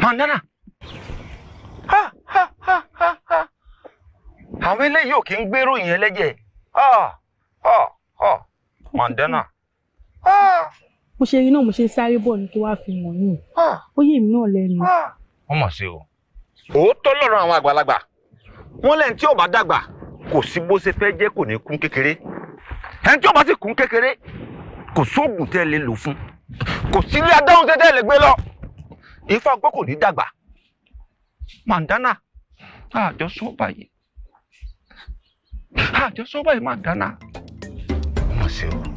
mandana àwọn eléyìí ò kí ń gbèrò ìyẹn lẹ́jẹ̀ mandana. Ah mo ṣe rí náà mo ṣe sáré bọ̀ ní kí wàá fi hàn yín ó yé mi náà lẹ́nu. wọ́n mọ̀ sí o òótọ́ lọ́rọ̀ àwọn àgbàlagbà wọ́n lẹ́yìn tí ò bá dàgbà kò sí bó ṣe fẹ́ jẹ́ kò ní kún kékeré ẹni tí ò bá sì kún kékeré kò sóògùn tẹ́ lè lò fún kò sí ilé adáhùn tẹ́ tẹ́ lè gbé lọ ifá ọgbọ́n kò ní dàgbà mandana àjọsọ báyìí àjọsọ báyìí mandana wọ́n mọ̀ sí o.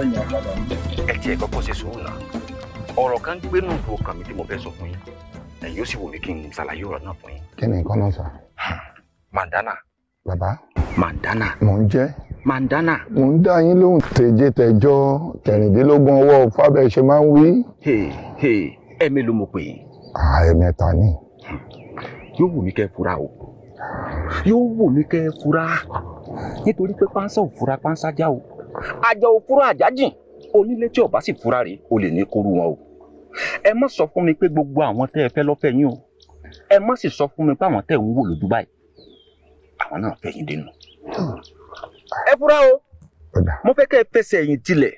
fẹ̀yìn ọ̀pọ̀lọ. ẹ tiẹ̀ kọ́kọ́ ṣe sùúrù náà ọ̀rọ̀ kan gbénú ìlú ọkàn mi tí mo fẹ́ sọ fún yín ẹ̀yin ó sì wù mí kí n ṣàlàyé ọ̀rọ̀ náà fún yín. kí ni nǹkan náà sọ. Hmm. mandana. bàbá. mandana. mò ń jẹ́. mandana. mò ń dá yín lóhùn tèje tẹjọ kẹrìndínlógún ọwọ́ fábẹ́ ṣe máa ń wí. ẹ̀mí ló mo pè é. ẹ̀mẹ́ta ni. Hmm. yóò wù mí kẹ́ fura o yóò wù mí kẹ́ fura nítorí pé pánsá ò fura pánsá já o àjọ òfurá àjájìn onílé tí ọba sì fura rèé o lè ní kóru wọn o ẹ má sọ fún mi pé gbogbo àwọn tẹ́ ẹ fẹ́ lọ́fẹ́ yín o ẹ má sì sọ fún mi pé àwọn tẹ́ ẹ ń wò lójú báyìí àwọn náà fẹ́ yín dénú. ẹ fura o mo fẹ́ kẹ́ ẹ fẹsẹ̀ ẹ̀yìn tilẹ̀.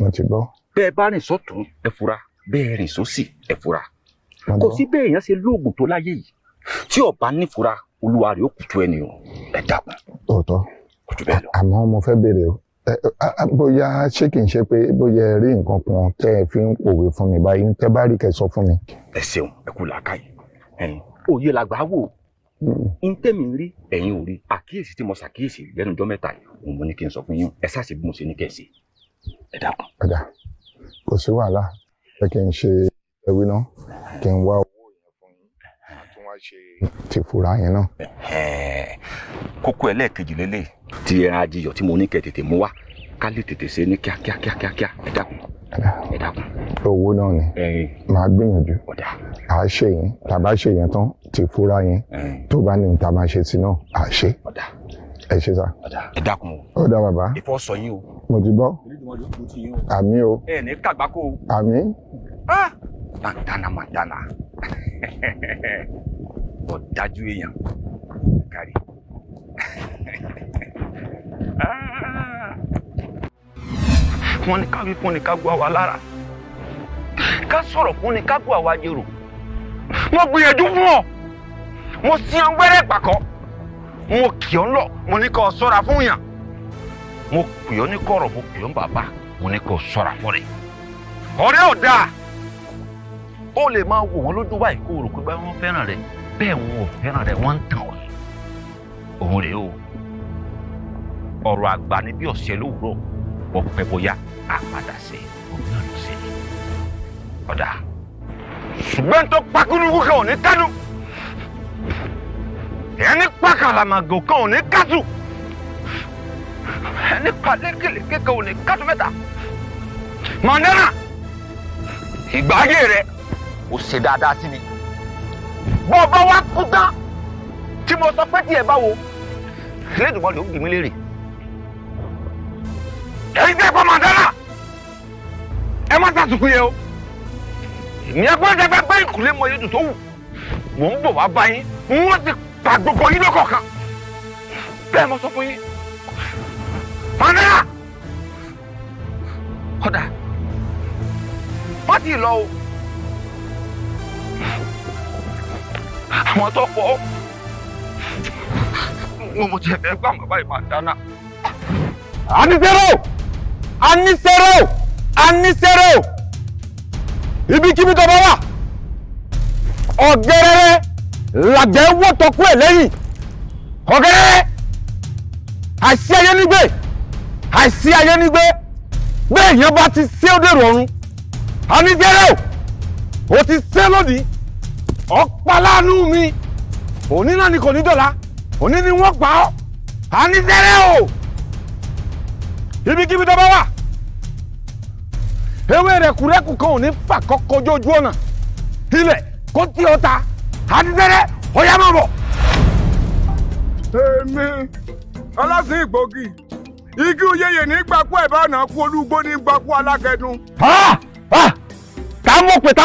mo ti gbọ́. bẹ́ẹ̀ bá rìn sọ́tún ẹ fura bẹ́ẹ̀ rìn sósì ẹ fura kò sí bẹ́ẹ̀ èèyàn ṣe lóògùn tó láyé yìí tí ọba nífura olúwa rẹ̀ ó kùtù ẹni o ẹ dàgbọ́n. tòótọ́ àmọ́ mo fẹ́ béèrè o bóyá ṣé kì í ṣe pé bóyá ẹ rí nǹkan kan tẹ́ ẹ fi ń pòwe fún mi báyìí tẹ́ bá rí kẹ́ sọ fún mi. ẹ ṣeun ẹ kú làákàyè òye làgbà wò hmm. n tẹ́mi rí ẹ̀yin ò rí àkíyèsí tí mo ṣàkíyèsí lẹ́nu ọjọ́ mẹ́ta yìí òun mo ní kí n sọ fún yín ẹ ṣáà ṣe bí mo ṣe ní kẹ́ ẹ ṣe ẹ dákun. ọ̀dà kò sí wàhálà ẹ kì í ṣe ẹwí náà kì í wá owó ṣe. ti fura yẹn náà. kókó ẹlẹ́ẹ̀kejì lélẹ̀ ti ẹran ajiyọ̀ tí mo ní kẹ́ tètè mú wá ká lè tètè ṣe ní kíákíá kíákíá ẹ dákun ẹ dákun. owó náà ni màá gbìyànjú à á ṣe yẹn tàbá ṣe yẹn tán ti fura yẹn tó bá ní níta máa ṣe sí náà à á ṣe ẹ ṣe sá. ẹ dákun o. ó dá bàbá. ìfọsọ yín o. mo ti gbọ́. àmì o. ẹ ní kàgbákò. àmì. ah dandana mandana. ọ̀dájú èèyàn kárí. Ah! wọ́n ní ká wí fún ni ká gbọ́ àwa lára ká sọ̀rọ̀ fún ni ká gbọ́ àwa jèrò mo gbìyànjú fún ọ mo sì ń wẹ́rẹ́ pàkọ́ mo kì ọ́ lọ mo ní kó sọ́ra fún yàn mo pè ọ́ ní kọ̀rọ̀ mo pè ọ́ bàbá mo ní kó sọ́ra fún rẹ̀ ọ̀rẹ́ ọ̀dà ó lè máa wò wọ́n lójú báyìí kó o rò pé báyìí wọ́n fẹ́ràn rẹ̀ bẹ́ẹ̀ wọn ò fẹ́ràn rẹ̀ wọ́n ń tàn ọ́ òun rèé o ọ̀rọ̀ àgbà ni bí ọ̀sẹ̀ lówùrọ̀ bọ̀ pẹ́ bóyá àpàdà sí òun náà ló ṣe ọ̀dà ṣùgbọ́n tó pakúrúkú kan ò ní kánú ẹni pàkàlàmàgò kan ò ní kátù ẹni pàlékèlékè kan ò ní kátù mẹ́ta mọ̀nẹ́rà ìgbàgé rẹ̀ ó ṣe dáadáa sí mi bọ́ ọba wa kú tán tí mo sọ pé tiẹ̀ báwo lẹ́dùnmọ́ ló ń gbìmí lérè. èyí tẹ́ ẹ̀kọ́ mandala ẹ má sàtúkú yẹ o èmi ẹgbẹ́ ẹgbẹ́ bá ìkùlé mọ yẹtù tó wù mò ń bọ̀ wá bá yín wọ́n ti pa gbogbo yín lọ́kọ̀ọ̀kan bẹ́ẹ̀ mo sọ fún yín mandala kódà wọ́n ti lọ o. àwọn tó fọ́ mo mo jẹ bẹ́ẹ̀ gbà bàbá Anisero, Anisero. àníṣẹ́rò àníṣẹ́rò àníṣẹ́rò ibikíbi tó bá wà ọ̀gẹ́rẹ́rẹ́ làgbẹ́ wọ́tọ̀kú ẹ̀ lẹ́yìn ọ̀gẹ́rẹ́rẹ́ àìsí ayé nígbè àìsí ayé nígbè bẹ́ẹ̀ yẹn bá ti ṣé ó dèrò ọ̀run àníṣẹ́rò ó ti ṣé lónìí. ọ̀pálánú mi òní náà ni kò ní dọ̀la òní ni wọ́n pa ọ́ à ní tẹ́lẹ̀ o ibikíbi bá wà ewé rẹ̀kúrẹ́kù kan ò ní fà kọ́kọ́ ọ̀nà ilẹ̀ kó tí ó ta à ní tẹ́lẹ̀ ọ̀yá bọ̀. igi oyeye ní gbapò ẹ̀ bá nà kú olúgbó ní gbapò mọ̀ pé ta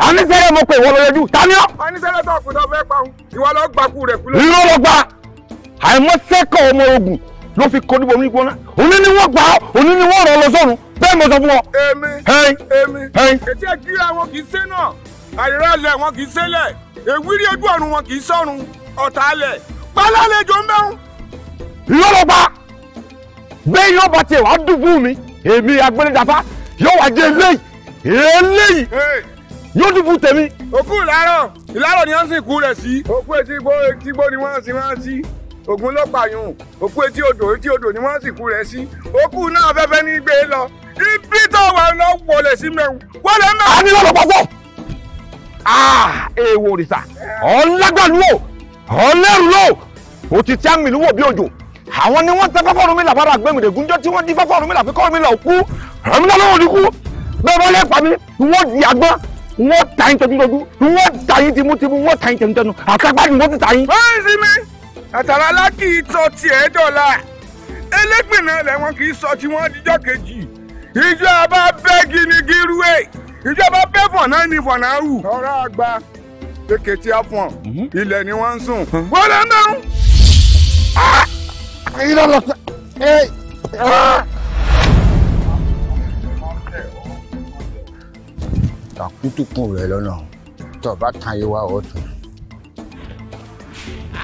ta ni sẹ́rẹ̀ mo pe ìwọ lọ́yọ́jú ta ni ọ́. a ní sẹ́rẹ̀ tó kù tó fẹ́ pa òun ìwọ lọ gba kú rẹ̀ kúlẹ̀. ló lọ gba àìmọ́ sẹ́kọ̀ ọmọ ogun ló fi kọ́ níbo onígbó náà òní ni wọ́n gbà òní ni wọ́n rọ̀ lọ sọ́run bẹ́ẹ̀ mo sọ fún ọ. èmi èmi ètí ẹ kí àwọn kì í sé náà àríra lẹ wọn kì í sélẹ̀ èwírí ojú ọ̀run wọn kì í sọ̀run ọ̀tá lẹ̀ pálálejò ń bẹ́hùn. lọ́lọ́gba bẹ́ẹ̀ yóò bá tiẹ̀ wá dùbú mi èmi agbẹ́lẹ́dàfá yóò wá jẹ eléyìí eléyìí yóò dìbò tèmi. òkú ìlàrọ̀ ìlàrọ̀ ni wọ́n sì kú rẹ̀ sí. òkú etí gbó etí gbó ni wọ́n sì wọ́n sí. ògùn ló pààyàn òkú etí odò etí odò ni wọ́n sì kú rẹ̀ sí. òkú náà afẹ́fẹ́ ní gbé lọ. ibi tó wà lọ wọlé sí mẹ́rin wọlé mẹ́rin. a ní lọ́dọ̀ pàṣẹ. aa èèwọ̀ òrìṣà ọ̀làgbàlú o ọ̀lẹ́rù lò ó ti tí a mìlú wò bí òjò àwọn ni wọ́n tẹ fọ́fọ́rún mi làbára gbẹ̀mìlẹ̀ gúnjọ́ tí wọ́n dín fọ́fọ́rún mi làfikọ́rún mi là ó kú rẹ̀mí lọ́wọ́ òdìkú bẹ́ẹ̀ bá lẹ́pàá mi wọ́n di àgbọn wọ́n ta yín tọdúndọdú wọ́n ta yín tìmútìmú wọ́n ta yín tẹnutẹnu àtàgbà ni wọ́n ti ta yín. báyìí sí mi àtàrà aláàkì ìtọ̀ tiẹ̀ dọ̀la ẹlẹ́gbìnà lẹ́wọ̀n kì í sọ tí wọ́n dijọ́ kejì ìjọba bẹ́ ginigi rúwé ìjọba bẹ́ fọ̀nà ni fọ̀nà rù. ọ̀rọ̀ àgbà kékeré tí a fọ̀n mhm. ilẹ̀ ni wọ́n ń sùn. wọ́n lọ náà. ta kútùkùn rẹ lọ́nà tó bá tan yé wa ọ̀tún.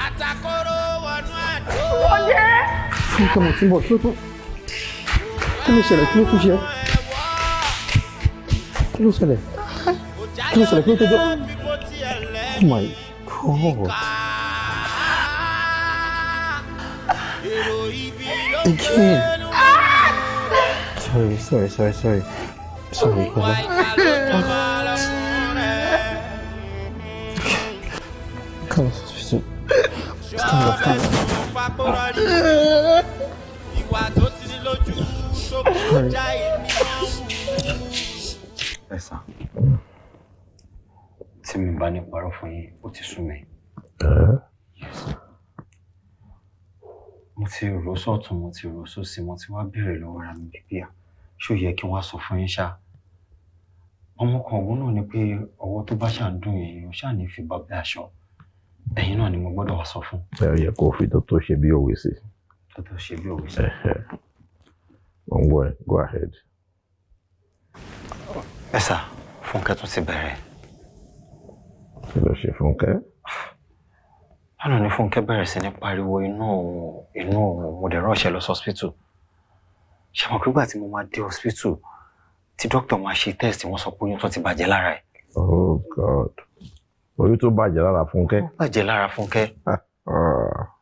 àtàkóró wọnú àdó. wọlé. kí ló mọ̀ tí ń bọ̀ kí tó kí ló ṣẹlẹ̀ kí ló kú ṣe kí ló ṣẹlẹ̀ kí ló ṣẹlẹ̀ kí ló tó tó oh my god. Again. Ah! Sorry, sorry, sorry, sorry. Sorry, Bella. Come on, Susu. Stand up, stand up. Sorry. Ẹ sà, tí mi bá ní parọ́ fún yín, ó ti sú mi. Mo ti rò sọ́ọ̀tún, mo ti rò sósì, mo ti wá béèrè lọ́wọ́ ara mi ṣó yẹ kí wọ́n á sọ fún yín ṣá ọmọ kan òun náà ni pé ọwọ́ tó bá ṣàn dùn èèyàn ṣáà ní fi bàbá aṣọ ẹ̀yin náà ni mo gbọ́dọ̀ wá sọ fún. ẹ yẹ kó o fi tó tó ṣe bí òwe sí. tó tó ṣe bí òwe sí. wọ́n wọ ẹ go ahead. ẹ sà fúnkẹ́ tún ti bẹ̀rẹ̀. kí ló ṣe fúnkẹ́. lánàá ni fúnkẹ́ bẹ̀rẹ̀ sí ní pariwo inú òun inú òun mo dẹ̀ rọ́ọ̀ṣẹ́ lọ sọ́sítù ṣe mọ̀ pé gbà tí mo máa dé hospital tí dókítà wọn ṣe test wọn sọ pé oyún tó ti bàjẹ́ lára ẹ̀. oh god oyún tó bàjẹ́ lára fúnkẹ́. ó bàjẹ́ lára fúnkẹ́. Ah.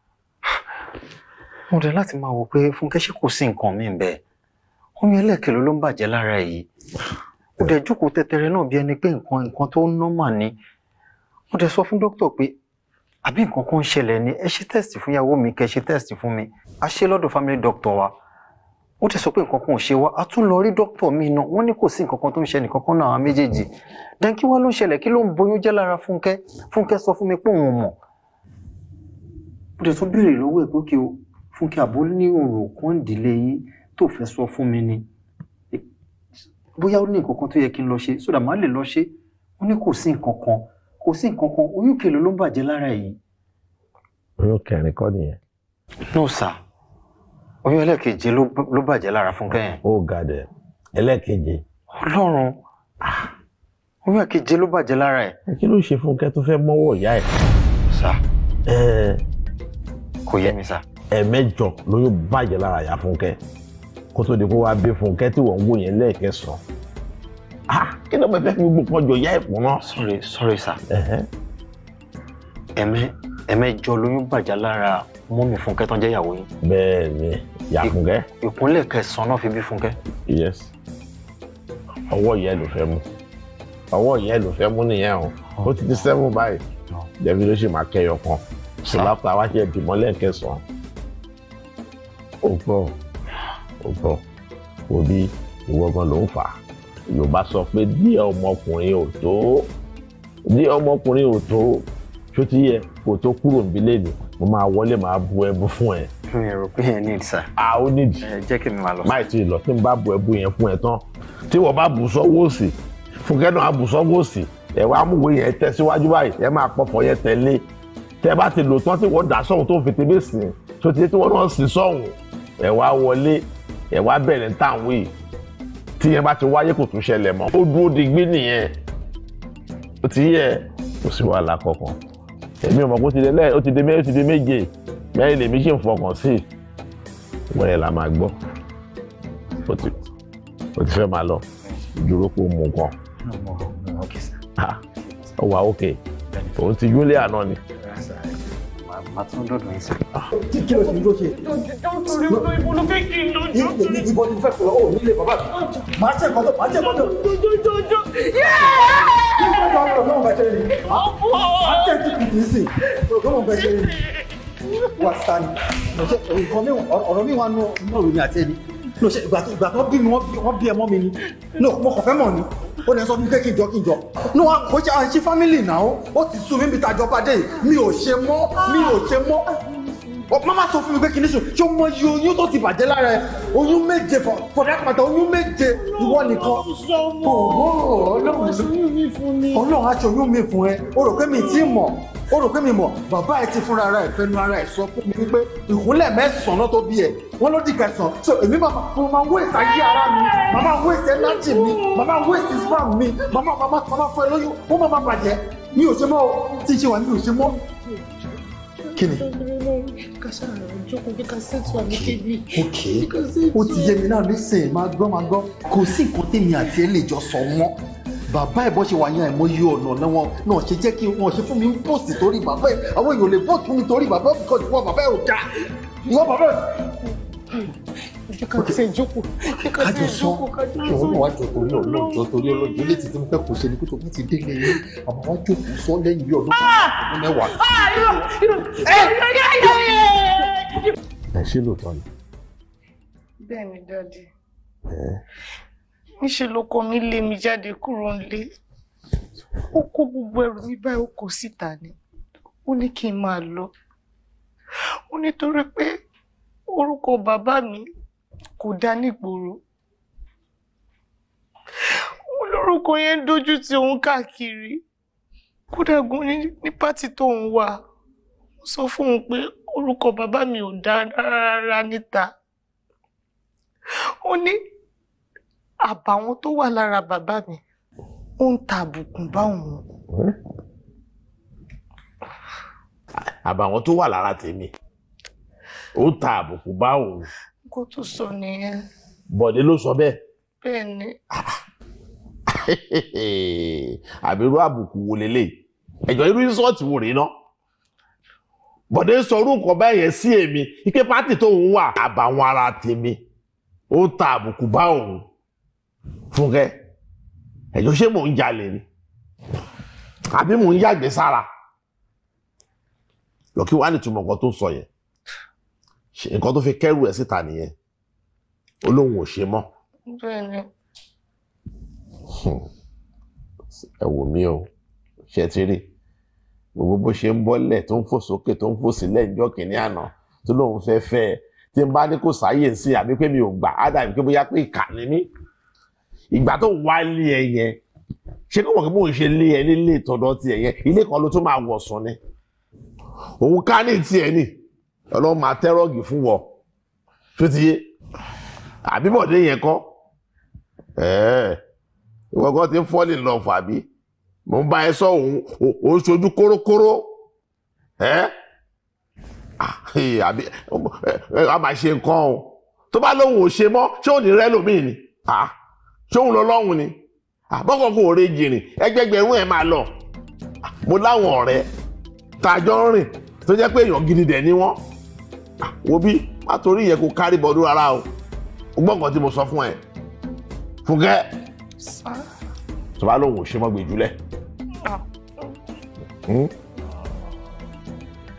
mo dẹ̀ láti máa wò pé fúnkẹ́ ṣe kò sí nǹkan mi bẹ́ẹ̀ oyún ẹlẹ́kẹ̀lẹ́ ló ń bàjẹ́ lára ẹ̀ yìí ó dẹ̀ jókòó tẹ́tẹ́rẹ́ náà bí ẹni pé nǹkan nǹkan tó normal ni mo dẹ̀ sọ fún dókítà pé àbí nǹkan kan ń ṣẹlẹ̀ ni ẹ ṣe test fún ìyàwó mi kẹ ṣe test fún mi a ṣe lọ́dọ̀ family doctor wa ó ti sọ pé nǹkan kan ò ṣe wá a tún lọ rí dókítà mi náà wọ́n ní kò sí nǹkan kan tó ń ṣe nìkan kan náà àwọn méjèèjì dan kí wá ló ń ṣẹlẹ̀ kí ló ń boyún jẹ́ lára fúnkẹ́ fúnkẹ́ sọ fún mi pé òun mọ̀. ó ti tún béèrè lọ́wọ́ ẹ̀ pé kí o fúnkẹ́ àbó ní ọ̀rọ̀ kan ìdílé tó fẹ́ sọ fún mi ni bóyá ó ní nǹkan kan tó yẹ kí n lọ ṣe sódà má lè lọ ṣe ó ní kò sí nǹkan kan kò sí nǹkan kan oyún oyún ẹlẹ́ẹ̀kejì ló bàjẹ́ lára Fúnkẹ́ yẹn. ó ga dẹ̀ ẹlẹ́ẹ̀kejì. Ọlọ́run ah, oyún ẹ̀kejì ló bàjẹ́ lára ẹ̀. kí ló ṣe Fúnkẹ́ tó fẹ́ mọ́wọ́ ìyá ẹ̀. sá kò yé mi sá. ẹ̀ẹ̀mẹ́jọ lóyún bàjẹ́ lára ìyá Fúnkẹ́ kó tó di kó wá bí Fúnkẹ́ tí wọ́n ń wò yẹn lẹ́ẹ̀kẹsàn-án. ah kí ló fẹ́ fi gbogbo ọjọ́ ìyá ẹ̀ fún náà. sorry sorry sá. ẹ̀ẹ̀mẹ́jọ lóyún bàjẹ́ lára mọ́mì Fúnkẹ́ tó jẹ́ ìyàwó yàfúnkẹ́. ìkúnlẹ̀ kẹsàn-án náà fi bí fúnkẹ́. yes ọwọ́ ìyá ẹ ló fẹ́ mú ọwọ́ ìyá ẹ ló fẹ́ mú nìyẹn o ó ti di seven báyìí jẹ́bi ló ṣe máa kẹyọ kan so lápá wá ṣe dìmọ́lẹ̀ kẹsàn-án ó gbọ́ ó gbọ́ òbí ìwọ gan ló ń fà á yorùbá sọ pé díẹ̀ ọmọkùnrin ò tó díẹ̀ ọmọkùnrin ò tó ṣó ti yẹ kò tó kúrò níbí lẹ́nu mo máa wọlé máa bu ẹbu fún ẹ mi rò pé ẹ need sir. a ah, ó need. ẹ jẹ́ kí mi máa lọ. máì tí ì lọ tí n bá bu ẹbu yẹn fún ẹ tán tí wọ́n bá bù sọ́wọ́ òsì fúnkẹ́ náà bù sọ́wọ́ òsì ẹ wá múwèé yẹn tẹ síwájú báyìí ẹ máa pọ̀fọ̀ yẹn tẹ̀lé tẹ bá ti lò tán tí wọ́n dà sọ́hun tó fi tẹ́lẹ̀ sìn tó ti tí wọ́n náà sìn sọ́hun ẹ wá wọlé ẹ wá bẹ̀rẹ̀ táwọn yìí tí yẹn bá ti wáyé kò tún ṣẹlẹ̀ mọ́ ó bẹ́ẹ̀ lèmi ṣe ń fọkàn sí wẹ́rẹ́ la máa gbọ́ ó ti fẹ́ máa lọ dúró kó mú nǹkan ó wà ókè òun ti júlẹ̀ àná ni. Kí ló ti ń dúró ṣe? Nítorí ibo ló fẹ́ kí n lọ jọ. Ibo ni mo fẹ́ fọlọ́ òun nílé bàbá mi. Màá tẹ̀ mọ́tò, màá tẹ̀ mọ́tò. Jọjọjọjọ. Kí ló ń bá ọ̀rọ̀ náà bá ṣe rí? Àfọ̀. Màá tẹ̀ tí kìtì sí. Ògbọ́n mo bẹ ṣe rí wà No, ni lọ́sẹ̀ nǹkan mi ọ̀rọ̀ mi wà nù òròyìn àti ẹni lọ́sẹ̀ ìgbà tó bí mi wọ́n bí ẹ mọ́ mi ni no mo kàn fẹ́ mọ̀ ni ó lè sọ fún mi pé kí n jọ kí n jọ no kò ṣe àṣì fámìlì náà ó ti sú mi bí tajọba dé mi ò ṣe mọ́ mi ò ṣe mọ́ mama sọ fún mi pé kí ni sùn ṣé o mọ iye oyún tó ti bàjẹ́ lára ẹ oyún méje for that matter oyún méje ìwọ nìkan òwò ọlọ́run ọlọ́run aṣọ oyún mi fún ẹ o rò pé mi ti mọ̀ o rò pé mi mọ̀ bàbá ẹ ti fúnra ara ẹ fẹnu ara ẹ sọ fún mi wípé ìkúnlẹ̀ mẹ́sàn-án tó bí ẹ wọ́n ló di kẹsàn-án so èmi màmá mo máa wé ìtàgé ara mi màmá wé ìtẹ́nájì mi màmá wé ìsìsfàm mi màmá màmá fún ẹ lóyún ó máa bàjẹ́ mi ò ṣe mọ́ o tí ì ṣe wà ní mi ò ṣe mọ́ kí ni. ok ó ti yé mi náà nísìnyí máa gbọ́ máa gbọ́ kò sí nǹkan tèmi àti ẹ lè jọ sọ wọ́n bàbá ẹ̀ bọ́ ṣe wà yẹn àìmọye ọ̀nà náà wọn náà ṣe jẹ́ kí wọ́n ṣe fún mi ń pòsì torí bàbá ẹ̀ àwọn èèyàn lè bọ́ọ̀tù mi torí bàbá ẹ̀ kọ́ ìwọ bàbá ẹ̀ ò dáa ìwọ bàbá ẹ̀ jẹ́ ká ṣe ìjókòó jẹ́ ká ṣe ìjókòó ká jọ sọ ìwọ náà wá jọ torí ọlọ́run jọ torí ọlọ́run jọ létí tí mo fẹ́ kó ṣe ni kó tó bá ti délé yín àmọ́ wá jókòó sọ lẹ́yìn bí ọdún ah! ọdún mẹ́wàá. Ah! ẹ ṣe lóòótọ́ ni. bẹ́ẹ̀ ni dáàdi níṣẹ́ lọkọ mi lé mi jáde kúrò nílé ó kó gbogbo ẹrù mi báyìí ó kó síta ni ó ní kí n máa lọ ó nítorí pé orúkọ bàbá mi kò dá nígboro òun lórúkọ yẹn ń dojú ti òun káàkiri kódà gan ní pátì tóun wà ó sọ fún òun pé orúkọ bàbá mi ò dá rárá níta ó ní àbàwọn tó wà lára bàbá mi ó ń ta àbùkùn bá òun. àbàwọn tó wà lára tèmi ó ta àbùkùn bá òun kó tó sọ nìyẹn. bọ̀dé ló sọ bẹ́ẹ̀. bẹ́ẹ̀ ni. àbí irú àbùkù wo lélẹ̀ ẹ̀jọ̀ irú ìsọ́ọ̀tì wò rèé náà bọ̀dé sọ irú nǹkan báyìí yẹn sí èmi ike pátì tóun wà àbàwọn ara tèmi ó ń ta àbùkù bá òun fúnkẹ́ ẹ̀jọ̀ ṣé mò ń jalè ni àbí mò ń yàgbé sára lọ́kí wàá nìtumọ̀ nǹkan tó sọ yẹn nǹkan tó fi kẹ́rù ẹ̀ síta nìyẹn ó lóun ò ṣe mọ́. ẹ wò mí o ṣe ti rí gbogbo bó ṣe ń bọ́lẹ̀ tó ń fò sókè tó ń fò sílẹ̀ ńjọ́ kìíní àná tó lóun fẹ́ fẹ́ ẹ tí n bá ní kò sáyè sí àbí pé mi ò gbà á dàbí pé bóyá pé ìkà ni mí ìgbà tó wá lé ẹ yẹn ṣé kí wọn kí mò ń ṣe lé ẹ nílé ìtọ́dọ̀ tiẹ̀ yẹn ilé kan ló tún máa wọ̀sán ni òun ká ní tiẹ̀ ni ọlọ́run máa tẹ́rọ̀gì fún wọ tó ti yé àbíbọ̀dé yẹn kọ́ ẹ̀ẹ́ ìwọ ti ń fọ́lì lọ fàbí mo ń bá ẹ sọ òun òun ṣojú kórókóró ẹ a máa ṣe nǹkan o tó bá lóun ò ṣe mọ́ ṣé òun ní rẹ́ lómìn ni ṣé òun lọ lọ́hùn ni àbọ̀kọ̀ kò rè jìrìn ẹgbẹ́gbẹ̀rún ẹ̀ máa lọ mo láwọn ọ̀rẹ́ tá a jọ ń rìn tó jẹ́ pé èèyàn gidi dẹ̀ ni wọ́n wo bí má torí yẹ kó kárí bọ́dú rárá o gbọ́ nǹkan tí mo sọ fún ẹ fúnkẹ́ tó bá lóun ò ṣe mọ́gbè jùlẹ̀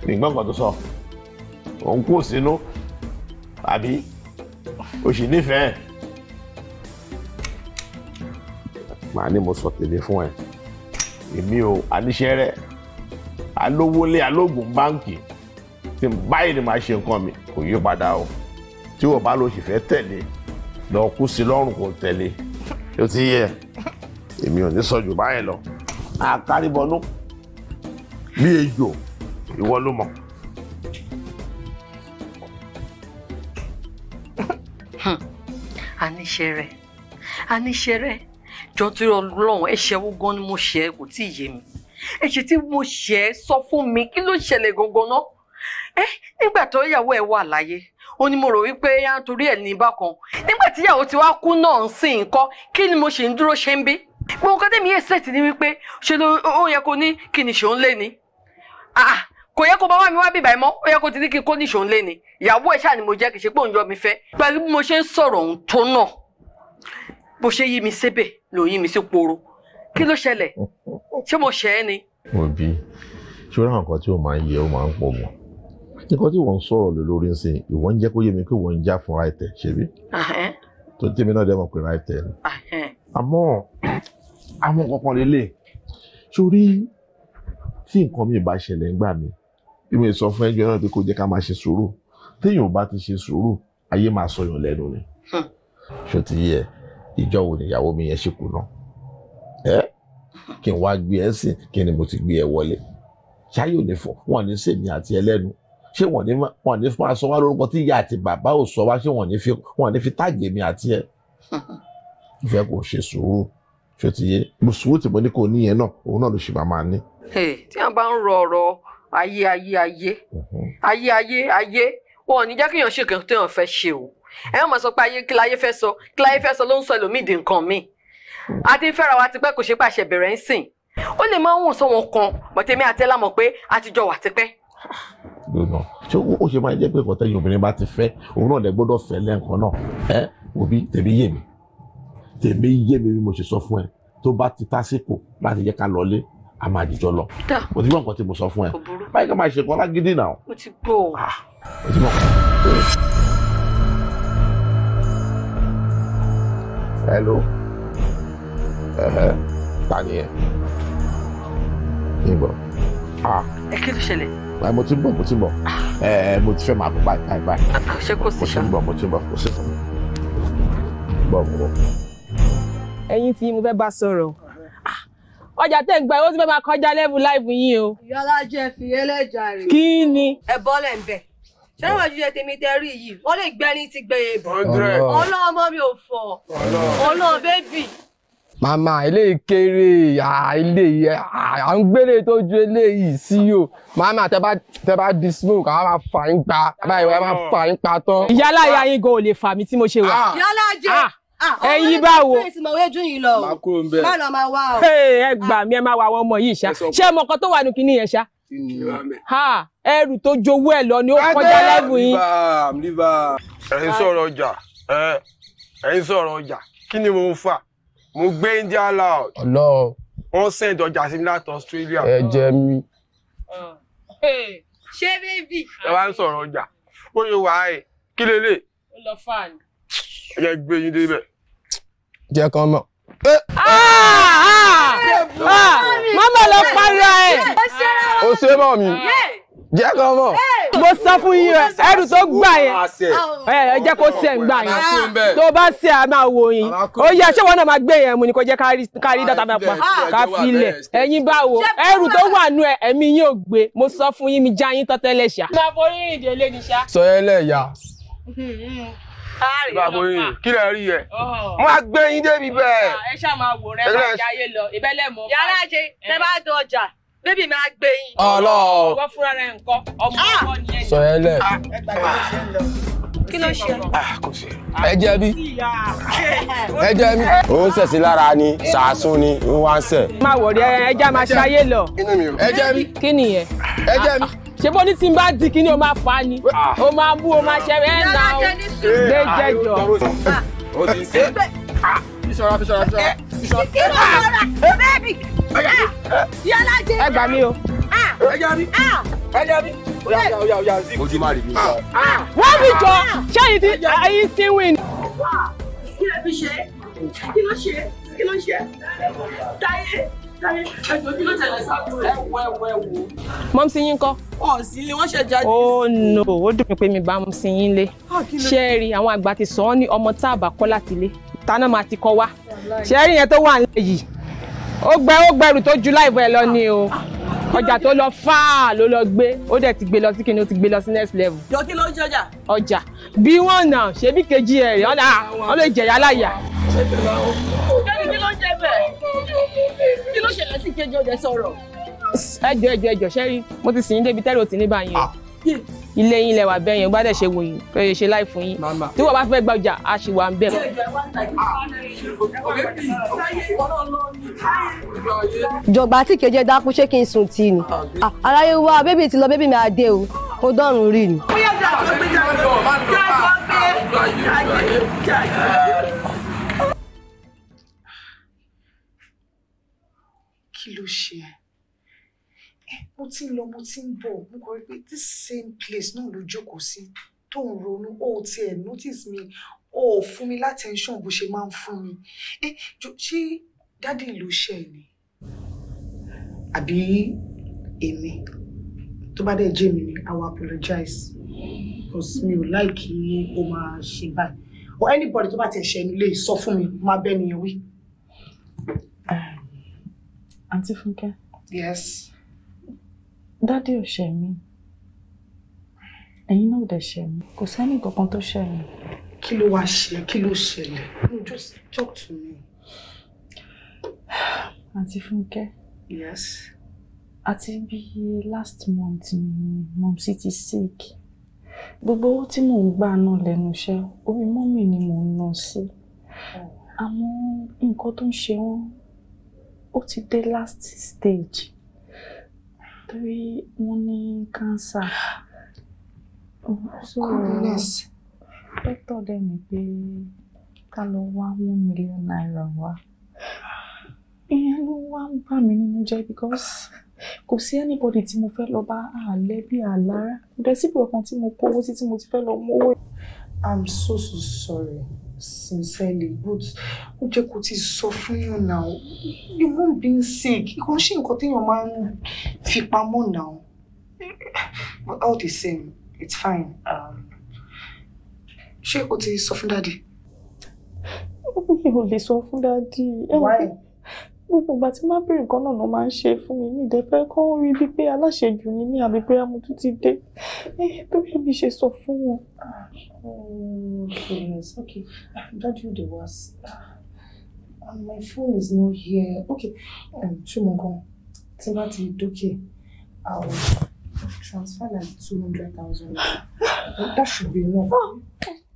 nígbà nǹkan tó sọ òun kò sínú àbí o sì nífẹ̀ẹ́ màá ní mo sọ tèmi fún ẹ èmi o àníṣe rẹ alówólé alóògùn báńkì tí báyìí ni màá ṣe nǹkan mi kò yí padà o tí wọ́n bá lọ sì fẹ́ tẹ̀lé lọ kú sí lọ́rùn kò tẹ̀lé ó ti yẹ èmi ò ní sọ jù báyìí lọ àkárìbọnú bí ejò ìwọ ló mọ̀. àníṣe rẹ àníṣe rẹ jọ tí Ọlọ́run ẹ̀ṣẹ̀ wo gan ni mo ṣe é kò tí ì yé mi ẹ̀ṣẹ̀ tí mo ṣe é sọ fún mi kí ló ṣẹlẹ̀ gangan náà ẹ eh, nígbà tó yàwó ẹ wà láyé ó ní mo rò wípé yá ń torí ẹ ní bákan nígbà tí yàwó ti wá kú náà ń sìn nǹkan kí ni mo ṣì ń dúró ṣe ń bí gbogbo nǹkan tẹ̀mí ẹ̀sẹ̀tì ni wípé ṣe ló ó yẹ kó ní kí ni ṣòun lé ni ah, kò yẹ kó bàbá mi wá bíbá ẹ mọ́ ó yẹ kó ti ní kí n kó ní ṣòun lé ni ìyàwó ẹ ṣáà ni mo jẹ́ kì í ṣe pé òun yọ mi fẹ́ pẹ̀lú bí mo ṣe ń sọ̀rọ̀ òun tó náà bó ṣe yí mi sébè ló yí mi sí poro kí ló ṣẹlẹ̀ ṣé mo ṣẹ̀ ẹ́ ni. òbí ṣé ó ráhùn kan tí ó máa ń yẹ ó máa ń pọ̀ mọ́ nǹkan tí wọ́n ń sọ̀rọ̀ lé lórí ń sìn ìwọ ń jẹ́ kó yé mi pé wọ́n ń já fún ráìtẹ̀ ṣebí tó tèmi náà dẹ́mọ̀ pé ráìtẹ̀ ni àmọ́ àwọn kankan lélẹ̀ sórí tí nǹkan mi bá ṣẹlẹ̀ ńgbà mi bí mo sọ fún ẹjọ́ náà pé kó jẹ́ ká máa ṣe sùúrù téèyàn bá ti ṣe sùúrù ayé máa sọ lẹ́nu ni ṣó ti yẹ ìjọ wo nìyàwó mi yẹn ṣe kùnà ẹ kí n wá gbé ẹ sìn kí ni mo ti gbé ẹ wọlé ṣáyò nífọ̀ wọn ní sèmi àti ẹlẹ́nu ṣé wọ́n ní wọ́n ní máa sọ wá lórúkọ tí ìyá àti bàbá ò sọ wá ṣé wọ́n ní fi wọ́n ní fi táàgì mi àti ẹ̀ ìfẹ́ kò ṣe sùúrù ṣé ti yé sùúrù tí mo ní kò níyẹn náà òun náà ló ṣì máa máa ní. tí wọn bá ń rọ ọ̀rọ̀ ayé ayé ayé mhm. ayé ayé ayé wọn ò ní jẹ́ kéèyàn ṣe kàn téèyàn fẹ́ ṣe o ẹ má sọ pé ayé kí láyé fẹ́ sọ kí láyé fẹ́ sọ ló ń sọ ẹlòmíì di nǹkan míì adé fẹ́ra wa ti pẹ́ kò ṣe pàṣẹ bẹ̀rẹ̀ ń sìn ó lè máa ń wùn sọ kan bọ̀tẹ́mi àtẹ́lámọ̀ pé àtijọ́ wà tipẹ́ lónà ṣé ó ṣe máa jẹ́ pé kọ́tẹ́ yìí obìnrin bá ti fẹ́ òun náà lè gbọ́dọ̀ fẹ́ lẹ́ǹkan náà ẹ òbí tèmi yé mi tèmi yé mi bí mo ṣe sọ fún ẹ tó bá ti tásìkò láti jẹ́ ká lọlé a máa jìjọ lọ o ti gbọ́ nǹkan tí mo sọ fún ẹ báyìí ká máa ṣe kọ́lá gidi náà o ti gbọ́ o ah, ti gbọ́ hello ẹ̀hẹ́ ta ni ẹ ń gbọ́. Ah. ẹ kí ló ṣẹlẹ̀ báyìí mo ti ń bọ̀ mo ti ń bọ̀ ẹ mo ti fẹ́ máa bọ̀ báyìí báyìí báyìí ṣé kò sí ṣá mo ti ń bọ̀ mo ti ń bọ̀ kò sí bọ̀ bọ̀. ẹ̀yin tí mo fẹ́ bá sọ̀rọ̀ ah, ọjà tẹ̀ ń gba owó tí fẹ́ máa kọjá lẹ́bù láìbù yín o. ìyọlá jẹ fi ẹlẹ́jà rè. kí ni. ẹ bọ́ lẹ̀ ń bẹ̀ ṣé wọ́n ju tèmi tẹ rí yìí wọ́n lè gbẹ́ni ti gbẹ̀yẹ̀ bọ̀. ọlọ́mọ mi ò fọ̀ ọlọ́ọ̀ bébì màmá eléyìí kéré eléyìí à ń gbélé tó ju eléyìí sí o màmá tẹ bá tẹ bá di smoke àwọn máa fà yín pa báyìí wọ́n máa fà yín pa tán. ìyálà ìyá yín gan ò lè fà mí tí mo ṣe wà. Ah. yálà jẹ́ ah. ah, ẹyin báwo má lọ máa wá o. ẹ gbà mí ẹ máa wá àwọn ọmọ yìí ṣá ṣé ẹ mọ ọkọ tó wà ní kinní yẹn ṣá. ẹrù tó jowó ẹ lọ ni ó kọjá lẹ́bùn yín. ẹ ń sọ̀rọ̀ ọjà ẹ sọ̀rọ̀ ọjà kí ni mo fà mo gbé india loud. ọlọ. wọn send ọjà sí láti australia. ẹ jẹ mi. ṣé bébì. ẹ wá ń sọ̀rọ̀ ọjà ó yẹ wàá ẹ kí lélẹ̀. ó lọ fà ní. ẹ jẹ́ gbé yín débẹ̀. jẹ́ kán mọ̀. Ah, ah, ah, mama lọ pariwo ẹ. ó ṣe mọ̀ mi. Yeah jẹ́ kàn mo sa fún yín rẹ ẹrù tó gbà yẹn eh, jẹ́ kó sẹ̀ ń gbà yẹn tó bá sẹ̀ a máa wo yín ó yẹ ṣé wọn náà máa gbé yẹn mu ni kò jẹ́ kari rí dọ́ta máa pa ká fi ilẹ̀ ẹ̀yin bá wo eru tó wà nú ẹ ẹ̀mí yín ò gbé mo sa fún yín mi já yín tán tẹ́lẹ̀ ṣá. máa borí ìdè lé ní ṣá. sọ ẹ lẹ́yà. Bàbá yìí kí lè rí ẹ. Wọ́n á gbé yín débi bẹ́ẹ̀. Ẹ ṣáà máa wò rẹ̀ máa jáyé lọ. Ìbẹ́lẹ̀ mọ́. Yàrá ṣe tẹ bá dọjà bébì máa gbé yín. ọlọ wọ́n fúnra rẹ̀ nǹkan ọmọ ah! ọmọ nìyẹn. sọ yẹn lẹ. Ah! kí ló ṣe. Ah, kò sí. ẹ jẹ bí. ẹ jẹ bí. ó ń sẹ̀sí lára ni sàásùn ni ń wá ń sẹ̀. má wọ̀rí ẹ ẹja máa ṣayé lọ. ẹ jẹ bí. kí nìyẹn. ẹ jẹ bí ṣe bó ní tí n bá di kí ni o máa fa ni o máa bú o máa ṣe ẹ náà o lè jẹjọ. Fisọra fisọra fisọra. Kí ló rọra? Bẹ́ẹ̀ni. Yálà jẹ́. Ẹ gbà mí o. Ah. Eh. Ẹ jà mí. Ah. Ẹ jà mí. Oya oya oya zip. Ojú máa rí mi. Ah. Wọ́n mi jọ ṣé èyí ti ẹyin sí win. Kí ló fi ṣe? Kí ló ṣe? Kí ló ṣe? Táyé mọ́mísí yín kọ́. ọ̀ sí ilé wọ́n ṣe jáde. ó no ó dùn mí pé mi bá mọ́mísí yín lé. ṣé ẹ rí àwọn àgbà ti sọ ọ́ ní ọmọ tá a bá kọ́ láti lé tánà máa ti kọ wá ṣẹ́rí yẹn tó wà nílẹ̀ yìí ó gbẹ ó gbẹrù tó ju láìpẹ́ ẹ lọ ni o ọjà tó lọ fáà ló lọ gbé ó dẹ̀ ti gbé lọ sí kíni ó ti gbé lọ sí next level. jọ kí ló ń jọjà. ọjà bí wọn nà ṣebí kejì ẹ rẹ ọ lè jẹyà láyà. kí ló ń jẹ bẹ́ẹ̀ kí ló ṣẹlẹ̀ sí kejì ọjà sọ̀rọ̀. ẹjọ ẹjọ ẹjọ ṣẹ́rí mo ti sìn ní débi tẹ́lẹ̀ ò ti ní báyìí. Ah ilé yín lẹwà bẹ́ẹ̀ yẹn gbádẹ̀ ṣe wò tó yẹ ṣe láì fún yín tí wọ́n bá fẹ́ gba ọjà a sì wà ń bẹ̀. ìjọba tí kejì ẹ ṣé kí n sùn tí ni aráyé wá bébì ti lọ bébì mi àdé o kò dọ̀rùn rí ni. kí ló ṣe ẹ́ mo ti ń lọ mo ti ń bọ̀ mo kọ pé this same place náà ló jókòó sí tó ń ronú o ò tiẹ̀ notice mi o ò fún mi látẹ̀ńṣọ̀n bó ṣe máa ń fún mi ẹ ṣé dádì ló ṣe ẹ ni àbí èmi tó bá dẹ̀ jẹ́ mi ni I will apologize because mi ò láìkí o máa ṣe báyìí or anybody tó bá ti ṣe nílé sọ fún mi máa bẹ́ẹ̀ nìyẹn wí. àǹtí Fúnkẹ́. yes dádì ò ṣẹ̀ mí ẹ̀yin náà ò dẹ̀ ṣẹ̀ mí kò sẹ́ni kankan tó ṣẹ̀ mí. kí ló wáá ṣe kí ló ṣẹlẹ̀ just talk to me. àǹtí fúnkẹ́. yes. àti bíi last month ni mọ̀mísí ti sick gbogbo owó tí mò ń gbà náà lẹ́nu iṣẹ́ orí mọ́mì ni mò ń ná sí oh. àmọ́ nǹkan tó ń ṣe wọ́n ó ti dé last stage torí ní kánsà. goodness. dókítà dẹ̀ ní pé ká lọ wá one million naira wá. ìyẹn ló wá ń bà mí nínú jẹ́ because kò sí anybody tí mo fẹ́ lọ bá àlẹ́ bí àlára kò dẹ̀ síbi ọ̀kan tí mo kówó sí tí mo ti fẹ́ lọ mówó. I'm so so sorry sincerely but ó jẹ́ kó ti sọ fún yàn náà you won be sick kò ń ṣe nǹkan téèyàn máa ń fi pamọ́ but all the same it's fine um, ṣé o ti sọ fún dáàdi. ó why gbogbo ìgbà tí má bèrè nǹkan náà máa ń ṣe fún mi nídẹ fẹ́ kọ́ ń rí bíi pé aláṣejù ni mí àbí pé amú tún ti dé torí ẹbí ṣe sọ fún wọn. Ah, oh, okay dájú the worst uh, my phone is not here okay um, ṣùgbọ́n gan tí bá ti dókè i transfer like two that should be enough. Oh,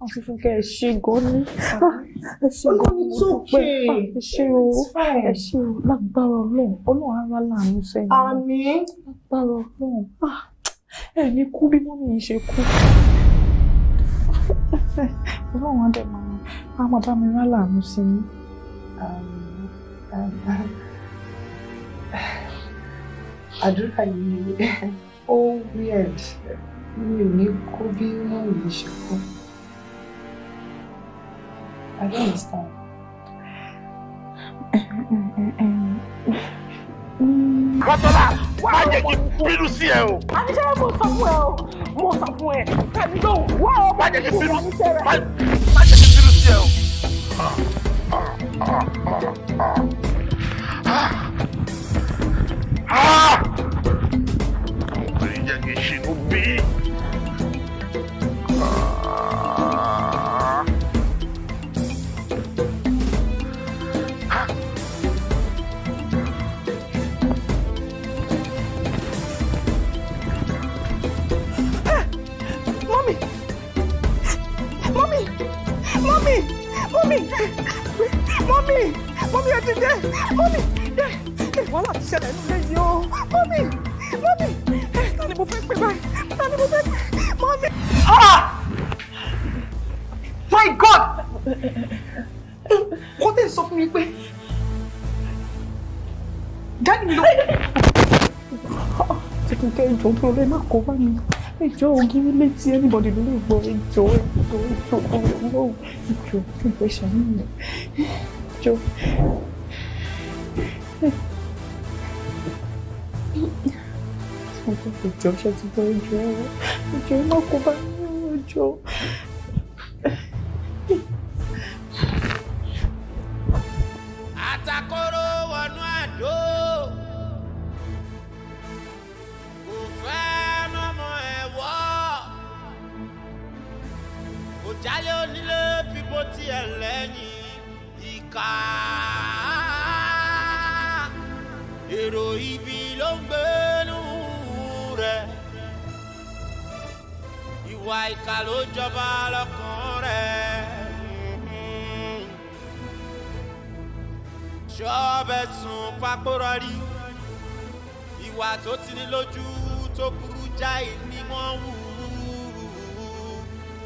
àti fúnkẹ́ ẹ ṣé gan ni ah, ẹ ṣé ni mo dúpẹ́ ah, ẹ ṣé o ẹ ṣé o lágbára ọlọ́run ọlọ́run ara láàánú sẹ́yìn àmín lágbára ọlọ́run ah, ẹ ní kú bí mọ́mí yìí ṣe kú ọlọ́run á dẹ̀ máa á máa bá mi rán láàánú sí i. àdúrà yìí ó weird mi ò ní kú bí mọ́mí yìí ṣe kú. I don't understand. Bọ́tọ́lá, má jẹ́ kí n bínú sí ẹ o. Àníṣe mo sọ fún ẹ o, mo sọ fún ẹ, kàmí ló wá ọ bá jẹ́ kí bínú má jẹ́ kí bínú sí ẹ o. Àwọn obìnrin jẹ́ kí ṣe ń bí. Mommy, mommy, mommy, mommy, ẹ dìde mọ́mì wàhálà ti ṣẹlẹ̀ nílé mommy, o mọ́mì mọ́mì ta ni mo fẹ́ pè báyìí ta mo fẹ́ pè mọ́mì. Ah! my god kó tẹ̀ sọ fún mi pé dáàdì mi lọ. tí kò kẹ́ ìjọba ọlọ́ọ̀ má kó bá mi ìjọ ògiri létí anybody ló lè gbọ́ ìjọ ìjọ ìjọ ọwọ ìjọ ìjọ ìṣàánú mi ìjọ. ọjọ́ ìjọ ṣe ti bọ́ ìjọ ọwọ́ ìjọ iná kó bá ní ọjọ́. àtàkọ́rọ̀ wọnú àdó. jálẹ̀ onílé fipó tiẹ̀ lẹ́yìn ìka èrò ibi ló ń gbénú rẹ̀ ìwà ìka ló jọba lọ́kàn rẹ̀. ṣọ́ọ̀bẹ sùn papòrọ̀ rí ìwà tó ti ní lójú tó burú jáì ni wọ́n wù.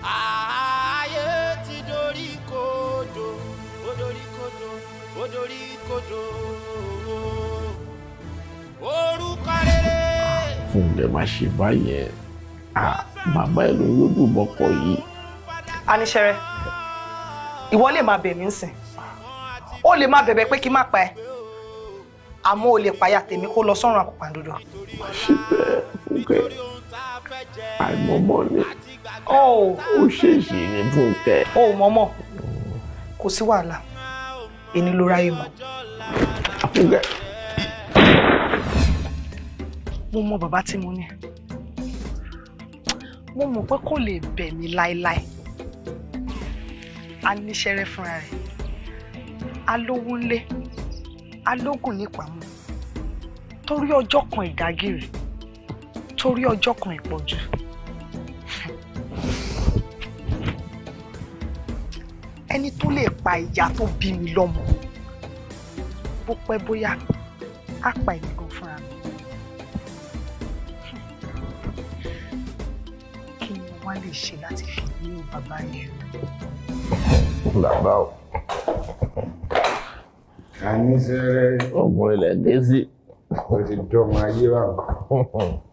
ayé ti dorí kodò ó dorí kodò ó dorí kodò orúkọ rere. ṣe báyẹn bàbá ẹ ló yóò dùn kọ yìí. aníṣẹ́rẹ́ ìwọ lè máa bẹ̀ mí nsìn ó lè máa bẹ̀bẹ̀ pé kí n pa ẹ́ àmọ́ ó lè payà tèmi kó lọ sọ́run àpòpàǹdodo. má ṣe bẹ́ẹ̀ fúnkẹ́. àìmọ̀mọ̀ ni ó ó ṣèṣì ní fúnkẹ́. ó mọ̀mọ́ kò sí wàhálà èmi ló ráyè mọ́. fúnkẹ́. mo mọ bàbá tí mo ní mo mọ̀ pé kò lè bẹ̀ mí láéláé a níṣẹ́rẹ́ fúnra rẹ̀ a lówó ńlé a lógùn nípamọ́ torí ọjọ́ kan ìdágìrì torí ọjọ́ kan ìpọ́njú. ẹni tó lè pa ìyá tó bí mi lọ́mọ bó pẹ́ bóyá á pa èmi gan fúnra mi. kí ni wọ́n lè ṣe láti fi ní bàbá yẹn. bàbá o. a ní sẹ́rẹ́. ọkùnrin lẹ́gẹ́sì. o ti dọ́mọ ayé wa.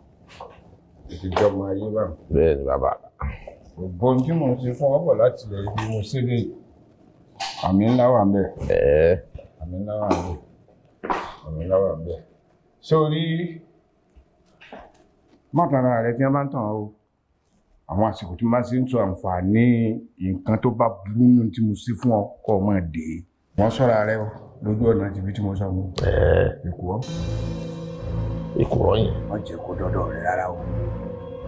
ìjọba ayé bá. bẹ́ẹ̀ ni bàbá. ògbón tí mo ti fọwọ́ bọ̀ láti lè fi mo sílé àmì ńlá wà ń bẹ̀. ẹ̀ẹ́. àmì ńlá wà ń bẹ̀ àmì ńlá wà ń bẹ̀. sórí mọ́tàrà rẹ tí wọ́n bá ń tàn o àwọn àsìkò tí wọ́n bá ń sọ àǹfààní nǹkan tó bá burú nù tí mo sí fún ọ kọ́ ọ dé. wọ́n sọ̀rọ̀ rẹ o lójú ọ̀nà tìbí tí mo sọ fún ọ. ẹ̀ẹ́. èkó ìkùrọ̀ yẹn. wọ́n jẹ́ kó dọ́dọ̀ rẹ̀ rárá o.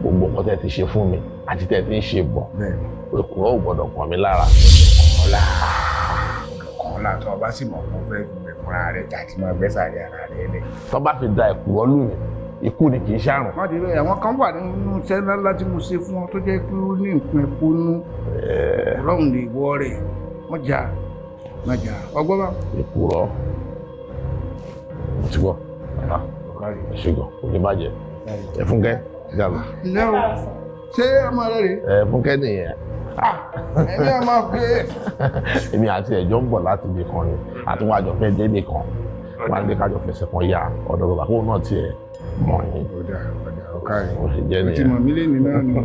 gbogbo nǹkan tẹ́ ti ṣe fún mi àti tẹ́ ti ń ṣe bọ̀ ìkùrọ̀ ò gbọ́dọ̀ kàn mí lára. ọ̀la ọ̀la tó o bá sì mọ̀ kó fẹ́ fẹ́ fúnra rẹ̀ jáde máa bẹ́ sàrí ara rẹ̀ lẹ̀. tó bá fi da ìkùrọ̀ lù mí ikú ni kì í ṣàrùn. wọ́n ti rí àwọn kan wà nínú sẹ́ńdá láti mo ṣe fún ọ tó jẹ́ pé ó ní nǹkan ẹ̀kọ́ nú. ọlọ́run lè wọ rẹ̀ wọ́n jà wọ́n jà ọgbọ́n bá. ìkùrọ̀ mo ti gbọ́ ṣùgbọ́n kò ní bàjẹ́ ẹ fúnkẹ́ gàlà. ǹlẹ́ o ṣé ọmọ rẹ rè. ẹ fúnkẹ́ nìyẹn. ẹni ẹ máa pè é. èmi àti ẹjọ ń bọ̀ láti ibì kan ni àti wọn àjọ fẹ́ dé ibì kan wọn àgbẹ̀ kájọ fẹsẹ̀ kan yá ọ̀dọ̀ bàbá kó náà tiẹ̀ mọ̀ yín. ọ̀dà ọ̀dà ọ̀ká yìí mo sì jẹ́ nìyẹn. ti mọ̀ mí lé mi náà ni mo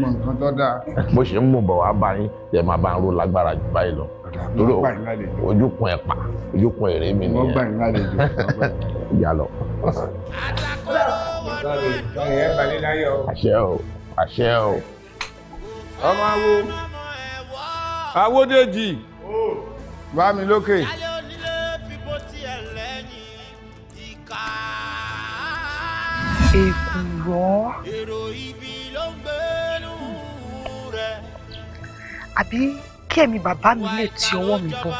mọ nǹkan tó dáa. bó ṣe ń mú bọ̀ wá bá yín lè máa bá ń ró lágbára báyìí lọ torí ojúkun ẹ̀ pa ojúkun èrè mi nìyẹn. wọ́n gbà yín lálejò. lọ. àṣẹ o àṣẹ o. ọmọ awo awódèjì bá mi lókè. èkùrọ́. èrò ibi ló ń gbẹ́nu rẹ̀. àbí kí ẹ̀mí bàbá mi lè ti ọwọ́ mi bọ̀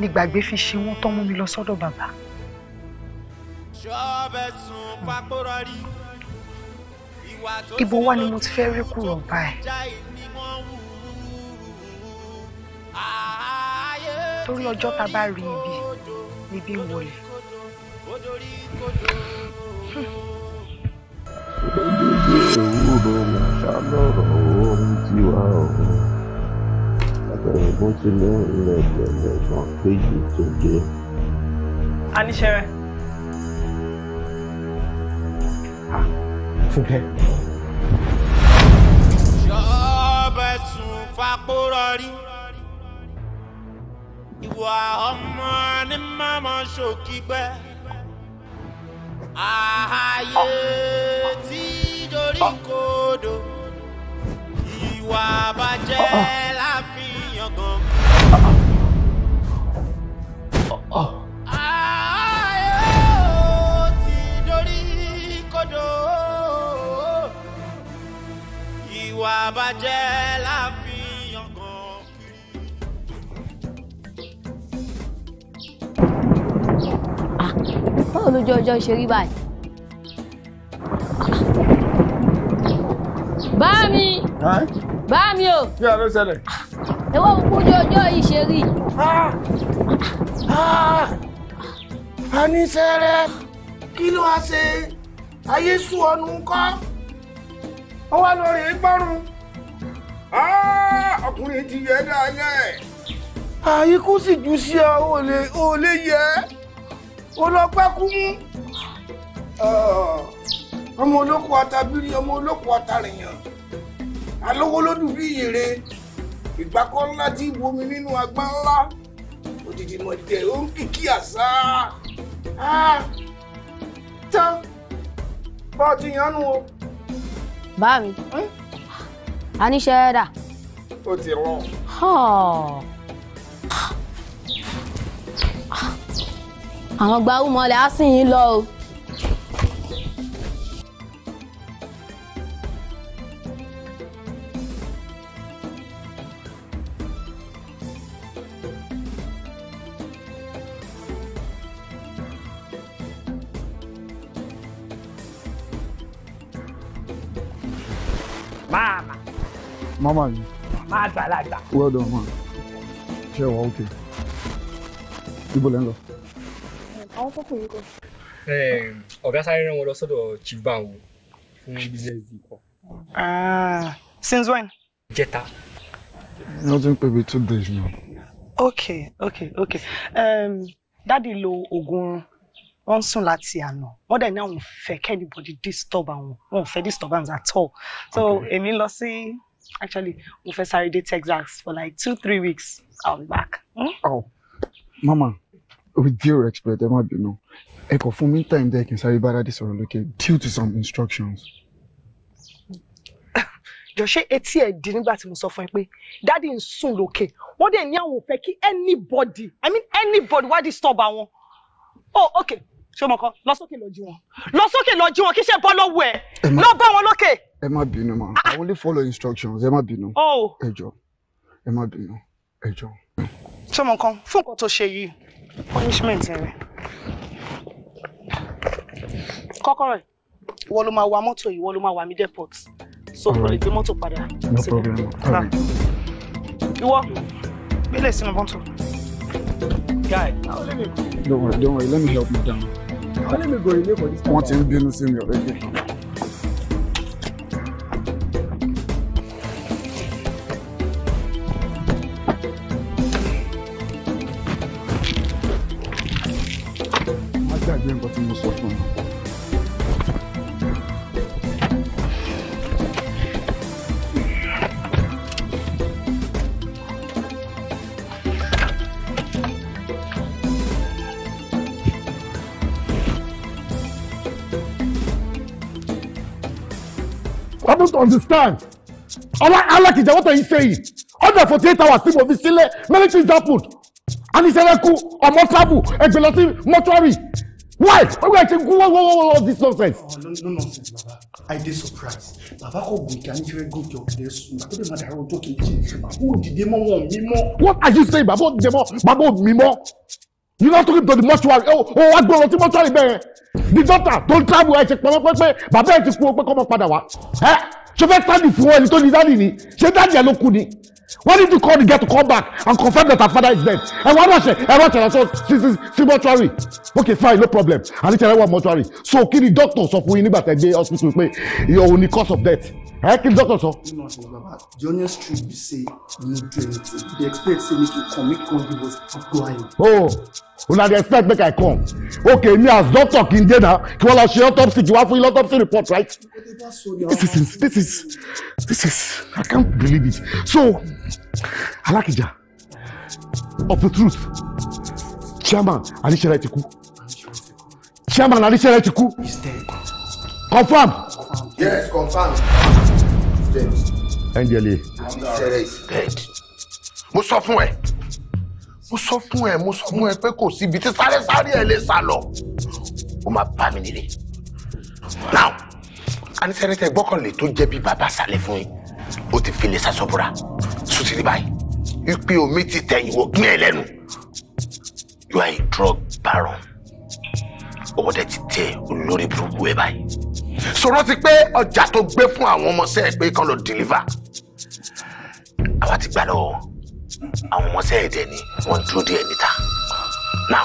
ní gbàgbé fi ṣe wọ́n tán mú mi lọ sọ́dọ̀ bàbá. ibo wá ni mo ti fẹ́ rí kúrò báyìí. torí ọjọ́ tá bá rí ibi níbi wọlé. òwúrọ̀ màṣá lọ́rọ̀ ohun tiwa ọ̀hún ẹ̀gbọ́n ti ní ilẹ̀ péjì tó dé. aníṣẹ́rẹ́. fúnkẹ́. ṣọ́ọ̀bẹ̀ sùn fapórọ̀ rí ìwà ọmọ ní mọ́mọ́ ṣòkígbẹ́ ààyè tí dorí kodò ìwà bàjẹ́ yangan. ayọ̀ ti dorí kodò ìwà bàjẹ́ la fi yangan kiri. báwo lójú ọjọ́ ṣe rí báyìí. bá mi bá mi o. kí ló ṣẹlẹ̀ ewé òkú ni ọjọ́ yìí ṣe rí. anisẹ́rẹ́ kí ló wá ṣe ayé sú ọnu ńkọ́ ó wá lórí ìgbọ́rùn ọkùnrin ti yẹ dáadáa. àyíkú sì jù sí ọ ò lè yẹ ó lọ pẹ́ mú ọmọ olóko ọta bírí ọmọ olóko ọta rìnyàn alówó lódù bí ìgbàkọ́ ńlá tí bomi nínú agbá ńlá òdìdì mọ̀dẹ̀ ó ń kìkì àṣà tán bá ọ ti yànnú o. bá mi hm? a ní ṣẹ́ẹ́dà. ó ti rán. àwọn gbaumọ̀lẹ̀ á sì yín lọ o. Mama, mà. mama mi. máa gbàlagbà. well done man. ṣe wà okay. You lẹ ń lọ. also fọ́pọ̀ yìí kọ. ọ̀gá sáré rán wọn lọ sọ́dọ̀ chief banwo business deal kan. Ah, since when. jẹta. wọ́n ti ń two days now. Okay, okay, okay. um, Daddy, lo ogun wọ́n ń sùn láti àná wọ́n dẹ̀ ní àwọn ò fẹ́ kẹ́nìbọ̀dì disturb àwọn wọn ò fẹ́ disturbance at all so èmi lọ sí actually mo fẹ́ sáré dé Texas for like two three weeks I'll be back. Hmm? Oh, mama with due respect ẹ má bínú ẹ kò fún mi time there kí n sáré bá dáadé sọ̀rọ̀ lókè due to some instructions. jọ ṣé etí ẹ di nígbà tí mo sọ fún ẹ pé dáàdi ń sùn lókè wọ́n dẹ̀ ní àwọn ò fẹ́ kí anybody i mean anybody wá disturb àwọn. oh okay ṣé mo kọ lọ sókè lọ jí wọn lọ sókè lọ jí wọn kí ṣe bọ́ lọ́wọ́ ẹ lọ bá wọn lókè. ẹ má bínú ma ah. i only follow instructions ẹ má bínú ẹ jọ ẹ má bínú ẹ jọ. ṣé mo kàn fún nǹkan tó ṣe yìí punishment rẹ kọ́kọ́rọ́ ẹ̀ wọ́n ló máa wa mọ́tò yìí wọ́n ló máa wà mí depot so kò lè gbé mọ́tò padà sílẹ̀ ìwọ gbélé sínú mọ́tò. Guy, don't worry, don't worry. Let me help you down wọ́n ti ń bínú sí mi ọ̀rẹ́dì. understand. Ọlá Alákìjà, what are you saying? Under forty eight hours tí mo fi sílẹ̀, many things happen. And happened. Anisẹ́rẹ́kù ọmọ travel ẹgbẹ́ lọ sí mọ́túárì. Why? Why I think what what what all this nonsense? Oh, no, no nonsense, Baba. I dey surprise. Baba kò gòkè anífẹ́rẹ́ gòkè ọ̀kẹ́rẹ́ sùn. Bàbá mi máa dàrú ọjọ́ kejì. Bàbá òdìdé mọ́ wọn mi mọ́. What are you saying? Bàbá òdìdé mọ́ bàbá mi mọ́. You not talking to the mortuary. Oh, oh, wá gbọ́dọ̀ sí mortuary bẹ́ẹ̀. The doctor don't travel ẹ̀ ṣe pẹ́ pẹ́ pẹ́ bàbá ẹ̀ ti kú ó pẹ́ kọ́ mọ́ padà wá ṣe fẹ́ stand fún ẹni tó ní dáàdì ni ṣe dáàdì ẹ̀ ló kú ni wọ́n need to call the girl to come back and confirm that her father is dead ẹ wọ́n rọ̀ṣẹ̀ ẹ rọ̀ṣẹ̀ lọ́sọ̀ sí sí sí mọ́túárì okay fine no problem àti tẹ̀lé wọ mọ́túárì so kí ni doctor sọ fún yín nígbà tẹ̀ gbé hospital pé òun ni cause of death ẹ kí ni doctor sọ. Junior Street, truth be say no do They expect say make you come make you come give us go oh una dey expect make i come okay me as doctor kinde na kí wọn lọ ṣe autopsy ju wá fún autopsy report right this is this is this is i can't believe it so alakija of the truth chairman anisere ti kú chairman anisere ti dead. Confirm. yes confam. Yes, NDLA. mo sọ fún ẹ mo sọ fún ẹ mo sọ fún ẹ pé kò síbi tí sáré sáré ẹ lè sá lọ ó máa bá mi nílé now anisẹ́rẹ́tẹ̀ gbọ́kànlé tó jẹ́ bí bàbá sálẹ̀ fún yín ó ti fi lè sàṣọ́bùrà sùtìrì báyìí ipe omi ti tẹ̀yìn wò gbìn ẹ lẹ́nu you are a drug baron ọ̀dẹ ti tẹ olórí burúkú ẹ báyìí sọ̀rọ̀ ti pé ọjà tó gbé fún àwọn ọmọọṣẹ́ ẹ̀ pé kán lọ deliver àwa ti gbà lọ́wọ́ àwọn ọmọọṣẹ́ ẹ̀ ni wọ́n dúró díẹ̀ níta now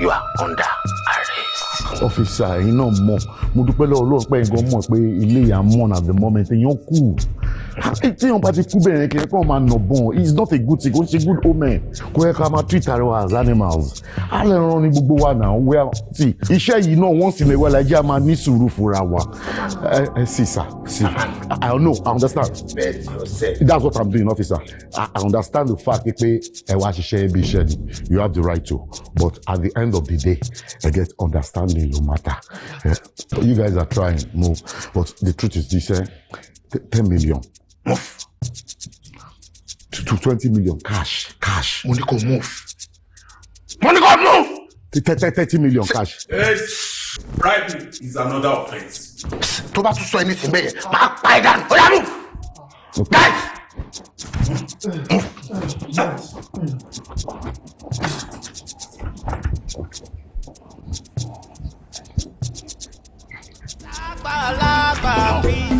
you are under arrest. ọ́fíìsà yìí náà mọ̀ mo dúpẹ́ lọ́wọ́ lóòpẹ́ yìí gan mọ̀ pé ilé yà mọ̀ nà the moment èèyàn kù téèyàn bá ti kú bẹ́ẹ̀ yẹn kì í kàn máa nà bọ̀n it's not a good thing kò ń ṣe good omen kò yẹ ká máa treat our as animals á lè ran ni gbogbo wa náà wíwá sí iṣẹ́ yìí náà once in a while ajé a máa ní sùúrù fúnra wa ẹ ẹ sì sà sí i know i understand that's what i'm doing officer i understand the fact pé ẹ wá ṣiṣẹ́ ibi iṣẹ́ ni you have the right to but at the end of the day i get understanding no matter eh, you guys are trying no but the truth is this eh ten million move. to twenty million cash cash. Money go move. Money go kò move. thirty million cash. Yes. bribery is another offence. tó bá tún sọ ẹni fún bẹ́ẹ̀ máa pa ẹ̀ dànù ó yá move. guys. Move àgbàlagbà fi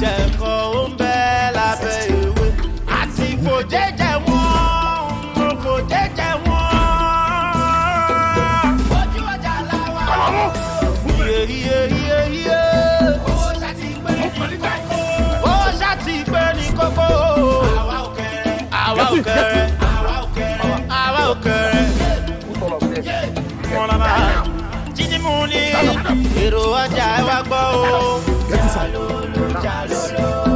jíjí mú ni èrò ọjà ẹ wá gbọ́ o. Get inside. Now.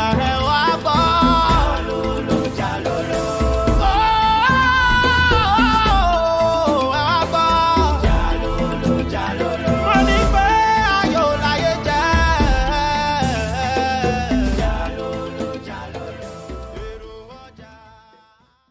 I have.